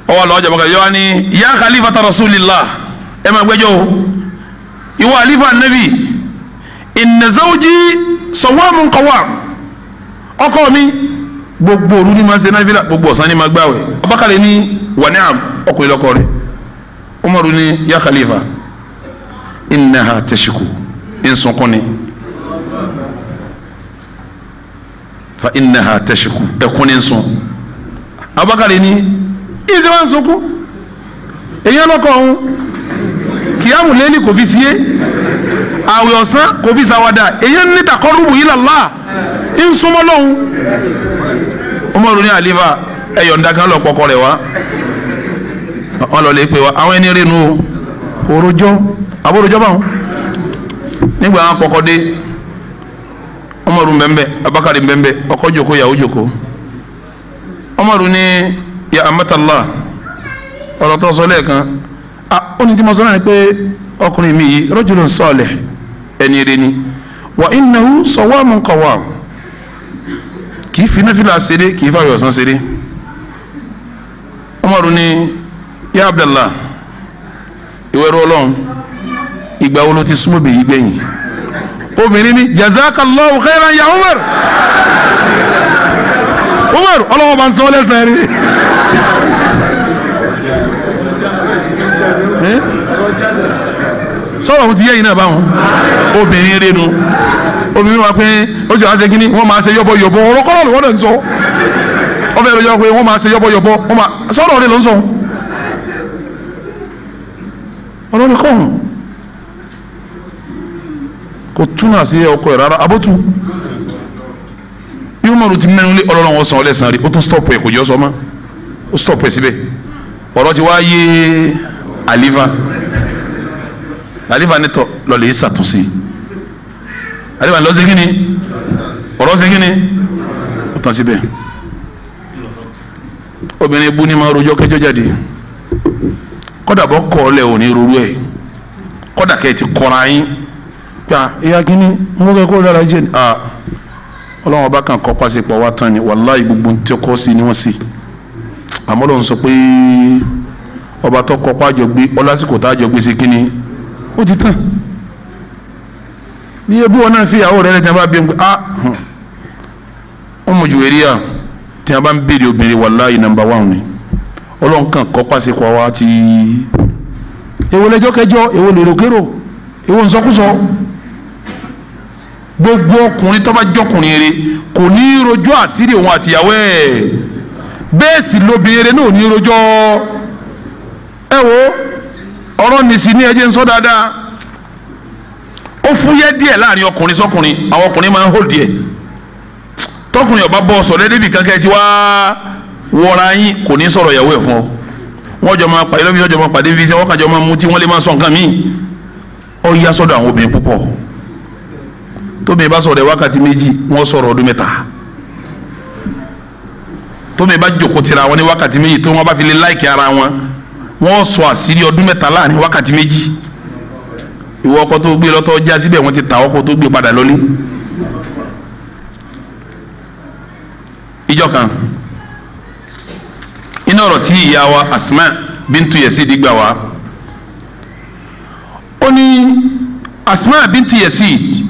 ọwọ́ àlọ́ ọjà Abubakari yọ wá ní yá Khalifata Rasulillah ẹ máa gbẹ́jọ́ o ìwọ àlífà nẹ́bì ìnẹ̀záwójì sọ̀wọ́mù kọ̀wá ọkọ mi gbogbo òru ni máa ń ṣe náfìlà gbogbo ọ̀sán ni máa gbàwẹ̀ abakari ni waniam ọkùnrin lọkọ rẹ̀ umaru ni ya khalifa innaha tẹ̀síkù nsọkùnrin fa innaha tẹ̀síkù ẹ̀kùnrin sùn abakari ni ìṣe wa ń sọkù èyí ọlọ́kọ̀ kìyàmù lẹ́lí kò fi sí yé àwẹ̀ ọ̀sán kò fi sàwádà èyí ní takọ́rùbù yìí làlá ń súnmọ́ lọ́hùn. ní àlífà ẹ̀yọ̀ ń lọ pọkọ rẹ̀ wá wọn lọ lè pè wá àwọn ẹni rinu o òròjọ́ àbóròjọ́ báwọn nígbà wọn pọkọ dé ọkọ Joko Joko. ní ya ọ̀rọ̀ tó sọ lẹ́ẹ̀kan Ah, ó ní tí mo sọ náà ni pé ọkùnrin mi yìí rajulun salih ẹni rẹ ni wa innahu sawamun qawwam kì í fi náfìlà ṣeré kì í fàwé ọ̀sán ṣeré Umaru ni ya Abdallah ìwẹ́rọ ọlọ́run ìgbà wo ló ti súnmọ́ bèyí gbẹ̀yìn obìnrin ni jazakallahu khairan ya Umar Umar ọlọ́wọ́ bá ń sọ ọ́ lẹ́sẹ̀ rí. Eh? sọ̀rọ̀ ohun ti yẹ́yìn náà báwọn obìnrin rinu obìnrin wa pé ó sì wá ṣe kínní wọ́n máa ṣe yọ́bọ̀yọ́bọ̀ ọ̀rọ̀ kọ́rọ̀ ló wọ́n lè sọ wọ́n fẹ́ẹ́ lọ́jọ́ pé wọ́n máa ṣe yọ́bọ̀yọ́bọ̀ sọ̀rọ̀ rẹ̀ ló ń sọ ọlọ́run kọ́ ọ̀hún kò túnà sí ọkọ ẹ̀ rárá abótú yóò mọ̀rún ti mẹ́rin lé ọlọ́run wọn sàn ọ́ lẹ́sàn-án rí ó tún stop ẹ̀ kò jọ́ sọ aliva aliva ni tọ lọle aliva lọ segin ni ọ̀rọ̀ segin ni ó obìnrin bú ni máa rojọ́ kẹjọ́ jáde kódà bọ́ ti kọ́ra yín gba ìyá kínní mo kẹ́ kó ni ah, kan kọ́ ni gbogbo ń tẹ́kọ́ sí ni wọ́n sì àmọ́ sọ ọba tó kọ pa àjọgbé ọlásìkò tá àjọgbé ṣe kínní ó ti tán ní ebí wọn náà fi ìyàwó rẹ lẹ́tẹ̀ bá bí a ọmọ jùwèríà tí a bá ń béèrè obìnrin wàláhì nàmbà wà ní ọlọ́nkàn kọ́ pàṣípò àwa ti. èwo lẹjọ kẹjọ èwo lèròkèrò èwo nsọkúsọ gbogbo ọkùnrin tó bá jọkùnrin rẹ kò ní í rojọ́ àṣírí òun àtìyàwó ẹ̀ bẹ́ẹ̀ sì lóbìnrin rẹ náà ò ní í rojọ́ ọ́ ẹ wo ọ̀rọ̀ nìsí ní ẹjẹ́ ń sọ dáadáa ó fúyẹ́ díẹ̀ láàrin ọkùnrin sọkùnrin àwọn ọkùnrin máa ń hó díẹ̀ tọkùnrin ọba bọ́ sọ̀rọ̀ débi kankan ti wá wọra yín kò ní sọ̀rọ̀ ìyàwó ẹ̀ fún ọ wọ́n jọ máa pàdé lọ́wọ́ jọ máa pàdé fi ṣe wọ́n kàn jọ máa mutí wọ́n lè máa sọ nǹkan míì ọ yá sọ́dọ̀ àwọn obìnrin púpọ̀ tóbìnrin bá sọ̀rọ̀ wákàtí méjì wọ́n sọ̀rọ̀ ọdún mẹ́ta tóbìnrin bá jòkó tira wọn ní wákàtí méjì tó wọ́n bá fi lè láìkì ara wọn wọ́n sọ àṣírí ọdún mẹ́ta láàrin wákàtí méjì ìwọ ọkọ tó gbé lọ́tọ́ já síbẹ̀ wọ́n ti ta ọkọ tó gbé padà lọ́lé ìjọ kan iná ọ̀rọ̀ tí ìyá wa Asma bintu Yazid gbà wá ó ní Asma bintu Yazid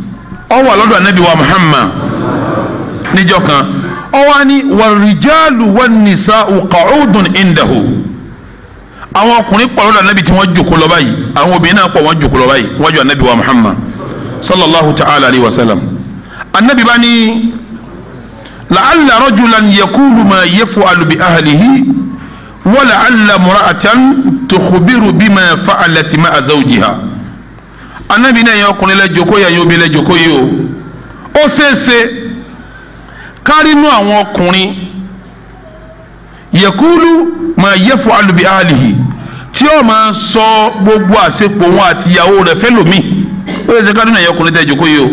ó wà lọ́dọ̀ anabi wa Muhammad níjọ kan ó wá ní wàrìjálù wà nìsa ọ̀kà ọ̀dùn ìndàhùn àwọn ọkùnrin pọ̀ lọ́dọ̀ anabi tí wọ́n jòkó lọ báyìí àwọn obìnrin náà pọ̀ wọ́n jòkó lọ báyìí wọ́n jọ anabi wa muhammad sallallahu ta'ala alayhi wa sallam anabi bá ní la'alla rajulan yakulu ma yaf'alu bi ahlihi wa la'alla mura'atan tukhbiru bima fa'alat ma'a zawjiha anabi náà yẹn ọkùnrin lẹ jòkó yẹn yóò bí lẹ jòkó yìí o ó ṣeéṣe kárínú àwọn ọkùnrin yẹkúlú máa yẹfu alubi alihi tí ó máa sọ gbogbo àṣepọ̀ wọn àti ìyàwó rẹ̀ fẹ́lòmíì ó yẹ sẹ́ká nínú ẹ̀yọ́ ọkùnrin tẹ́ ìjókòó yìí o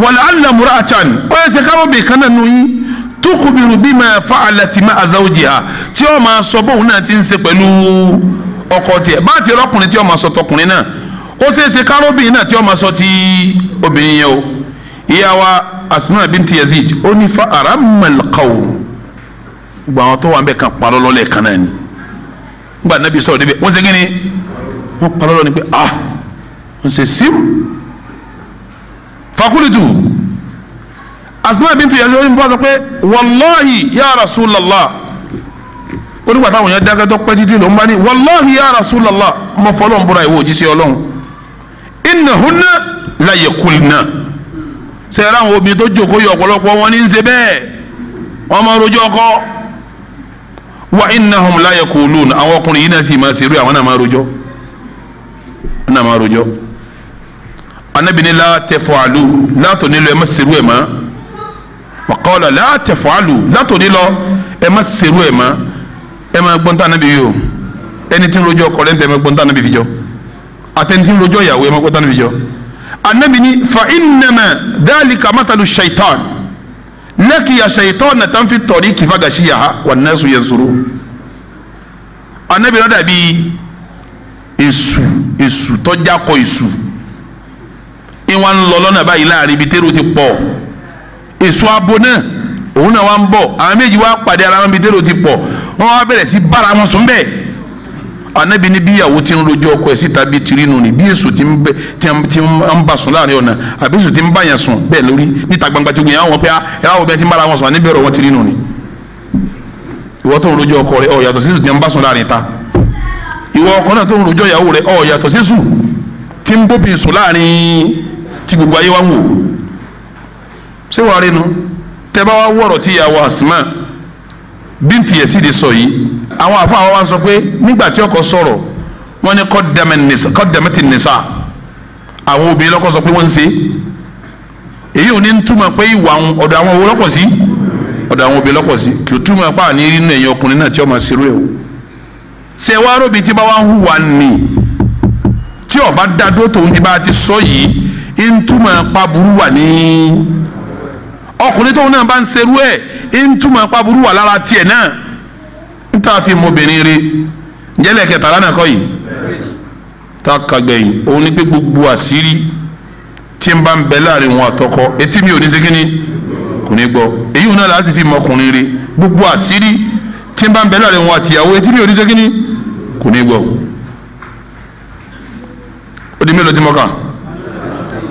wàlẹ́ alamura atan ó yẹ sẹ́ká bọ̀ bìkan náà nù yín tukubiru bí máa fa alatima azawujiha tí ó máa sọ bóun náà ti ń ṣe pẹ̀lú ọkọ tiẹ̀ bá ti rọ́kùnrin tí ó máa sọ tọkùnrin náà ó ṣe é ṣe kárọ́bìn náà tí ó máa sọ ti obìnrin yẹn o ìyá wa asma binti yazid ó ní fa aramal qawm gbogbo àwọn tó wà ń bẹ̀ kan parọ́ lọ́lẹ̀ kan náà ni nígbà nàbí sọ̀rọ̀ níbẹ̀ wọ́n ṣe kí ni wọ́n kọ́ lọ́rọ̀ ni pé ah wọ́n ṣe sim fakulitu asma bintu yasir oyin bá sọ pé wàláhi ya rasulallah onígbà táwọn yẹn dákẹ́ tó pẹ́ títí ló ń bá ní wàláhi ya rasulallah mo fọlọ́ ń bọ́ra ìwọ òjíṣẹ́ ọlọ́run innahunna la yakulna sẹ́yìn àwọn obìnrin tó jókòó yọ ọ̀pọ̀lọpọ̀ wọn ní ń ṣe bẹ́ẹ̀ wọ́n máa rojọ́ ọkọ wa innahum la yaqulun àwọn ọkùnrin yìí náà sì máa ṣerú àwọn náà máa rojọ́ náà máa rojọ́ anabini la taf'alu látò nílò ẹ má ṣerú ẹ má wa qala la taf'alu látò nílò ẹ má ṣerú ẹ má ẹ má gbọ́n tá anabi yìí o ẹni tí ń rojọ́ ọkọ lẹ́ntẹ́ ẹ má gbọ́n tá anabi fi jọ àtẹni tí ń rojọ́ ìyàwó ẹ má gbọ́n anabini fa innama dhalika mathalu shaitan laqiya shaytana tan fi tariki fagashiyaha wan nasu yansurun anabi ló dàbí èṣù èṣù tọ́já kọ èṣù ìwà ń lọ lọ́nà báyìí láàrin ibi tẹ́rù ti pọ̀ èṣù abo náà òun náà wá ń bọ̀ àwọn méjì wá pàdé ara wọn ibi tẹ́rù ti pọ̀ wọ́n wá bẹ̀rẹ̀ sí bára wọn sùn bẹ́ẹ̀ anabi ni bí ìyàwó ti ń rojọ́ ọkọ ẹ̀ síta bíi tirinu ni bí èso ti ń bà sùn láàrin ọ̀nà àbí èso ti ń bàyàn sùn bẹ́ẹ̀ lórí níta gbangba tí gbìyànjú àwọn pé ah, ẹ láwọn bẹ́ẹ̀ ti ń bára wọn sùn àní bẹ̀rẹ̀ wọn tirinu ni ìwọ tó ń rojọ́ ọkọ rẹ ọ yàtọ̀ sísù ti ń bà sùn láàrin ta ìwọ ọkọ náà tó ń rojọ́ ìyàwó rẹ ọ yàtọ̀ sísù ti ń bóbi sùn láàrin ti gbogbo ayé wa ń wò ṣé wàá rí tẹ bá wá wọ̀rọ̀ tí ìyàwó Asma bíntì Yẹsídì sọ yìí àwọn àfọ àwọn wa sọ pé nígbà tí ọkọ sọ̀rọ̀ wọ́n ní kọ́dẹ̀mẹ́tì nìsa àwọn obìnrin lọ́kọ́ sọ pé wọ́n ń ṣe èyí ò ní túmọ̀ pé ìwà ọ̀dọ̀ àwọn owó lọ́pọ̀ sí ọ̀dọ̀ àwọn obìnrin lọ́pọ̀ sí kì í túmọ̀ pé àní nínú ẹ̀yìn ọkùnrin náà tí ó máa ṣerú ẹ̀ o ṣé wàá ròbí tí bá wá ń hùwà nì tí ọba dá dótò ń ti bá ti sọ yìí ń túmọ̀ pa burú wà ní ọkùnrin tóun náà bá ń serú ẹ̀ ń túmọ̀ pàbùrù wà lára tiẹ̀ náà ń tà fi mọ obìnrin rẹ̀ njẹ́lẹ̀ kẹtàlá náà kọ́ yìí takagbẹ̀yìn òun ni pé gbogbo àṣírí tí ń bá ń bẹ láàrin wọn àtọkọ etí mi ò ní sékíní kò ní gbọ́ èyí òun náà láti fi mọ ọkùnrin rẹ̀ gbogbo àṣírí tí ń bá ń bẹ láàrin wọn àtìyàwó etí mi ò ní sékíní kò ní gbọ́ ó di mélòó tí mo kà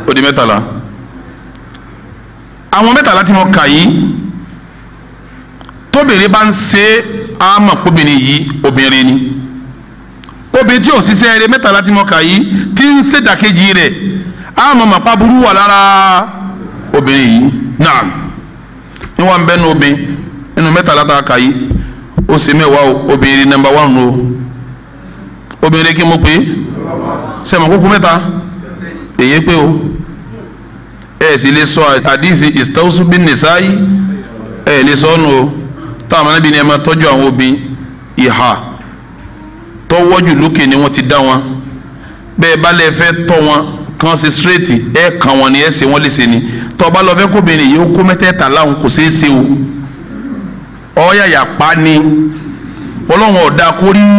ó di mẹ́tàlá àwọn mẹ́tàlá tí mo kà yìí tóbìnrin bá ń ṣe á mọ̀ póbìnrin yìí obìnrin ni obìnrin tí ò ṣiṣẹ́ eré mẹ́tàlá tí mo kà yìí tí ń ṣèdàkejì rẹ̀ á mọ̀ mọ̀ pa burú wà lára obìnrin yìí náà níwọ̀n bẹ́ẹ̀ ní obìnrin nínú mẹ́tàlá tá a kà yìí ó ṣe mẹ́wàá obìnrin nàmbà wà nù o obìnrin kí mo pè é sẹ́mi kúkú mẹ́ta èyí pé o ẹ sì lè sọ àdìsí ìsítọ́sù bí nìsáyí ẹ lè sọ ọ́nù o táwọn anábì ni ẹ máa tọ́jú àwọn obìnrin ìhà tọ́wọ́jù lókè ni wọ́n ti dá wọn bẹ́ẹ̀ bá lè fẹ́ tọ́ wọn kan ṣe straight ẹ kàn wọn ni ẹ ṣe wọn lè ṣe ni tọ́ ọba lọ fẹ́ kóbìnrin yìí ó kó mẹ́tẹ́ẹ̀ta láwọn kò ṣeé ṣe o ọ̀yàyà pa ni ọlọ́run ọ̀dà kórìí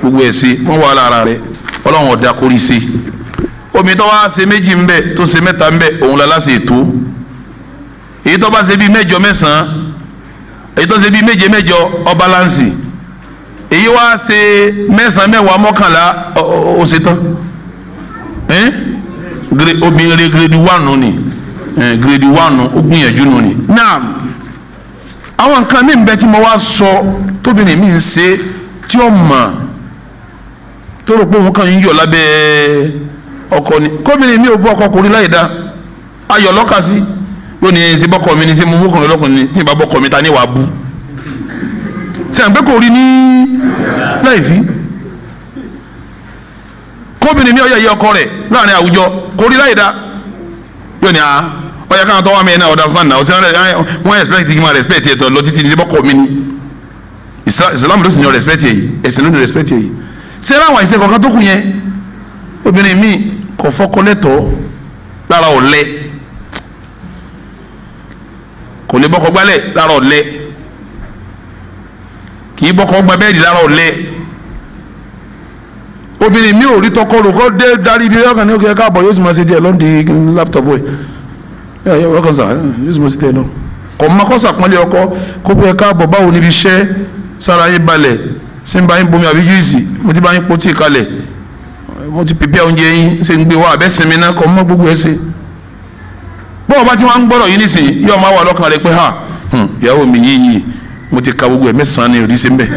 gbogbo ẹ̀ sí wọ́n wà lára rẹ̀ ọlọ́run ọ̀dà kórìí sí omi tó wá se méjì ńbẹ tó se mẹ́ta ńbẹ òun la se ètò èyí tó bá se bi mẹ́jọ mẹ́sàn èyí tó ṣe bíi méje mẹ́jọ ọ balansi èyí wá ṣe mẹ́sàn-án mẹ́wàá mọ́kànlá ó ṣe tán obìnrin ni gredi one ó gbìyànjú ni náà àwọn nǹkan mi bẹ tí mo wá sọ tóbìnrin mi ń tí ó tó rò pé ọkọ ni kóbìnrin mi ò bú ọkọ kùnrin láì dá ayọ̀ lọ́ka sí ó ní ẹ̀yìn sí bọ́kọ mi ní sí mo bọ́kùnrin lọ́kùnrin ní tí n bá bọ́kọ mi ta ni wàá bú sẹ́ǹpẹ́ kò rí ní láì fi kóbìnrin mi ó yẹ ọkọ rẹ̀ láàrin àwùjọ kò rí láì dá yóò a ah, ó yẹ káwọn tó wà mí ẹ̀ náà ọ̀dà sùnmọ́ náà ó sì wọ́n respect kí n máa respect ẹ̀ tọ́ lọ títí ní sí bọ́kọ mi ni Islam ló sì ní respect yìí ẹ̀sìn ló ní respect yìí sẹ́ra àwọn àìsàn kankan tó kù yẹn obìnrin míì kò fọ́kọ lẹ́tọ̀ọ́ lára ọ̀lẹ kò lè bọ́kọ gbálẹ̀ lára ọ̀lẹ kì í bọ́kọ gba bẹ́ẹ̀dì lára ọ̀lẹ obìnrin mi ò rí tọkọ rò kó dé darí ibi ọkàn ní òkè káàbọ̀ yóò sì máa ṣe díẹ̀ lóńdì láptọ̀pù ẹ̀ yóò wọ́kàn sàn yóò sì máa ṣe díẹ̀ náà kò má kọ́ sàpọ́nlé ọkọ kó bẹ́ẹ̀ káàbọ̀ báwo níbi iṣẹ́ sára yín balẹ̀ sí ń bomi àbí júìsì mo ti bá yín kalẹ̀ mo ti pèpè oúnjẹ yín ṣe ń gbé wa àbẹ́ sinmi náà kọ́ mọ́ gbogbo ẹ̀ ṣe bọ́ọ̀ bá ti wá ń gbọ́dọ̀ yín nísìnyí yóò máa wà lọ́kàn rẹ pé ha hmm, ìyàwó mi yìí yìí mo ti ka gbogbo ẹ̀ mẹ́sàn-án ni òrìṣẹ́ ń bẹ̀.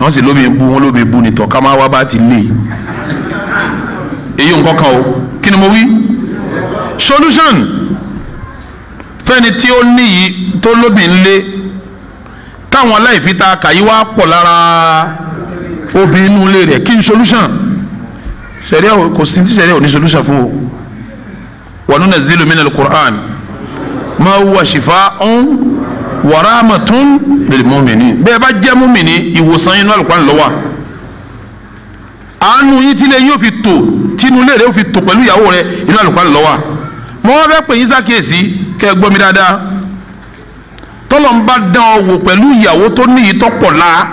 wọ́n sì lómi bu wọ́n lómi bu nìtọ̀ ká máa wá bá ti lé èyí nǹkan kan o kí ni mo wí solution fẹ́ni tí ó níyì tó lómi ń lé táwọn aláìfi ta kàyí wá pọ̀ lára obìnrin inú ilé rẹ̀ kí n solution sẹ̀ríà kò sí ti sẹ̀ríà ò ní solution fún o wa nunazzilu minal Qur'an ma huwa shifaa'un wa rahmatun lil mu'minin bẹ́ẹ̀ bá jẹ́ mùmìnì ìwòsàn inú Al-Qur'an ló wà àánú yín tílé yóò fi tò tínú ilé rẹ̀ yóò fi tò pẹ̀lú ìyàwó rẹ̀ inú Al-Qur'an ló mo wá fẹ́ pè yín sákèésí kẹ́ ẹ gbọ́ mi dáadáa tọ́lọ̀ ń bá dán ọ wò pẹ̀lú ìyàwó tó ní ìyí tó la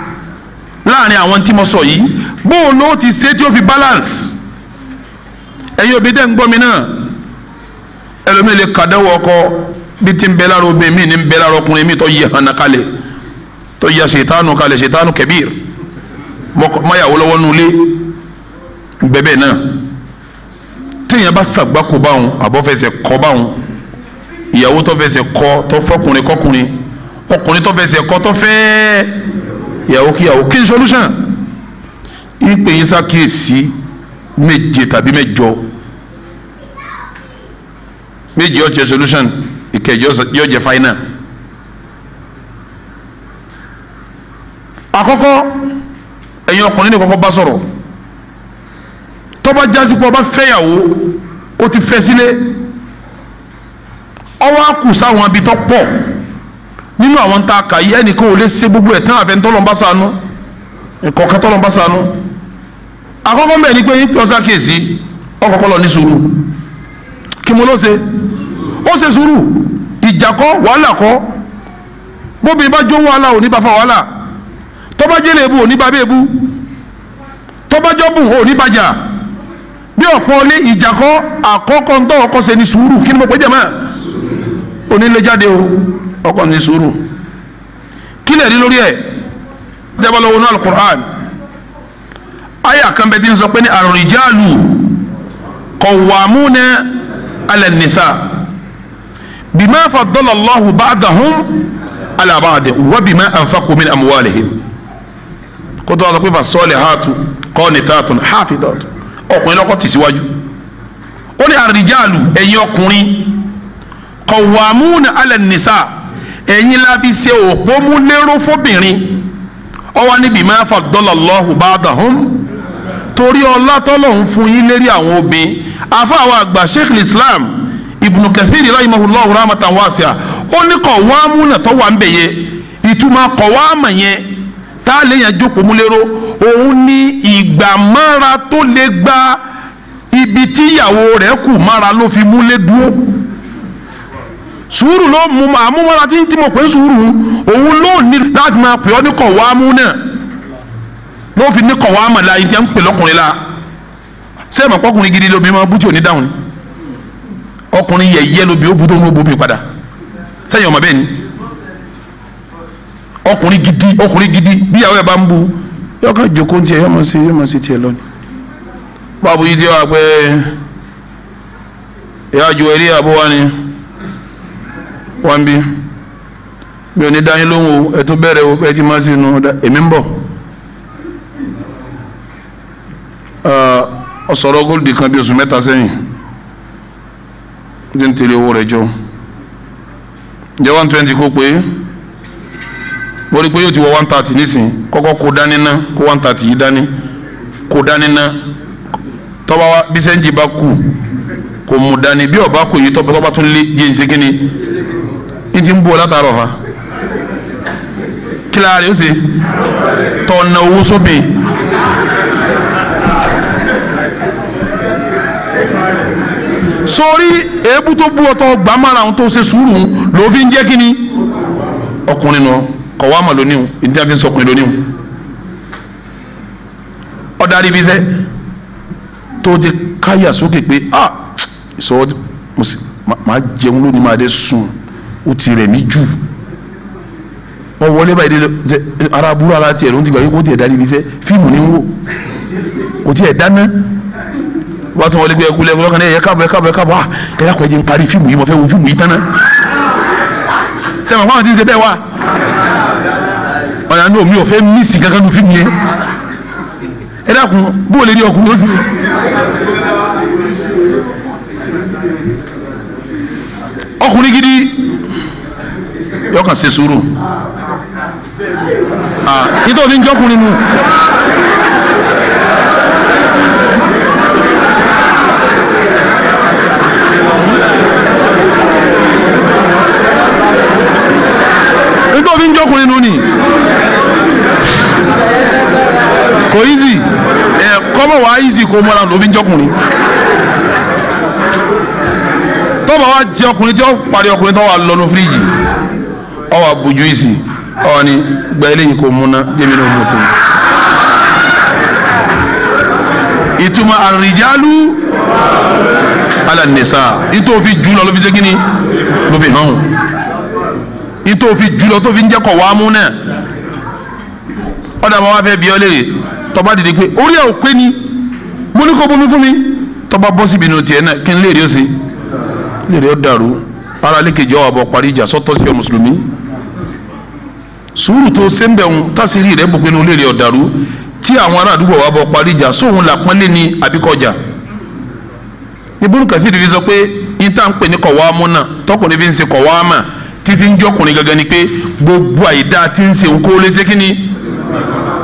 láàrin àwọn tí mo sọ yìí bóun ló ti ṣe tí ó fi balance ẹ̀yin òbí dẹ́ ń gbọ́ mi náà ẹlòmíì lè kàdánwò ọkọ bí ti ń bẹ lára obìnrin mi ní ń bẹ lára ọkùnrin mi tó yẹ hànà kalẹ̀ tó yẹ ṣètánù kalẹ̀ ṣètánù kẹbíir mọ́yàwó lọ́wọ́ nulẹ̀ gbẹ̀bẹ̀ náà téèyàn bá ṣàgbákò báwọn àbọ̀fẹsẹ̀ kọ́ báwọn ìyàwó tó fẹsẹ̀ kọ́ tó fọkùnrin kọkùnrin ọkùnrin tó fẹsẹ̀ kọ́ tó fẹ́ yàwó kíyàwó kí n solution ìpè yín ṣàkíyèsí méje tàbí mẹ́jọ méje ọ̀jẹ̀ solution ìkẹjọ yọ̀jẹ̀ final. àkọ́kọ́ ẹ̀yin ọkùnrin ní kọ́kọ́ bá sọ̀rọ̀ tọ́ba jásípọ̀ ọba fẹ́yàwó ó ti fẹ́ sílé ọwọ́ àkùsà àwọn abitọ́ pọ̀ nínú àwọn tá a kà yí ẹnìkan ò lè ṣe gbogbo ẹ̀ tán àfẹn tọ́lọ́ bá sànú nǹkan kan tọ́lọ́ bá sànú àkọ́kọ́ mbẹ́ ni pé yín pẹ́ ọ́sá ọkọ̀ọ̀kọ́ lọ ní sùúrù kí mo ló ṣe ó ṣe sùúrù ìjà kọ́ wàhálà kọ́ bóbi bá jó wàhálà òní bá fa wàhálà tọ́ba jẹ́lẹ̀ ebu òní bá bẹ́ẹ̀ bu tọ́ba jọ́bù òní bá jà bí ọ̀pọ̀ ní ìjà kọ́ àkọ́kọ́ ń tọ́ ọkọ́ ṣe ní ọkọ ní sùúrù kí lè rí lórí ẹ̀ dẹ́gbẹ́ lọ́wọ́ náà alukur'an aya kan bẹ ti ń sọ pé ní àrùjálù qawwamuna ala nisa bima faddala Allahu ba'dahum ala ba'din wa bima anfaqu min amwalihim kótó wa sọ pé fasolihatu qanitatun hafidatu ọkùnrin lọ́kọ́ tì síwájú ó ní àrùjálù ẹ̀yin ọkùnrin qawwamuna ala nisa ẹ̀yin la fi ṣe òpómúléró fóbìnrin ọwọ́ níbi máa fà dọ́là lọ́hùn bá dà hùn torí ọlá tọ́lọ́hún fún yín lérí àwọn obìnrin afáwọn àgbà sheikh islam ibnu kathiri rahimahullahu rahmatan wasi'a ó ní kọ̀ wá múnà tó wà ń bẹ̀ yẹ ìtumọ̀ kọ̀ wá mọ̀ yẹn tá a lè yàn jókòó múléró òun ní ìgbàmọ́ra tó lè gba ibi tíyàwó rẹ̀ kù mára ló fi múlé dúró. sùúrù ló mú àmúmọ́ra tí tí mo pè ń sùúrù òun ló ní láti máa pè ọ́ ní náà fi ní la yìí jẹ́ ń pè lọ́kùnrin la ṣé ẹ̀mọ̀ gidi lóbi máa bújì òní dáhùn ni ọkùnrin yẹ̀yẹ́ lóbi ó budó ní ó bomi padà sẹ́yìn gidi ọkùnrin gidi bí ẹ̀ bá ń bu ká jòkó tiẹ̀ tiẹ̀ báwo yìí wọ́n bí mi ò ní dá yín lóhùn o ẹ tún bẹ̀rẹ̀ o ẹ ti máa sínú èmi ń bọ̀ ọ̀sọ̀rọ̀ góòlù kan bí oṣù mẹ́ta sẹ́yìn ní n owó rẹ̀ jọ jẹ́ one twenty kó pé mo rí i pé yóò ti wọ one thirty nísìn kọ́kọ́ kó dání ná kó one thirty yìí dání kó dání ná tọ́ba wa bí sẹ́ńjì bá kù kò mú dání bí ọba kù yìí tọ́ba tún lé jẹ́ ní sẹ́kínni n ti ń bọ̀ látàárọ̀ fa kí lára rẹ̀ ó ṣe tọ̀nà owó sóbì. sórí èébú tó bú ọtọ gbàmára àwọn tó ṣe sùúrù ló fi ń jẹ́ kí ni ọkùnrin nù kọ̀wá mà lónìí o ìdí àfi ń sọkùnrin lónìí o ọ̀darí ibi iṣẹ́ tó ti káyà sókè pé ah ìsọwọ́ màá jẹun lónìí máa dé sùn. O ti rẹ̀ mí jù wọ́n wọlé báyìí dé ara burú ara tiẹ̀ ló ń ti gbà yín kó tiẹ̀ dá níbi iṣẹ́ fíìmù ni ń wò kò tiẹ̀ dáná wọ́n á tún wọlé gbé ẹkú lẹ́kọ́ lọ́kàn náà ẹ̀ káàbọ̀ ẹ̀ káàbọ̀ ẹ̀ káàbọ̀ ah, ẹ̀ dákun ẹ̀ jẹ́ ń parí fíìmù yìí mo fẹ́ wo fíìmù yìí tán náà sẹ́wọ̀n fáwọn ti ń ṣe bẹ́ẹ̀ wá ọ̀nà ní omi ọ̀fẹ́ mísì gángan nu fíìmù yẹn ẹ dákun bó o lè rí ọkùnrin ó sì yọkàn ṣe sùúrù nítorí òfin jọkùnrin mu. nítorí òfin jọkùnrin nu ni kò easy ẹ kọ́mọ̀ wá easy kó mọ́ra òfin jọkùnrin tọ́ba wa jẹ ọkùnrin tí ó parí ọkùnrin tó wà lọ́nu fíríjì ọwọ́ abujú ìsì ọwọ́ ni gba eléyìí kò múná jẹ́mi ní òmùtò. ìtumọ̀ àrìjálù alànìsà ìtò òfin jù lọ ló fi ṣe kí ni ló fi hàn ìtò òfin jù lọ tó fi ń jẹ́kọ̀ wá mú náà ọ̀dà àwọn afẹ́ bí ọ léèrè tọba dìde pé orí ẹ̀ ò pé ni mo ní kó bomi fún mi tọba bọ́ síbi inú tiẹ̀ náà kí n léèrè ó sí léèrè ó dàrú ara lékejì ọ̀ àbọ̀ parí ìjà sọ́tọ́ sí ọ mùsùlùmí sùúrù tó sẹ́ńbẹ̀hún tásìrì rẹ̀ bùkún inú léèrè ọ̀dàrú tí àwọn ará àdúgbò wa bọ̀ parí ìjà sóhun làpọ́nlé ni àbíkọjà ibùdó kàfíìdì rí sọ pé níta ń pè ní kọ̀wámú náà tọkùnrin fi ń ṣe kọ̀wámà tí fi ń jọkùnrin gangan ni pé gbogbo àyídá tí ń ṣe òun kó lé ṣe kí ni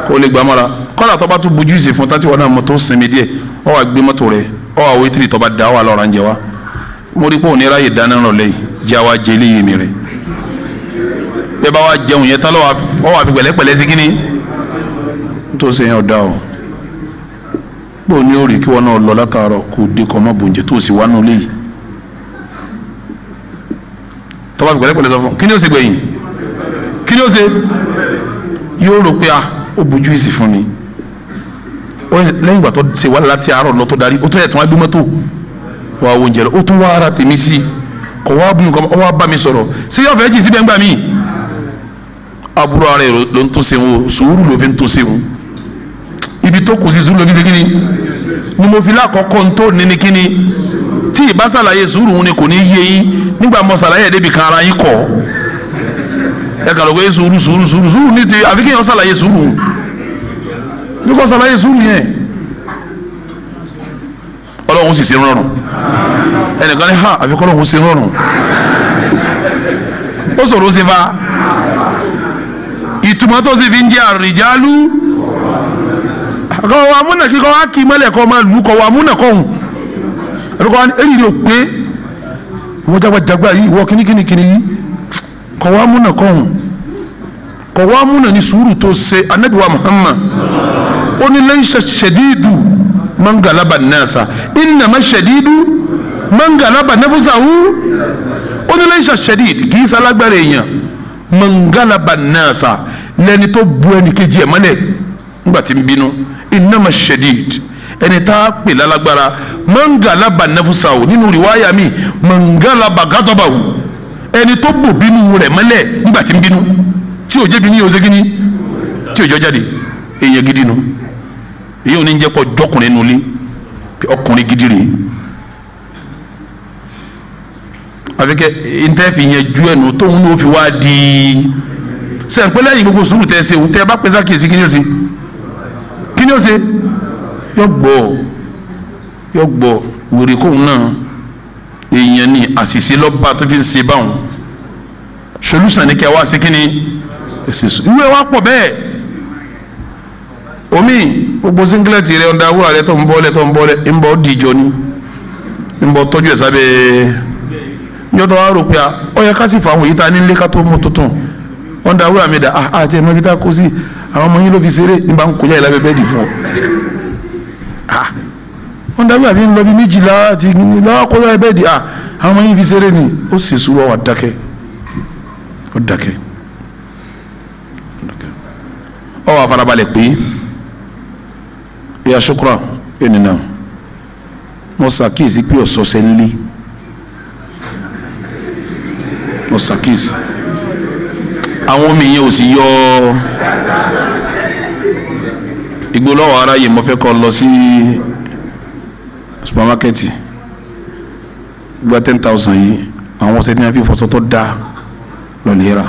kó lè gbàmọ́ra kọ́lá tó bá tún bujú ìsìn fún tátí wọn náà mo sinmi díẹ̀ ọ wà gbé mọ́tò rẹ̀ ọ wà wétírì tó bá dá wà lọ́ra ń jẹ wa mo rí pé òun ní ráyè dáná rọ̀ lẹ́yìn jáwá jẹ́ eléyìí mi rẹ̀ bá wa jẹun yẹn tán lọ́wọ́ wà fi pẹ̀lẹ́pẹ̀lẹ́ sí kínní tó ṣe yẹn ọ̀dà o bó ní òòrì kí wọn náà lọ látàárọ̀ kó dé kọ́ ọmọ bòǹjẹ tó sì wá nù léyìí tọ́wọ́ fi pẹ̀lẹ́pẹ̀lẹ́ sọ fún kí ni ó ṣe gbẹ̀yìn kí ni ó ṣe yóò rò pé a ah, ó bujú ìsì fún ni lẹ́yìn ìgbà tó ṣe wàhálà láti àárọ̀ lọ tó darí ó tún yẹ tí wọ́n gbé mọ́tò wà á wo oúnjẹ lọ ó tún wá ara tèmi sí kọ̀ wá bùn kọ́ ọ wá bá mi sọ̀rọ̀ ṣé yóò fẹ́ jì síbẹ̀ ńgbà míì aburú ara rẹ̀ ló ń tún ṣe wọn sùúrù ló fi ń tún ṣe wọn ibi tó kù sí sùúrù ló fi ṣe kí ni ni mo fi lákọ̀ọ́kọ́ ń tó ní ni kí ni tí ìbá ṣàlàyé sùúrù wọn ni kò ní yé yín nígbà mo ṣàlàyé débi kan ara yín kọ̀ ẹ kà pé sùúrù sùúrù sùúrù sùúrù ní ti àfi kéèyàn ṣàlàyé sùúrù bí kò ṣàlàyé sùúrù yẹn ọlọ́run sì ṣe rọrùn ẹnìkan ní ha àfi kọ́ ọlọ́run ṣe rọrùn ó ṣòro ṣe fa ìtumọ̀ tó sì fi ń jẹ́ àrìjálú kọ́ wa múnà kíkọ́ wa kì í mọ́lẹ̀ kọ́ máa lù kọ́ wa múnà kọ́hún ẹ̀rọ kọ́ wa èyí ni ò pé wọ́n jagbajagba yìí wọ́n kíníkíníkíní yìí kọ́ wa múnà kọ́hún kọ́ wa múnà ní sùúrù tó ṣe anabiwa Muhammad ó ní lẹ́yìn ṣẹ̀dídù mangalaba nasa ìnàmá ṣẹ̀dídù mangalaba nẹ́fúsàwù ó ní lẹ́yìn ṣẹ̀dídù kì í sálágbára èèyàn mangalaba nasa lẹni tó bu ẹnì kejì ẹ̀ mọ́lẹ̀ nígbà tí ń bínú innama shadid ẹni tá a pè lálágbára mangalaba nafusawo nínú riwaya mi mangalaba gadabawo ẹni tó bò bínú rẹ̀ mọ́lẹ̀ nígbà tí ń bínú tí ò jẹ́ kí ni yóò ṣe ni tí ò jọ jáde èèyàn gidi nu èyí ò ní jẹ́ pọ̀ jọkùnrin nulẹ̀ ọkùnrin gidi rèé àfikẹ́ ntẹ́ fi yẹn ju ẹnu tóun ló fi wá di sẹ̀ǹpẹ́ lẹ́yìn gbogbo sùúrù tẹ́ ṣe òun tẹ́ bá pẹ́ sákìyèsí kí ni ó ṣe kí ni ó ṣe yọ gbọ́ yọ gbọ́ wèrè kóun náà èèyàn ni àṣìṣe lọ́ba tó fi ń ṣe báwọn solution ni kẹ́ wá ṣe kí ni ẹ̀sìn sùn ìwé wa pọ̀ bẹ́ẹ̀ omi gbogbo singlet rẹ ọ̀dà wúrà rẹ tó ń bọ́lẹ̀ tó ń bọ́lẹ̀ ń bọ́ dìjọ ni ń bọ́ tọ́jú ẹ̀ sábẹ́ ẹ̀ wa rò pé ọ yẹ ká sì fà àwọn èyí tá nílé ká tó mú tuntun wọ́n da wúrà mi dà á ah, àti ẹ̀mọ́ ibi tá a kó sí àwọn ọmọ yín ló fi ṣeré nígbà ń kọjá ìlà bẹ́ẹ̀ dì fún ọ. Ah, wọ́n da wúrà mi lọ bí méjìlá àti ìlà kọjá ìbẹ́ẹ̀ dì á ah, àwọn ọmọ yín fi ṣeré ni ó sì sùúrù ọ̀ dákẹ́ ó dákẹ́ ọ wà farabalẹ̀ pé ìyá ṣukura ènìyàn mo ṣàkíyèsí pé ọ̀sọ̀ọ̀sẹ̀ nílé mo ṣàkíyèsí àwọn omi yẹn ò sì yọ igbó lọ́wọ́ aráyè mo fẹ́ kọ́ lọ sí supermarket gba ten thousand yìí àwọn ọ̀sẹ̀ tí wọ́n fi fọṣọ tó dáa lọ́lẹ́ ra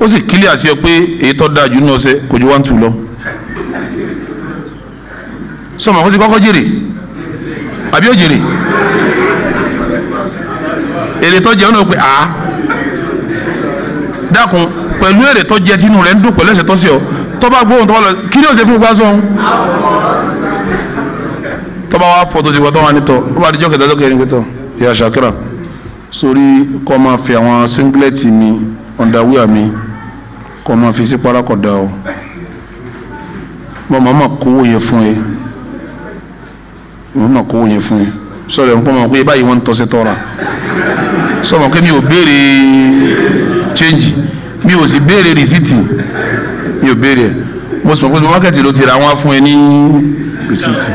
ó sì kílíà sí ẹ pé èyí tó dáa jù ní ọ̀sẹ̀ kò ju one two lọ sọmọ kó ti kọ́kọ́ jèrè àbí ó jèrè èrè tó jẹ́ ọ̀nà pé a dákun pẹ̀lú èrè tó jẹ tínú rẹ̀ ń dùn pẹ̀lú ẹ̀ṣẹ̀ tó ṣẹ̀ ọ́ tó bá gbóhùn tó bá lọ kí ni ó ṣe fún gbá sóhun tó bá wà fọ́ tó ṣe wọ́n tó wà nítọ́ ó bá dijọ́ kẹta lókè ẹni pé tọ́ ìyá ṣàkírà sórí kọ́ máa fi àwọn singlet mi underwear mi kọ́ máa fi sí parakọ̀dà o mo máa ma kówó yẹn fún yẹn mo máa kówó yẹn fún yẹn sọ̀rọ̀ ẹ̀ ń pọ́n mọ̀ pé báyìí wọ́n ń tọ́ sí tọ́ra sọ̀rọ̀ pé ò béèrè change mi ò sì béèrè rìsíìtì mi ò béèrè ẹ̀ mo sọ pé mọ́kẹ́tì ló ti ra wọ́n á fún ẹ ní rìsíìtì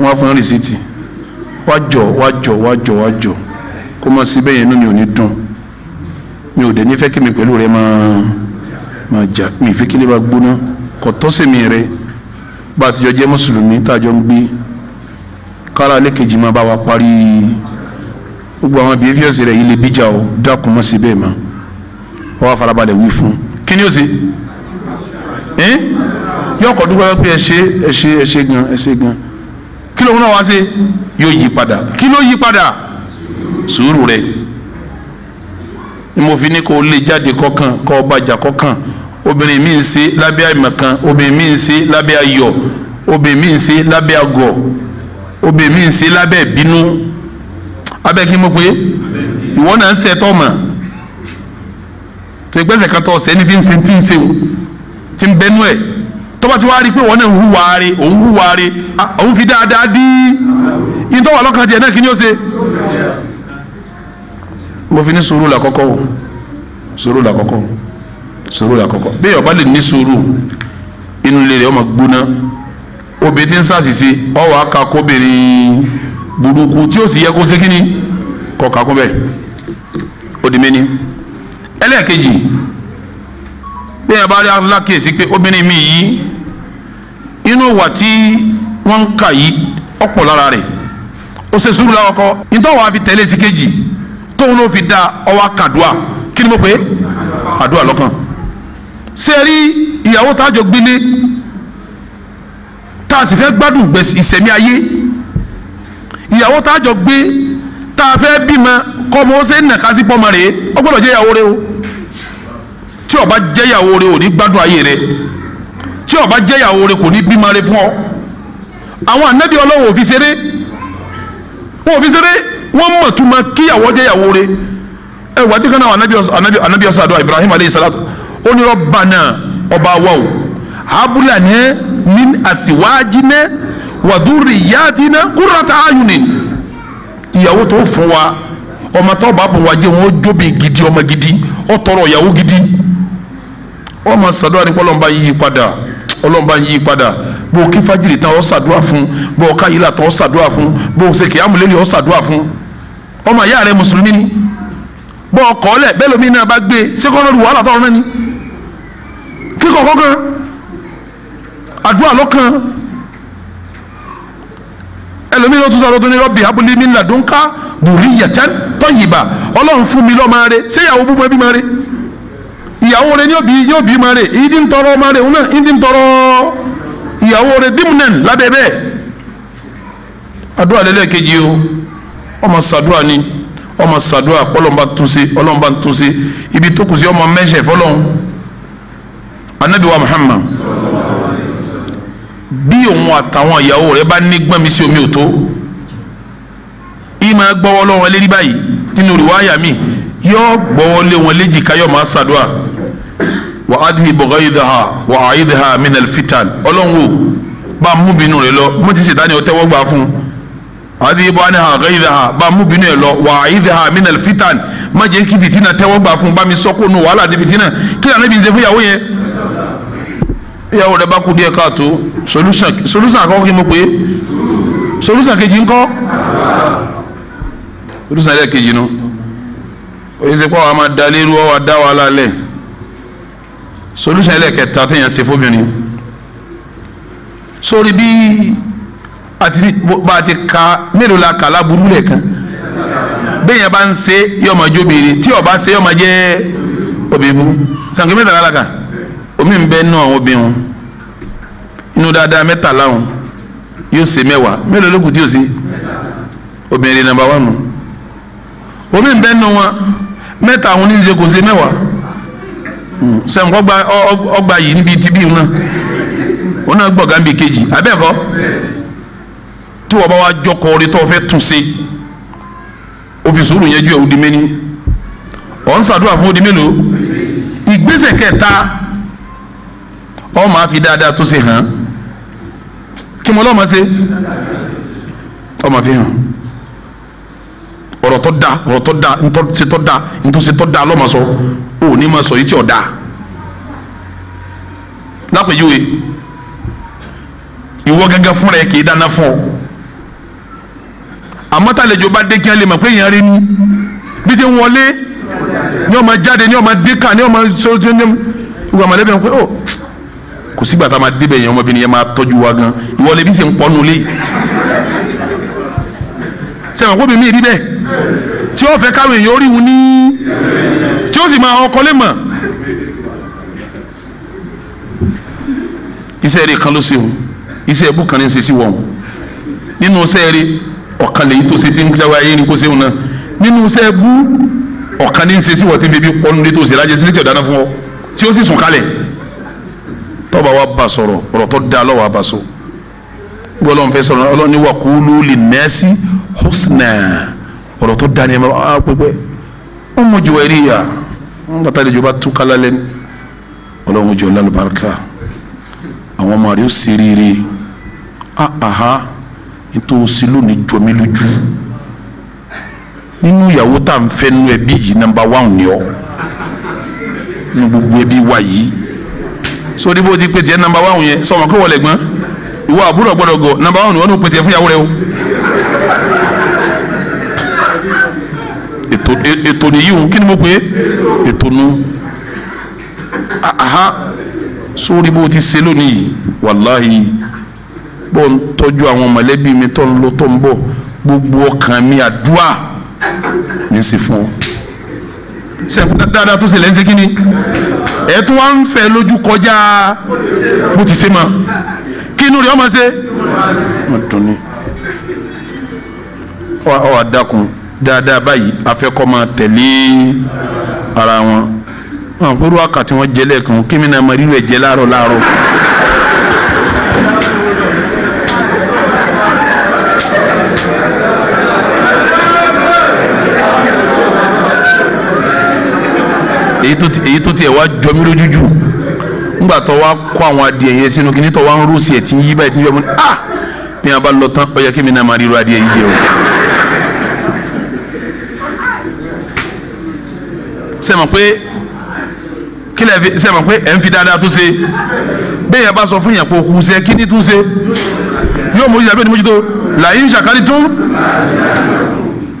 wọ́n á fún ẹ ní rìsíìtì wájọ wájọ wájọ wájọ kó mọ síbẹ̀ yẹn inú mi ò ní dùn mi ò dẹ̀ ní fẹ́ kí mi pẹ̀lú rẹ máa máa jà mi ìfẹ́ kí lè bá gbóná kò tọ́sẹ̀mí rẹ bá a ti jọ jẹ́ mùsùlùmí tá ń gbé kára lẹ́kẹ̀jì máa bá wa parí gbogbo àwọn behaviors rẹ̀ yìí lè bíjà o dákun mọ́ síbẹ̀ máa wọ́n wá farabalẹ̀ wí fún kí ni ó ṣe yóò kọ́ dúpẹ́ pé ẹ ṣe ẹ ṣe ẹ ṣe gan ẹ ṣe gan kí ló ń náà wá ṣe yóò yí padà kí ló yí padà sùúrù rẹ ni mo fi ní kó o lè jáde kọkàn kó o bàjá kọkàn obìnrin mi ń ṣe lábẹ́ àìmọ̀kan obìnrin mi ń ṣe lábẹ́ ayọ̀ obìnrin mi ń ṣe lábẹ́ agọ̀ obìnrin mi ń ṣe lábẹ́ ìbínú abẹ́ kí mo pé ìwọ náà ń ṣe mọ̀ tó ìgbésẹ̀ kan tó ọ̀sẹ̀ ní fi ń se fi ń se o ti ń bẹnu ẹ̀ tọ́ba ti wá rí i pé wọ́n náà ń hùwà re òun hùwà re òun fi dáadáa dí ìtọ́wà lọ́kàn tiẹ̀ náà kí ni ó ṣe. mo fi ní sùúrù làkọ́kọ́ o sùúrù làkọ́kọ́ sùúrù làkọ́kọ́ bí ọba lè ní sùúrù inú ilé rẹ̀ ọmọ gbóná obìnrin tí ń ṣàṣìṣe ọwọ́ aka burúkú tí ó sì yẹ kó ṣe kí ni kọ̀ọ̀kan bẹ́ẹ̀ ó di mẹ́ni ẹlẹ́ẹ̀kejì bẹ́ẹ̀ bá rí alákìyèsí pé obìnrin mi yìí inú wà tí wọ́n ń kà yìí ọ̀pọ̀ lára rẹ̀ ó ṣe sùúrù láwọn kọ́ nítorí wàá fi tẹ̀lé sí kejì tóun ló fi da ọwọ́ kàdúà kí ni mo pè é àdúà lọ́kàn ṣe rí ìyàwó tájọ gbélé tá a sì fẹ́ gbádùn ìsẹ̀mí ayé ìyàwó tájọ gbé tá a fẹ́ bímọ kọ́mọ ó ṣe ń nàka sí pọ́mọ rẹ̀ ó gbọ́dọ̀ jẹ́ ìyàwó o tí ó bá jẹ́ ìyàwó ò ní gbádùn ayé rẹ tí ó jẹ́ kò ní bímọ fún ọ àwọn ànábì Ọlọ́run ò ṣeré wọn ṣeré wọn mọ̀ Ibrahim aleyhi ọba wa o abúlé ìyàwó tó fún wa ọmọ tó bá bùn wá jẹ́ wọn ó jóbi gidi ọmọ gidi ó tọrọ ìyàwó gidi wọ́n máa ṣàdúrà nípa ọlọ́mọba yí padà ọlọ́mọba yí padà bó o kí fájìrì tán ó ṣàdúrà fún bó o ká yìlá tán ó ṣàdúrà fún bó o ṣe kì í amúlẹ́lì ó ṣàdúrà fún ọmọ ìyá rẹ mùsùlùmí ni bó o kọ́ lẹ̀ bẹ́ẹ̀ lómi náà bá gbé sẹ́kọ́ndọ̀rì wàhálà tọ̀rọ̀ náà ni kíkọ̀ kọ́kàn àdúrà lọ́kàn ẹlòmíì ló tún sọ ọdún ní rọ́bì abúlé mi ladunka duriyatan tayyiba ọlọ́run fún mi lọ́ọ́ máa re ṣé ìyàwó búbu ẹbí máa re ìyàwó rẹ yóò bí máa re ìdí ń tọrọ máa re òun náà ìdí ń tọrọ ìyàwó rẹ dimnen lábẹ́ bẹ́ẹ̀ àdúrà lẹ́lẹ́kejì o ọmọ sàdúrà ni ọmọ sàdúrà ọlọ́mọba túnṣe ọlọ́mọba túnṣe ibi tó kù sí ọmọ mẹ́ṣẹ̀ fọlọ́hún Muhammad bí òun àtàwọn ìyàwó rẹ̀ bá ní gbọ́nmi sí omi òtó ìmọ̀ gbọ́wọ́ lọ́wọ́ lérí báyìí nínú rìwáyà mi yóò gbọ́wọ́ lé wọn léjìká yóò máa ṣàdúrà wà á dìbò ghaydaha wà á yídìhà minal fitan ọlọ́run wò bá a mú bínú rẹ lọ mo ti ṣètà ni o tẹ́wọ́ gbà fún wà á dìbò aniha ghaydaha bá a mú bínú rẹ lọ wà á yídìhà minal fitan má jẹ́ kí fìtínà tẹ́wọ́ gbà fún bá mi sọ́kò nù wàhálà àti fìtínà kí ìyàwó rẹ bá kú díẹ̀ káàtó solution àkọ́kọ́ kí mo pè é solution kejì ńkọ́ solution ẹ̀rẹ́ kejì nu oyinsepo àwọn máa da lérú ọwọ́ dá wa lálẹ́ solution ẹ̀rẹ́ kẹta téèyàn se fóbìnrin sórí bí bá a ti ka mélòó la kà láburú lẹ̀ kan béèyàn bá ń ṣe yọmọ jóbìnrin tí ó bá ṣe yọmọ jẹ́ òbí bu sànkí mẹ́ta lára kà omi ń bẹ nù àwọn obìnrin inú dáadáa mẹ́ta láwọn yóò ṣe mẹ́wàá mélòó ló kù tí yóò ṣe obìnrin nàmbà wà nù omi ń bẹ́ nù wọn mẹ́ta àwọn oníṣe kò ṣe mẹ́wàá sẹ́wọ̀n kọ́ gba ọgbà yìí níbi tibí náà òun náà gbọ̀ngàn bíi kejì abẹ́ẹ̀kọ́ tí wọ́n bá wá jọkọ̀ orí tó fẹ́ tún ṣe òfìsì òrùn yẹn ju ẹ̀ òdi mẹ́ni ọ̀ ń ṣàdúrà fún òdi mélòó ìgbésẹ̀ kẹta ọ̀ máa fi dáadáa tó ṣe hàn án kí mo lọ́ọ́ máa ṣe ọmọ fi hàn ọ̀rọ̀ tó da ọ̀rọ̀ tó da ntọ́sí tó da ntọ́sí tó da lọ́ọ́ máa sọ ò ní máa sọ yìí tí ò da lápèjúwe ìwọ gẹ́gẹ́ fúnra ẹ kì í dáná fún ọ àmọ́ bá dé kí ẹ lè mọ̀ pé èèyàn rí ni bí ti ń wọlé ni ọmọ jáde ni ọmọ díkà ni ọmọ sọ́jọ́ ni ọmọ ìwà mọ̀lẹ́bí ẹ ń pẹ́ kò sígbà tá a máa débẹ̀ yẹn ọmọbìnrin yẹn máa tọ́jú wa gan ìwọlé bí sì ń pọnú lé sẹ́wọ̀n kó mi mí rí bẹ́ẹ̀ tí ó fẹ́ káwọn èèyàn oríhun ní tí ó sì máa ọkọ lé mọ̀ iṣẹ́ rẹ̀ kan ló ṣe òun iṣẹ́ ẹ̀bù kan ní ṣe sí nínú iṣẹ́ rẹ̀ ọ̀kan lèyí tó ṣe ti ń jáwé ayé ni kó ṣe òun náà nínú iṣẹ́ ẹ̀bù ọ̀kan ní ṣe sí tí bíbí pọ́nú lé tó ṣe lájẹsílẹ̀ tí ọ̀dáná fún ọ tí ó sì sùn kalẹ̀ tọ́ba wa bá sọ̀rọ̀ ọ̀rọ̀ tó da lọ́wọ́ abaso gbọ́dọ̀ ń fẹ́ sọ̀rọ̀ ọlọ́run ní waqulu linnasi husna ọ̀rọ̀ tó da ni ẹ máa pẹ́pẹ́ Ummu Juwairiya ń bàtà lè jọba tú kálá lẹ́nu ọlọ́run jọ lálùbáríkà àwọn ọmọ rẹ̀ ó sì aha nítorí o sì lónìí jọmí lójú nínú ìyàwó tá à ń fẹ́ nínú ẹbí yìí nàmbà wà ní ọ nínú gbogbo ẹbí wa yìí sórí bó ti pété nàmbà wáhùn yẹn sọmọ kó wọlé gbọ́n ìwọ àbúrò gbọ́dọ̀ gọ nàmbà wáhùn wọn ò pété fún yàwó rẹ o. E, ètò nìyí o kí ni mo pè é ètò nu aha sórí bó ti ṣe lónìí wàláhì bó ń tọ́jú àwọn mọ̀lẹ́bí mi tó ń lọ tó ń bọ̀ gbogbo ọkàn mi àdúrà ní sí fún ọ sẹ̀kú dáadáa tó ṣẹlẹ̀ ń ṣe kí ni ẹ̀ tó wá ń fẹ́ lójú kọjá bó ti ṣe ma kí inú rẹ̀ ọmọ ṣe. mo dùn ní. ọ wà dákun dáadáa báyìí afẹ́kọ́ máa tẹ̀lé ara wọn. àwọn àpòrò àkàtì wọn jẹ́ lẹ́ẹ̀kan kí mi náà máa rírò ẹ̀ jẹ́ láàárọ̀ láàárọ̀. èyí tó tiẹ̀ wá jọ mí lójú jù ńgbà tó wá kó àwọn adìẹ yẹn sínú kí ní tó wá ń rúùsì ẹ̀ tí ń yí báyìí tí ń yọ mú ni ah bí wọn bá lọ tán ó yẹ kí mi náà máa ríru adìẹ yìí jẹ o. sẹ́mọ̀ pé kílẹ̀ sẹ́mọ̀ pé ẹ̀ ń fi dáadáa tó ṣe bẹ́ẹ̀ yẹn bá sọ fún yẹn pé òkú ṣe kí ní tún ṣe yóò mójútó àbí òní mójútó làyín ṣàkárí tún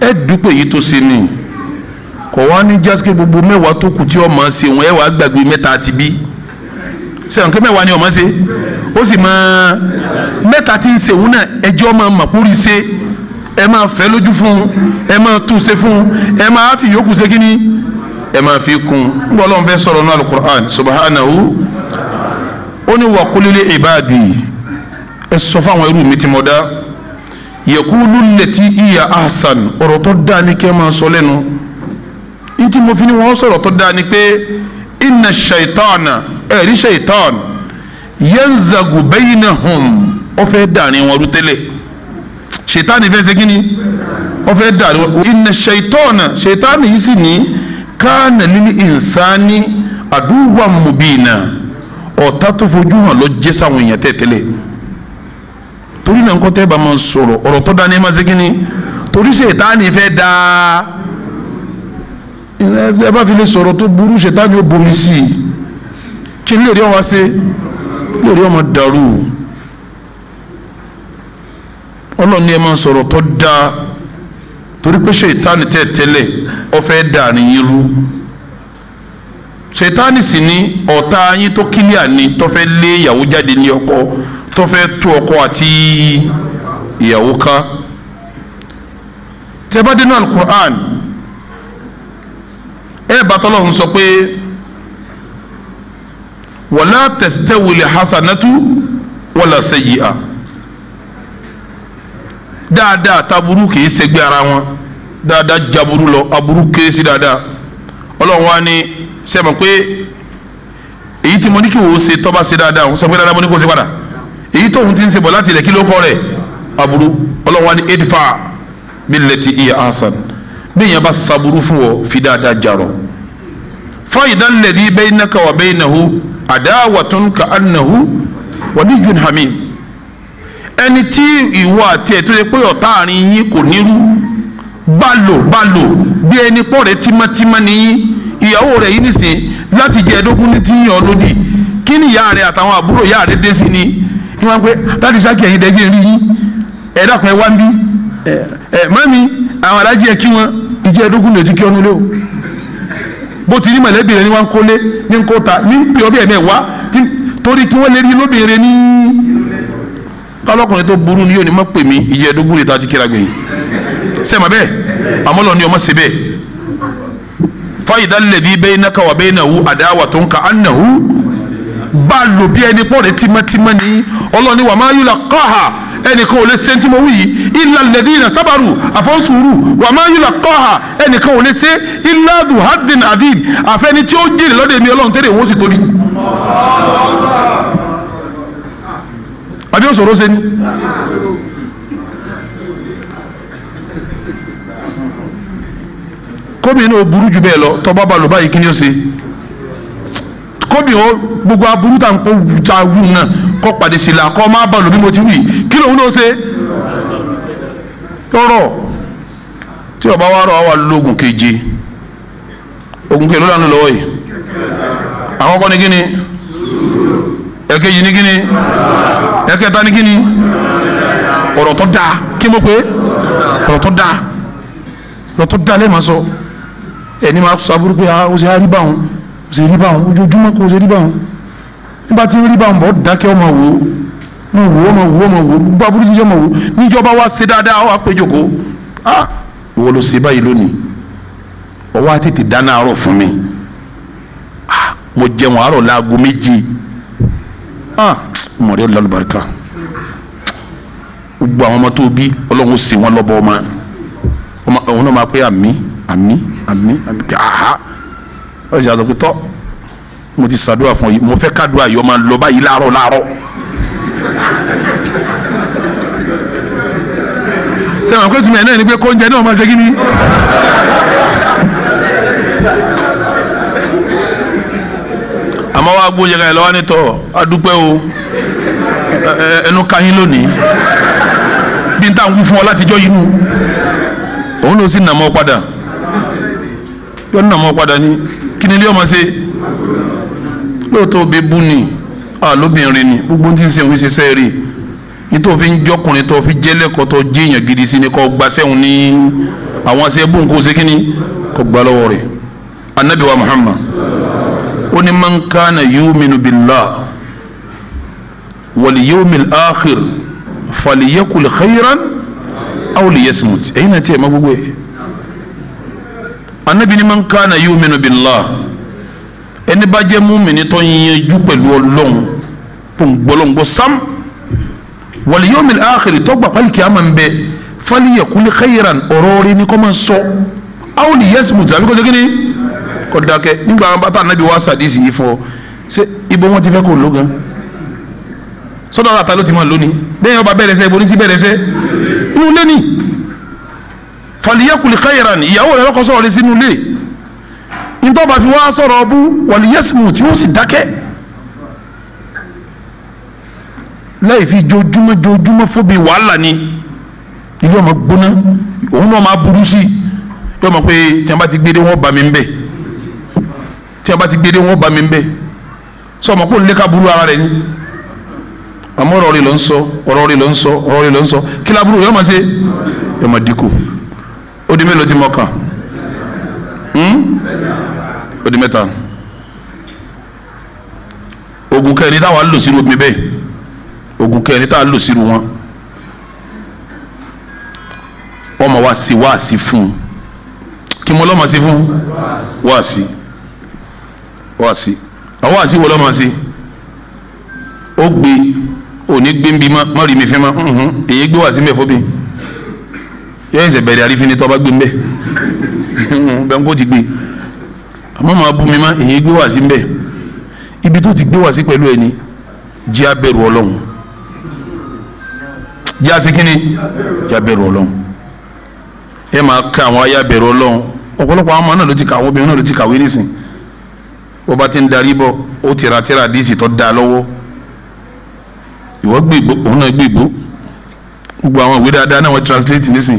ẹ̀ dúpẹ́ yìí tó ṣe nìyí kò wá ní jásíkì gbogbo mẹ́wàá tó kù tí ọmọ ṣe wọn ẹ wàá gbàgbé mẹ́ta ti bí sẹ́wọ̀n kí mẹ́wàá ni ọmọ ṣe ó sì máa mẹ́ta ti ń ṣèwọ́n náà ẹjọ́ máa mọ̀ pórí ṣe ẹ máa fẹ́ lójú fún un ẹ máa tún ṣe fún un ẹ máa fi yòókù ṣe kíní ẹ máa fi kún un nígbà ọlọ́run fẹ́ sọ̀rọ̀ ní alukur'an subhanahu ó ní wà kólélé ìbáàdì ẹ sọ fáwọn irú mi ti mọ̀ dá yẹ kúlú lẹ́tí ìyá ahsan ọ̀rọ̀ tó dáa ní kẹ́ máa sọ lẹ́nu ìdí tí mo fi ni wọ́n sọ̀rọ̀ tó dáa ni pé inna ṣaitana ẹ̀rí ṣaitan yanzagu bainahum ó fẹ́ dàrin wọn rú tẹ́lẹ̀ ṣaitan fẹ́ ṣe kíni dàrin wọn inna ṣaitana ṣaitan yìí sì ní káànà lil insani aduwan mubina ọ̀tá tó fojú hàn ló jẹ́ sáwọn èèyàn tẹ́tẹ́lẹ̀ torí náà ń kọ́ tẹ́ bá máa sọ̀rọ̀ ọ̀rọ̀ tó dání máa ṣe kíni torí ṣètáni fẹ́ dáa ẹ bá fi lè sọ̀rọ̀ tó burú ṣètá ni ó bomi sí i kí n lè rí ọmọ ṣe lè rí ọmọ dàrú ọlọ́ni ẹ máa sọ̀rọ̀ tó dáa torí pé ṣètánì tẹ̀ tẹ́lẹ̀ ọ̀fẹ́ dàní yín rú ṣètánì sì ni ọ̀tá yín tó kílíà ni tó lé ìyàwó jáde ní ọkọ tó ọkọ àti ìyàwó ká tẹ́ bá dénú alukur'an ẹlẹ́ẹ̀bá tọ́lọ́hún sọ pé wala tastawil hasanatu wala sayyi'a dáadáa taburú kìí ṣẹgbẹ́ ara wọn dáadáa jaburú lọ aburú kéré sí dáadáa ọlọ́run wa ni sẹ́mi pé èyí tí mo ní kí wò ó ṣe tọ́ba ṣe dáadáa òun sọ pé dáadáa mo ní kó ṣe padà èyí tóun ti ń ṣe bọ̀ láti ilẹ̀ kí ló kọ́ rẹ̀ wa ni edfa billati iya hasan bí èèyàn bá saburú fún ọ fi dáadáa jarọ. fa idan ladhi bainaka wa bainahu adawatun ka annahu waliyyun hamim ẹni tí ìwọ àti ẹ̀ tó yẹ pé ọ̀tá àárín yín kò nírú bá lò bá lò bí ẹni pọ̀ rẹ̀ tímọ́tímọ́ nìyí ìyàwó rẹ̀ yìí nìsín láti jẹ́ ẹ̀ẹ́dógún ní tíyàn lódì kí ni ìyá rẹ̀ àtàwọn àbúrò ìyá rẹ̀ dé sí ni kí pé láti sáà kí dẹ́gbẹ́ rí yín wá ń bí àwọn kí wọ́n ìjẹ́ lòdì bó ti rí mọ̀lẹ́bí rẹ̀ ní wá ń kólé ní ń kóta ní ń pè ọ́ bí ẹ̀mẹ́ wá torí kí wọ́n lè rí lóbìnrin ní kálọ́kùnrin tó burú ni yóò ní má pè mí ìjẹ́dógún lè ta ti kíra gbẹ̀yìn sẹ́mà bẹ́ẹ̀ àmọ́ lọ ni ọmọ ṣe bẹ́ẹ̀ fáyidálẹ́dì baynaka wa baynahu adawatun ka annahu bá a lò bí ẹni pọ̀ rẹ̀ tímọ́tímọ́ ni ọlọ́ni wàmáyúlá kọ́ha ẹnìkan ò lè ṣe tí mo wí yìí illa alladhina sábàrù àfọ́sùrù wà máa yìlá kọ́ha ẹnìkan ò lè ṣe illa dhu haddin adhim àfẹ́ni tí ó jèrè lọ́dẹ̀ mi ọlọ́run tẹ́lẹ̀ wọ́n sì tóbi. àbí òṣòro ṣe ni. kóbìnrin náà burú jù bẹ́ẹ̀ lọ tọ́ba balùwẹ̀ báyìí kí ni ó ṣe kóbìnrin gbogbo aburú tá à ń pọ̀ wù náà kọ́ pàdé sí la kọ́ má bà lò bí mo ti wì kí lòun náà ṣe tọrọ tí ọba wa rọ wa lóògùn keje oògùn keje ló lànà lọ́wọ́ yìí àkọ́kọ́ ni kíni ẹ̀kejì ni kíni ẹ̀kẹta ni kíni ọ̀rọ̀ tó dáa kí mo pé ọ̀rọ̀ tó dáa ọ̀rọ̀ tó dáa lẹ́ẹ̀ máa sọ ẹni máa sọ aburú pé ah, ó ṣe rí báwọn ó ṣe rí báwọn ojoojúmọ́ kó ṣe rí báwọn nígbà tí rí bá ń bọ̀ dákẹ́ ọmọ wò ó wò ó mọ̀ wò ó mọ̀ wò ó gbogbo aburú jíjẹ́ ọmọ wò ó níjọba wa ṣe dáadáa wa péjòkó ah ìwọ ló ṣe báyìí lónìí ọwọ́ á dáná àárọ̀ fún mi ah mo jẹun àárọ̀ láago méje ah mọ̀rẹ́ lálùbáríkà gbogbo àwọn ọmọ tó bí ọlọ́run ṣe wọ́n lọ́bọ̀ ọmọ ọmọ òun náà máa pé àmì àmì àmì àmì pé aha àtọ̀kùtọ̀ mo ti ṣàdúrà fún yìí mo fẹ́ kádùá yìí ọmọ lọ báyìí láàárọ̀ láàárọ̀ sẹ́wọ̀n àpótí mi náà ni pé kóúnjẹ náà máa ṣe kí ni. àmọ́ wàá gbóúnjẹ ká ẹ lọ́wọ́ nítọ̀ adúpẹ́ o ẹnu ka yín lónìí bí n tá ń kú fún ọ látijọ́ yìí nù òun ló sì nà mọ́ padà yóò nà mọ́ padà ni kí ni ilé ọmọ ṣe lóòótọ́ òbí bú ni àlóbìnrin ni gbogbo tí ń ṣe òun ṣiṣẹ́ rí ní tó fi ń jọkùnrin tó fi jẹ́lẹ́kọ̀ọ́ tó jíyàn gidi sí ni kò gba sẹ́hun ní àwọn aṣẹ́ bóun kó ṣe kí ni kò gba lọ́wọ́ rẹ̀ anabi wa muhammad ó ní man kana yuminu billah wal yawmil akhir faliyakul khayran aw liyasmut ẹ̀yin náà tiẹ̀ má gbogbo ẹ̀ anabi ni man kana yuminu billah ẹni bá jẹ́ múmìnì tó ń yanjú pẹ̀lú ọlọ́run tó ń gbọ́lọ́ngbọ́ sam wal yawmil akhir tọ́gbà pálíkì àmà ń bẹ falyaqul khayran ọ̀rọ̀ rẹ ni kọ́ máa sọ aw liyasmut àbí kò sí kíni kò dákẹ́ nígbà wọn bá tà nábì wá sàdísì yìí fọ ṣé ibo wọn ti fẹ́ kó ló gan sọ́dọ̀ àtà ló ti máa lónìí bẹ́ẹ̀ ọba bẹ̀rẹ̀ sẹ́ ibo ní ti bẹ̀rẹ̀ sẹ́ inú lé ni falyaqul khayran ìyàwó rẹ lọ́kọ́ sọ̀rọ̀ sínú lé nítorí bá fi wá sọ̀rọ̀ ọbú wọ̀lú yẹ́sìmù tí ó sì dákẹ́ láì fi jojúmọ́ jojúmọ́ fóbi wàhálà ni ilé ọmọ gbóná òun náà máa burú sí yóò mọ̀ pé tí a bá ti gbére wọn bá mi ń bẹ̀ tí a bá ti gbére wọn bá mi ń bẹ̀ sọ ma kó n lé burú ara rẹ̀ ni àmọ́ ọ̀rọ̀ rẹ̀ ló ń sọ ọ̀rọ̀ rẹ̀ ló ń sọ ọ̀rọ̀ rẹ̀ ló ń sọ kí láburú yóò máa ṣe yóò máa dínkù ó di mélòó tí mo kàn. Hmm? ó di mẹ́ta ogun kẹrin táwa ń lò sínú omi bẹ́ẹ̀ ogun kẹrin táwa ń lò sínú wọn wọ́n mọ̀ wá sí wáàsí fún un kí mo lọ́mọ sí fún wáàsí wáàsí àwọn wáàsí wo lọ́mọ sí ó gbé òní gbé ń bí má rí mi fi má èyí gbé wáàsí mẹ́fọ́ bí yẹ́n ṣe bẹ̀rẹ̀ àrífín ni tọ́ bá gbé ń bẹ́ẹ̀. bẹ́ẹ̀ kó ti gbé àmọ́ màá bu mi má èyí gbé wá sí mbẹ́ ibi tó ti gbé wá sí pẹ̀lú ẹni jẹ́ abẹ́rù ọlọ́run jẹ́ asekínni jẹ́ abẹ́rù ọlọ́run ẹ máa ka àwọn ayé abẹ́rù ọlọ́run ọ̀pọ̀lọpọ̀ àwọn ọmọ náà ló ti kàwé obìnrin náà ló ti kàwé nísìn bó bá ti ń darí bọ̀ ó ti ra tíra díìsì tó dáa lọ́wọ́ ìwọ gbé ìbò òun náà gbé ìbò gbogbo àwọn ìwé dáadáa náà wọ́n translate nísìn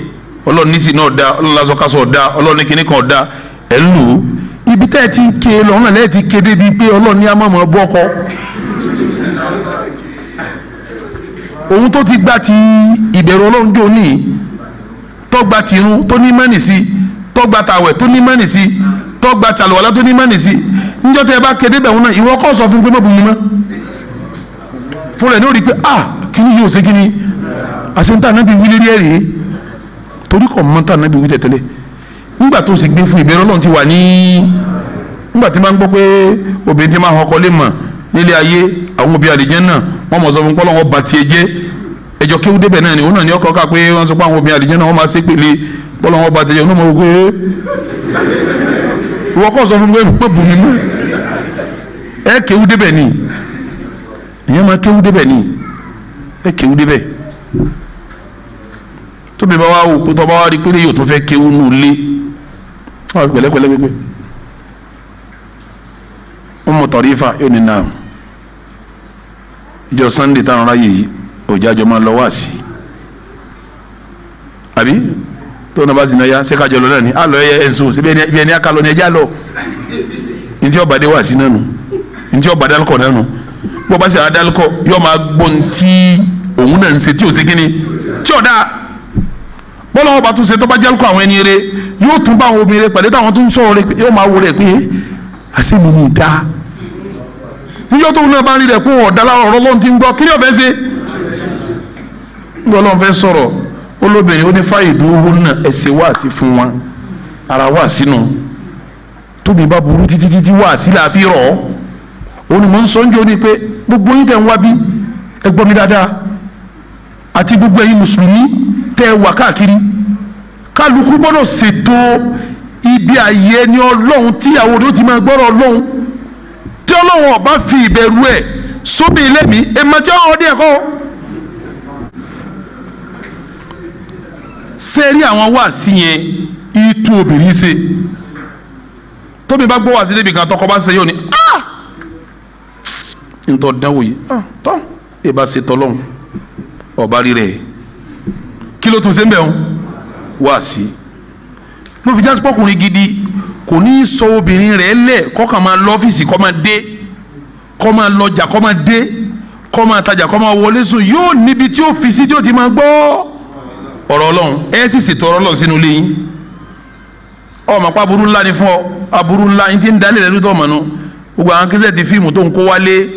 ọlọ́run nísì náà da ọlọ́run lásán kásán ọ̀dá ọlọ́run ní kinní kan ọ̀dá ẹ̀ ń lò ó ibi tẹ́ ẹ ti ń ké lọ́run náà lẹ́ẹ̀ ti ké débi pé ọlọ́run ní amọ̀mọ̀ bọ́kọ òun tó ti gba ti ìbẹ̀rù ọlọ́run jò ní tọ́gba tìrun tó ní mẹ́nì sí tọ́gba tàwẹ̀ tó ní mẹ́nì sí tọ́gba tàlùwàlá tó ní mẹ́nì sí níjọ́ tẹ́ ẹ bá kéde bẹ̀rù náà ìwọ kọ́ fún pé mọ́ fúnra ah kíní yóò ṣe kíní àṣẹ ń torí kò mọ́tà náà bí wí tẹ̀tẹ̀lé nígbà tó sì gbé fún ìbẹ̀rẹ̀ ọlọ́run ti wà ní nígbà tí máa ń gbọ́ pé obìnrin ti máa hàn ọkọ lé mọ̀ nílé ayé àwọn obìnrin àlìjẹ́nnà wọ́n mọ̀ sọ fún pọ́lọ́ wọn bá tiẹ̀ jẹ́ ẹjọ́ kéwú débẹ̀ náà ni òun náà ni ọkọ̀ ká pé wọ́n sọ pé àwọn obìnrin àlìjẹ́nnà wọ́n máa ṣe pèlè tóbi bá wá òkú tó bá wá rí pé yóò tó fẹ́ kéwú nù lé wọn pẹ̀lẹ́pẹ̀lẹ́ pépé wọn mọ tọrífà yóò ní nà ìjọ sunday táwọn aráyè yìí òjá máa lọ wá sí àbí tó náà bá náà yá ṣé kájọ lọ náà ni àlọ ẹ ẹnso ṣé bí ẹni akalọ ni ẹjá lọ ntí ọba dé wá sí náà nù ntí ọba dálkọ náà nù bí ọba sì àdálkọ yóò máa gbọ́ ntí òun náà ń ṣe tí ò ṣe kíni tí ò dáa bọ́lá ọba tún ṣe tó bá jẹ́ lóko àwọn ẹni rẹ yóò tún bá àwọn obìnrin pàdé táwọn tó ń sọ̀rọ̀ rẹ yóò máa wo rẹ pé àṣé mi ní ìdá níjọ́ tó náà bá rí rẹ̀ pé ọ̀dà láwọn ọ̀rọ̀ lọ́n ti ń gbọ́ kí ni ọ̀fẹ́ ṣe nígbà ọlọ́run fẹ́ sọ̀rọ̀ olóbìnrin ó ní fáyì dúró náà ẹ̀sẹ̀ wáàsí fún wọn ara wáàsí nù tóbi bá burú títí títí wáàsí là á rọ̀ ọ́ òun ni ń sọ ń ni pé gbogbo yín tẹ̀ ń wá bí ẹ gbọ́ mi dáadáa àti gbogbo ẹ̀yin mùsùlùmí tẹ́ wà káàkiri kálukú gbọ́dọ̀ ṣètò ibi àyè ẹni ọlọ́run tíyàwó rẹ̀ ó ti máa gbọ́rọ̀ ọlọ́run tí ọlọ́run ọba fi ìbẹ̀rù ẹ̀ sóbì lẹ́mí èmọ tí ọ̀hún ọdẹ ẹ̀kọ́ ṣe rí àwọn wáàsí yẹn ìtú obìnrin ṣe tóbi bá gbọ́ wáàsí débi kan tọkọ bá ṣe yóò ní ah! ntọ́ dánwò yìí ah, tọ́ ìbá ṣe tọ́lọ́run ọba rí rẹ̀ kí ló tún ṣe ń bẹ̀ ń wá sí i ló fi jásí pọ́kùnrin gidi kò ní í sọ obìnrin rẹ̀ lẹ̀ kọ́kàn máa lọ ọ́fíìsì kọ́ máa dé kọ́ máa lọjà kọ́ máa dé kọ́ máa tajà kọ́ máa wọlé sùn yóò níbi tí ó fi sí tí ó ti máa gbọ́ ọ̀rọ̀ ọlọ́run ẹ sì ṣètò ọ̀rọ̀ ọlọ́run sínú ilé yín ọmọ pa aburú ńlá ni fún ọ aburú ńlá yín ti ń dalẹ̀ lẹ́nu tó mọ̀nú gbogbo àwọn kẹsẹ̀ ti fíìmù tó ń kó wálé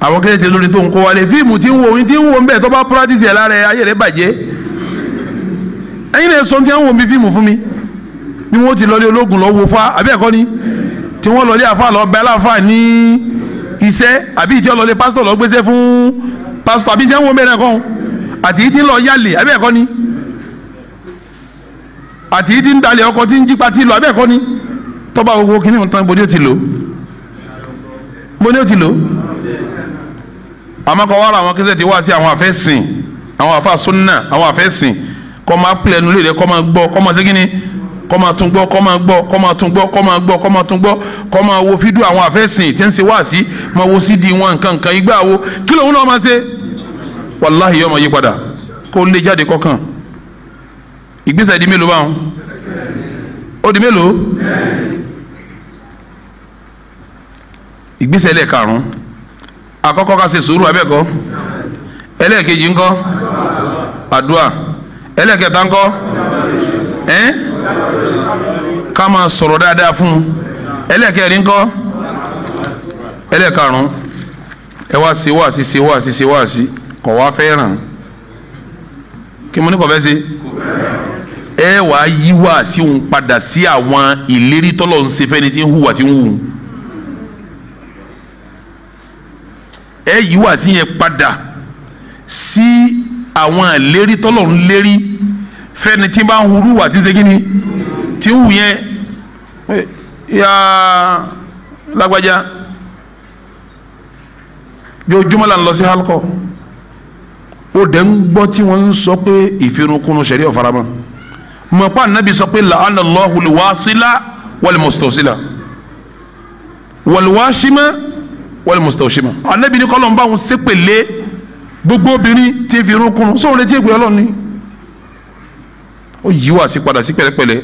àwọn kẹsẹ̀ ti lórí tó ń kó wálé fíìmù ti ń wo yín ti ń wo ń bẹ̀ tó bá pírátìsì ẹ̀ lára ayé rẹ̀ bàjẹ́ ẹ̀yin náà sọ ti àwọn omi fíìmù fún mi ni wọ́n ti lọlé ológun lọ wo fa àbí ẹ̀kọ́ ni tí wọ́n lọlé àfa lọ bẹ aláfa ní iṣẹ́ àbí ìjọ lọlé pásítọ̀ lọ gbéṣẹ́ fún pásítọ̀ àbí ìjẹun wo mẹ́rin kan àti ti ń lọ yálè àbí ẹ̀kọ́ ni àti ti ń dalẹ̀ ọkọ̀ tí ń jípa ti lọ àbí ẹ̀kọ́ ni tọ́ba gbogbo kìnìún tán bóni ó ti lò bóni ó ti lò àmọ́ kọ́ wàrà àwọn kẹsẹ̀ ti wá sí àwọn àfẹ́sìn àwọn àfa sunna àwọn àfẹ́sìn kọ́ máa pilẹ̀ nulẹ̀ rẹ kọ́ máa gbọ́ kọ́ máa segin ni kọ́ máa tún gbọ́ kọ́ máa gbọ́ kọ́ máa tún gbọ́ kọ́ máa gbọ́ kọ́ máa tún gbọ́ kọ́ máa wo fídíò àwọn àfẹ́sìn tí ń ṣe wáàsí máa wo sí di wọn nǹkan nǹkan igbá wo kí lòun náà máa ṣe wàláhì yóò máa yí padà kó lè jáde kọ́kàn ìgbésẹ̀ di mélòó báwọn ó di mélòó ìgbésẹ̀ ẹlẹ́ẹ̀karùn-ún àkọ́kọ́ ká ṣe sùúrù abẹ́ẹ̀kọ́ ẹlẹ́ẹ̀kejì ńkọ́ àdúrà ẹlẹ́kẹta ńkọ́ ẹ́ ká máa sọ̀rọ̀ dáadáa fún un ẹlẹ́kẹrin ńkọ́ ẹlẹ́karùn-ún ẹ wá sí wá sí sí wá sí sí wá sí kọ̀ wá fẹ́ràn kí mo ní kọ̀ fẹ́ ṣe ẹ wàá yí wá sí òun padà sí àwọn ìlérí tọ́lọ̀ ń ṣe fẹ́ni tí ń hùwà tí ń hù ẹ yí wá sí yẹn padà sí. Si àwọn ìlérí tọ́lọ́run lérí fẹ́ni tí bá ń hurú wà tí ń ṣe kíni tí ń hù yẹn yá lágbájá yóò jùmọ̀ là ń lọ sí halkọ ó dẹ̀ ń gbọ́ tí wọ́n ń sọ pé ìfirunkunu sẹ̀rí ọ̀farama mọ̀pá nàbì sọ pé làánà lọ́hùn lè wá sílá wọlé mọ̀sítọ̀sílá wọlé wá símá wọlé mọ̀sítọ̀símá ànábì ní kọ́lọ̀ ń bá lé gbogbo obìnrin tí fi irun kùnrùn sóhun létí ègbè ọlọ́ni ó yí wá sí padà sí pẹ̀lẹ́pẹ̀lẹ́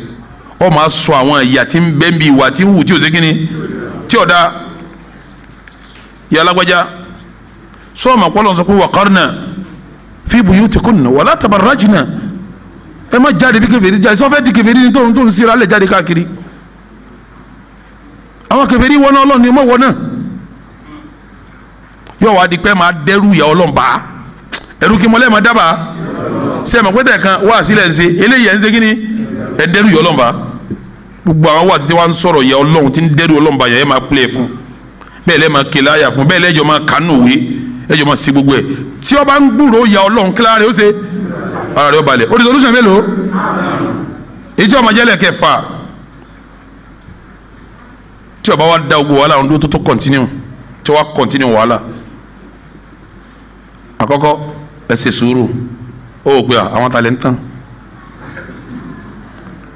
ó máa sọ àwọn ìyà tí ń bẹ́ ń bi ìwà tí ń wù tí ò sí kínní tí ọ̀dà ìyá alágbájá sọ́ọ̀mà pọ́lọ́ sọ pé wàkárnà fi buyutikunna wala tabarrajna ẹ má jáde bí kèfèrí jáde sọ́fẹ́ di kèfèrí ní tóun tóun síra lẹ̀ jáde káàkiri àwọn kèfèrí wọná ọlọ́ni mọ̀ wọná yóò wá di pé máa dẹ́rù ìyá ọlọ́mba ẹ̀rù kí mọ́lẹ́ máa dábàá ṣe mọ̀ pẹ́tẹ́ kan wá sílẹ̀ ń ṣe eléyìí ẹ̀ ń ṣe kí ni ẹ̀ ń dẹ́rù ìyá ọlọ́mba gbogbo àwọn wà títí wà ń sọ̀rọ̀ ìyá ọlọ́run tí ń dẹ́rù ọlọ́mba yẹn máa pilẹ̀ fún bẹ́ẹ̀ lẹ́ máa kele àyà fún bẹ́ẹ̀ lẹ́jọ́ máa kánú òwe ẹjọ́ máa ṣe gbogbo ẹ̀ tí ó bá tí ó bá wá da gbogbo wàhálà ọ̀hún tó tó continue tí ó wá continue wàhálà àkọ́kọ́ ẹ ṣe sùúrù ó wò pé àwọn ta lè ń tàn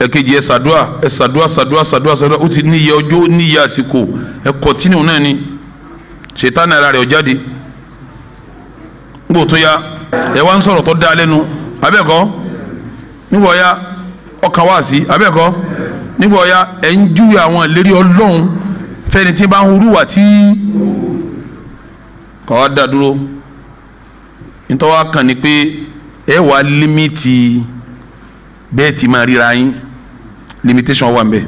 ẹ̀kejì ẹ ṣàdúà ẹ ṣàdúà ṣàdúà ṣàdúà ṣàdúà ó ti níye ọjọ́ níye àsìkò ẹ kọ̀tínú náà ni ṣètánì ara rẹ̀ ọ̀jáde nígbò ya ẹ wá ń sọ̀rọ̀ tó dáa lẹ́nu abẹ́ẹ̀kọ́ nígbà ọ̀ya ọkàn wá sí abẹ́ẹ̀kọ́ nígbà ọ̀ya ẹ̀ ń júwe àwọn ìlérí ọlọ́run fẹ́ni tí bá ń hurúwà tí kọ́ wá dá dúró ntọ́wá kan ni pé ẹ wà límítì bẹ́ẹ̀ ti máa ríra yín limitation wà nbẹ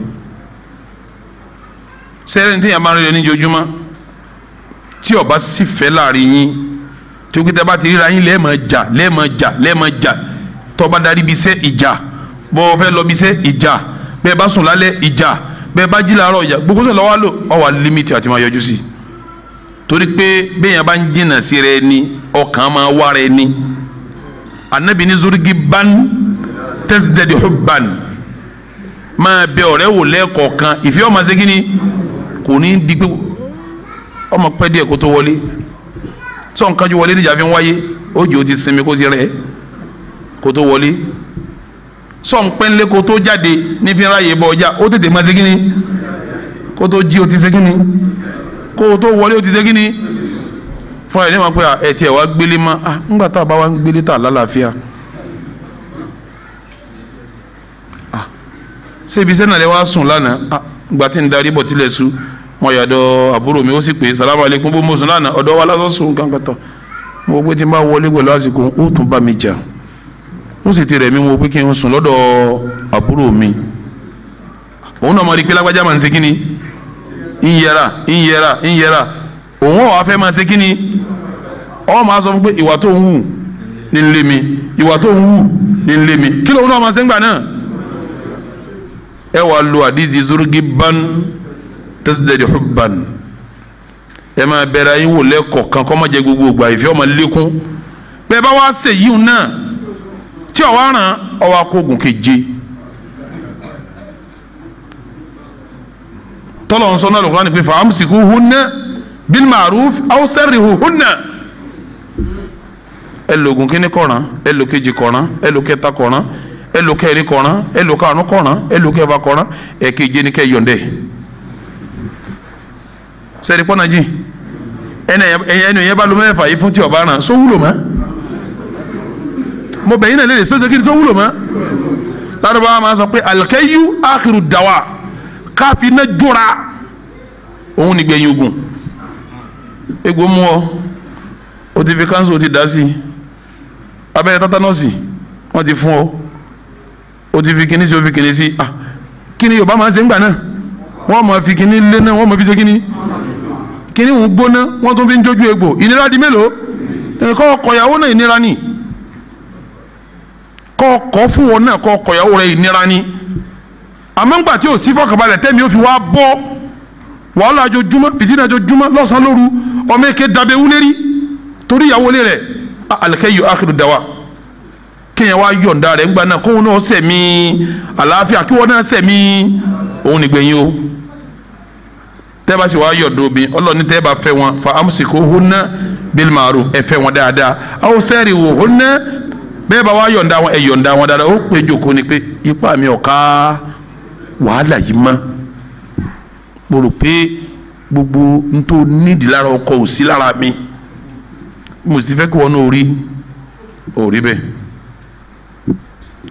sẹ́rẹ̀ ní tíyẹn bá ń rí oníjojúmọ́ tí ọba sì fẹ́ láàrin yín tí ó kí tẹ́ bá ti ríra yín lẹ́ẹ̀mọ̀ jà lẹ́ẹ̀mọ̀ jà lẹ́ẹ̀mọ̀ jà tọ́ba darí bí sẹ́ ìjà bọ́ ọ fẹ́ lọ bí sẹ́ ìjà bẹ́ẹ̀ bá sùn lálẹ́ ìjà bẹ́ẹ̀ bá jí làárọ̀ ìjà gbogbo sọ̀rọ̀ wá lò ọ wà límítì àti máa yọjú sí i torí pé bẹ́ẹ̀yàn bá ń jìnnà sí rẹ ni ọkàn máa wá rẹ ni anabi ní zurigi ban tẹ́sídẹ̀dì hubban máa bẹ ọ̀rẹ́ wò lẹ́ẹ̀kọ̀ọ̀kan ìfẹ́ ọmọ ṣe kíni kò ní di pé ọmọ pẹ́ díẹ̀ kó tó wọlé tí ọ̀n kájú wọlé níjà fi ń wáyé ó jò ti sinmi kó ti rẹ̀ kó tó wọlé sọ̀n kó tó jáde nífi ráyè bọ̀ ọjà ó tètè máa ṣe kíni kó tó jí ó ti ṣe kíni. kó o tó wọlé o ti ṣe kíni fún ẹ̀ ní wọn pé ẹ wá gbélé ah a bá wá ń gbélé tà lálàáfíà ah ṣébi sẹ́nà lẹ́ wá sùn lánàá ah tí ń darí bọ̀ tilẹ̀ su wọn yàdọ̀ àbúrò mi ó sì pé salamu aleykum bó mo sùn lánàá ọ̀dọ̀ wa lásán sùn mo wọ pé tí n bá wọlé gbọ̀ lásìkò ó tún bá mi jà ó sì ti rẹ̀ mí mo wọ pé kí n sùn lọ́dọ̀ àbúrò mi òun náà mọ̀ rí pé lágbájá máa ń yẹra ń yẹra ń yẹra òun máa ṣe kí ni ọ̀ máa sọ fún pé ìwà tó ń wù ní mi ìwà tó ń wù ní mi kí lóun náà máa ṣe ń gbà náà ẹ àdìsí zurgi ban tẹsidẹdi hubban ẹ máa bẹ̀rẹ̀ ayé wò lẹ́kọ̀ọ̀kan kọ́ máa jẹ gbogbo ìgbà ìfẹ́ ọmọ lékún bẹ́ẹ̀ bá wá ṣèyí náà tí ọ̀ wá ràn tọ́lọ̀ ń sọ náà lọ́kọ́ ni pé fàámsìkú hunna bil ma'ruf aw sarrihu hunna ẹlògùn kínní kọ̀ràn ẹlòkejì kọ̀ràn ẹlòkẹta kọ̀ràn ẹlòkẹrin kọ̀ràn ẹlòkarùn kọ̀ràn ẹlòkẹfà kọ̀ràn ẹ̀keje ni kẹ́ yọ̀ǹdẹ̀ sẹ́ni pọ́nà jìn ẹnu yẹn bá lu mẹ́fà yìí fún tí ọba ràn sọ wúlò mọ́ mo bẹ̀yìn náà lè lè sọ́sẹ́ kí ni sọ wúlò mọ́ ládùúgbò wa máa sọ pé alkayyu akhiru dawa ká fi iná jóra òun nìgbẹ̀yìn ogun egbò mú ọ o ti fi kánsù o ti dá sí i abẹ́rẹ́ tátánọ́ọ̀sì wọ́n ti fún ọ o ti fi kinní sí o fi kinní sí ah kinní yorùbá máa ń ṣe ń náà wọ́n máa fi kinní lé náà wọ́n máa fi ṣe kinní kinní òun gbóná wọ́n tún fi ń jójú egbò ìnira di mélòó kọ́ ọkọ̀yàwó náà ìnira ni kọ́ ọkọ̀ fún wọn náà kọ́ ọkọ̀yàwó rẹ̀ ìnira ni àmọ́ ńgbà tí ò sí fọkànbalẹ̀ tẹ́mi ó fi wá bọ́ wàhálà jojúmọ́ fìtínà jojúmọ́ lọ́sàn-án lóru ọmọ èké dabe wúlérí torí ìyàwó lé rẹ̀ alikayu akiru dawa kéèyàn wá yọ̀ǹda rẹ̀ ńgbà náà kóun náà sẹ̀mí àlàáfíà kí wọ́n náà sẹ̀mí òun nìgbẹ̀yìn o tẹ́ẹ̀bá sì wáá yọ̀dọ̀ obìn ọlọ́ọ̀ni tẹ́ẹ̀bá fẹ́ wọn fa amusiko hunna bil ma'ruf ẹ fẹ́ wọn dáadáa aw sẹ́ẹ̀rì wò hunna bẹ́ẹ̀ bá wá yọ̀ǹda wọn ẹ yọ̀ǹda wọn dáadáa ó pé jòkó ni pé ipá mi ò ká wàhálà yìí mọ́ mo rò pé gbogbo n tó nídìí lára ọkọ ò sí lára mi mo sì fẹ́ kí wọn náà rí ò rí bẹ́ẹ̀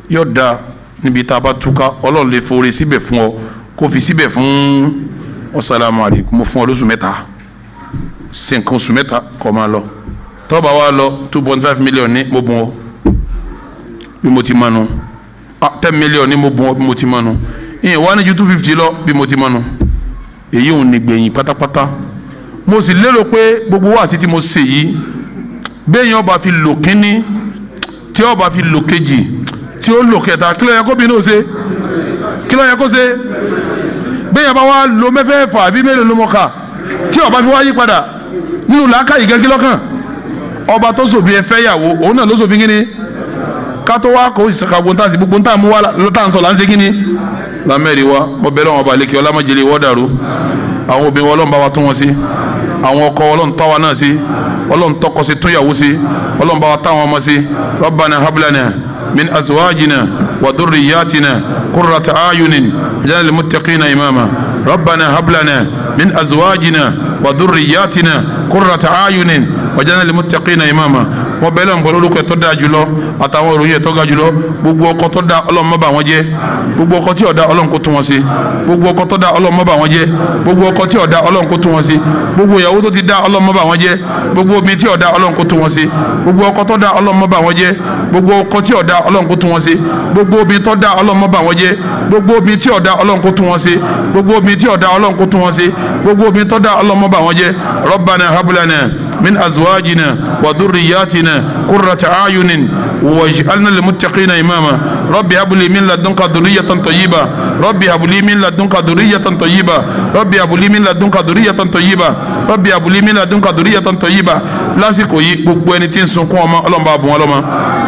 yóò da níbi tá a bá túká ọlọ́run lè forí síbẹ̀ fún ọ kó fi síbẹ̀ fún ọ̀sálàmù àlèkùn mo fún ọ lóṣù mẹ́ta ṣe nǹkan oṣù mẹ́ta kọ́ máa lọ tọ́ba wa lọ two point five million ní mo bùn ọ bí mo ti mánu ah, ten million ní mo bùn ọ bí mo ti mánu ìyẹn wá ní ju two fifty lọ bí mo ti mọnu èyí ò ní gbẹ̀yìn pátápátá mo sì lérò pé gbogbo wáàsí tí mo ṣe yìí béèyàn ọba fi lò kínní tí ọba fi lò kejì tí ó lò kẹta kí ló yẹ kó bí náà ṣe kí ló yẹ kó ṣe béèyàn bá wá lo mẹ́fẹ̀ẹ̀fà àbí mélòó ló mọ̀ ká tí ọba fi wá yí padà nínú làákàyè gẹ́gí lọ́kàn ọba tó sòbí ẹ fẹ́ yàwó òun náà ló sòbí kínní ká tó wá kó ìsàkàgbọ̀ntàsí gbogbo ntàmúwá lọ́tà là ń ṣe kínní lamẹ́rin wa mo bẹ̀rẹ̀ wọn balẹ̀ kí ọlá má jẹlẹ̀ wọ́n dàrú àwọn obìnrin Ọlọ́run bá wa tún wọn sí àwọn ọkọ Ọlọ́run tọ́ wa náà sí Ọlọ́run tọkọ sí túnyàwó sí Ọlọ́run bá wa táwọn ọmọ sí Rabbana hablana min azwajina wa dhurriyyatina qurrata ayunin ij'alna lil muttaqina imama Rabbana hablana min azwajina wa dhurriyyatina qurrata ayunin waj'alna lil muttaqina imama mo bẹ́ẹ̀ lọ́nbọ̀ lórúkọ ẹ̀ tó dáa jùlọ àtàwọn òròyìn ẹ̀ tó ga jùlọ gbogbo ọkọ tó dáa ọlọ́run má bà wọ́n gbogbo ọkọ tí ò dáa tún wọn ṣe gbogbo ọkọ tó dáa ọlọ́run má bà wọ́n gbogbo ọkọ tí ò dáa tún wọn ṣe gbogbo ìyàwó tó ti dáa ọlọ́run má bà wọ́n gbogbo obìnrin tí ò dáa tún wọn ṣe gbogbo ọkọ tó dáa ọlọ́run má bà wọ́n gbogbo ọkọ tí ò dáa tún wọn ṣe gbogbo obìnrin tó dáa ọlọ́run má bà wọ́n gbogbo obìnrin tí ò dáa tún wọn ṣe gbogbo obìnrin tí ò dáa tún wọn ṣe gbogbo obìnrin tó dáa ọlọ́run má bà wọ́n jẹ́ Rabbana hablana من أزواجنا وذرياتنا قرة أعين واجعلنا للمتقين إماما ربي هب لي من لدنك ذرية طيبة ربي هب لي من لدنك ذرية طيبة ربي هب لي من لدنك ذرية طيبة ربي هب لي من لدنك ذرية طيبة lásìkò yìí gbogbo ẹni tí ń sunkún ọmọ ọlọ́mọba bùn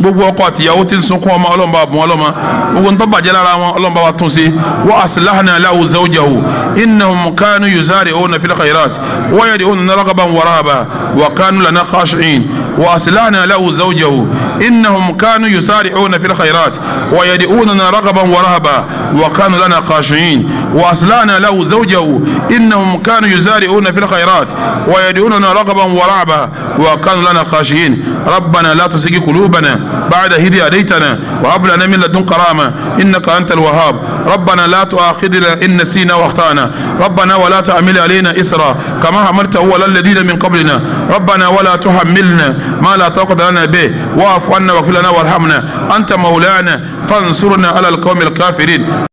gbogbo ọkọ àtìyàwó ti ń sunkún ọmọ ọlọ́run bá bùn ọlọ́mọ gbogbo ntọ́ bàjẹ́ lára wọn ọlọ́run bá wa tún sí wa aslahna lahu zawjahu innahum kanu yusari'una fil khairat wa yad'unana raghaban wa rahaban wa kanu lana khashi'in wa aslahna lahu zawjahu innahum kanu yusari'una fil khairat wa yad'unana raghaban wa rahaban wa kanu lana khashi'in wa aslahna lahu zawjahu innahum kanu yusari'una fil khairat wa yad'unana raghaban wa rahaban wa kanu lana khashi'in ربنا لا تزغ قلوبنا بعد هدي أديتنا وهب لنا من لدنك كرامة إنك أنت الوهاب ربنا لا تؤاخذنا إن نسينا وأخطأنا ربنا ولا تعمل علينا إسرا كما حملت أول الذين من قبلنا ربنا ولا تحملنا ما لا طاقة لنا به واعف عنا واغفر لنا وارحمنا أنت مولانا فانصرنا على القوم الكافرين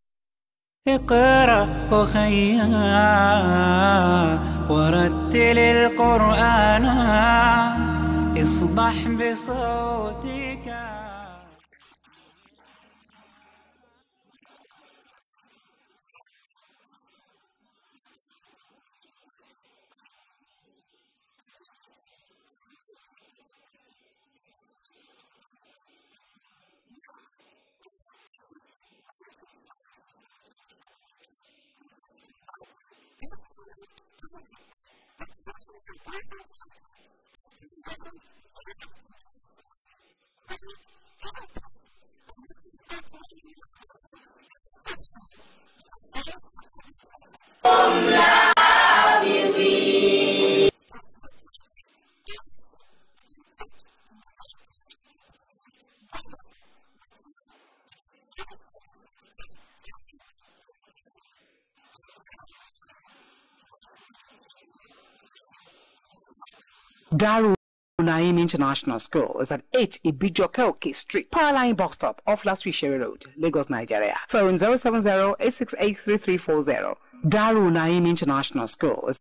اقرأ أخيا ورتل القرآن اصبح بصوت Daru Naim International School is at 8 Ibijokeoke Street, Paraline Box Stop, off Last Week Sherry Road, Lagos, Nigeria. Phone 070 868 Daru Naim International Schools.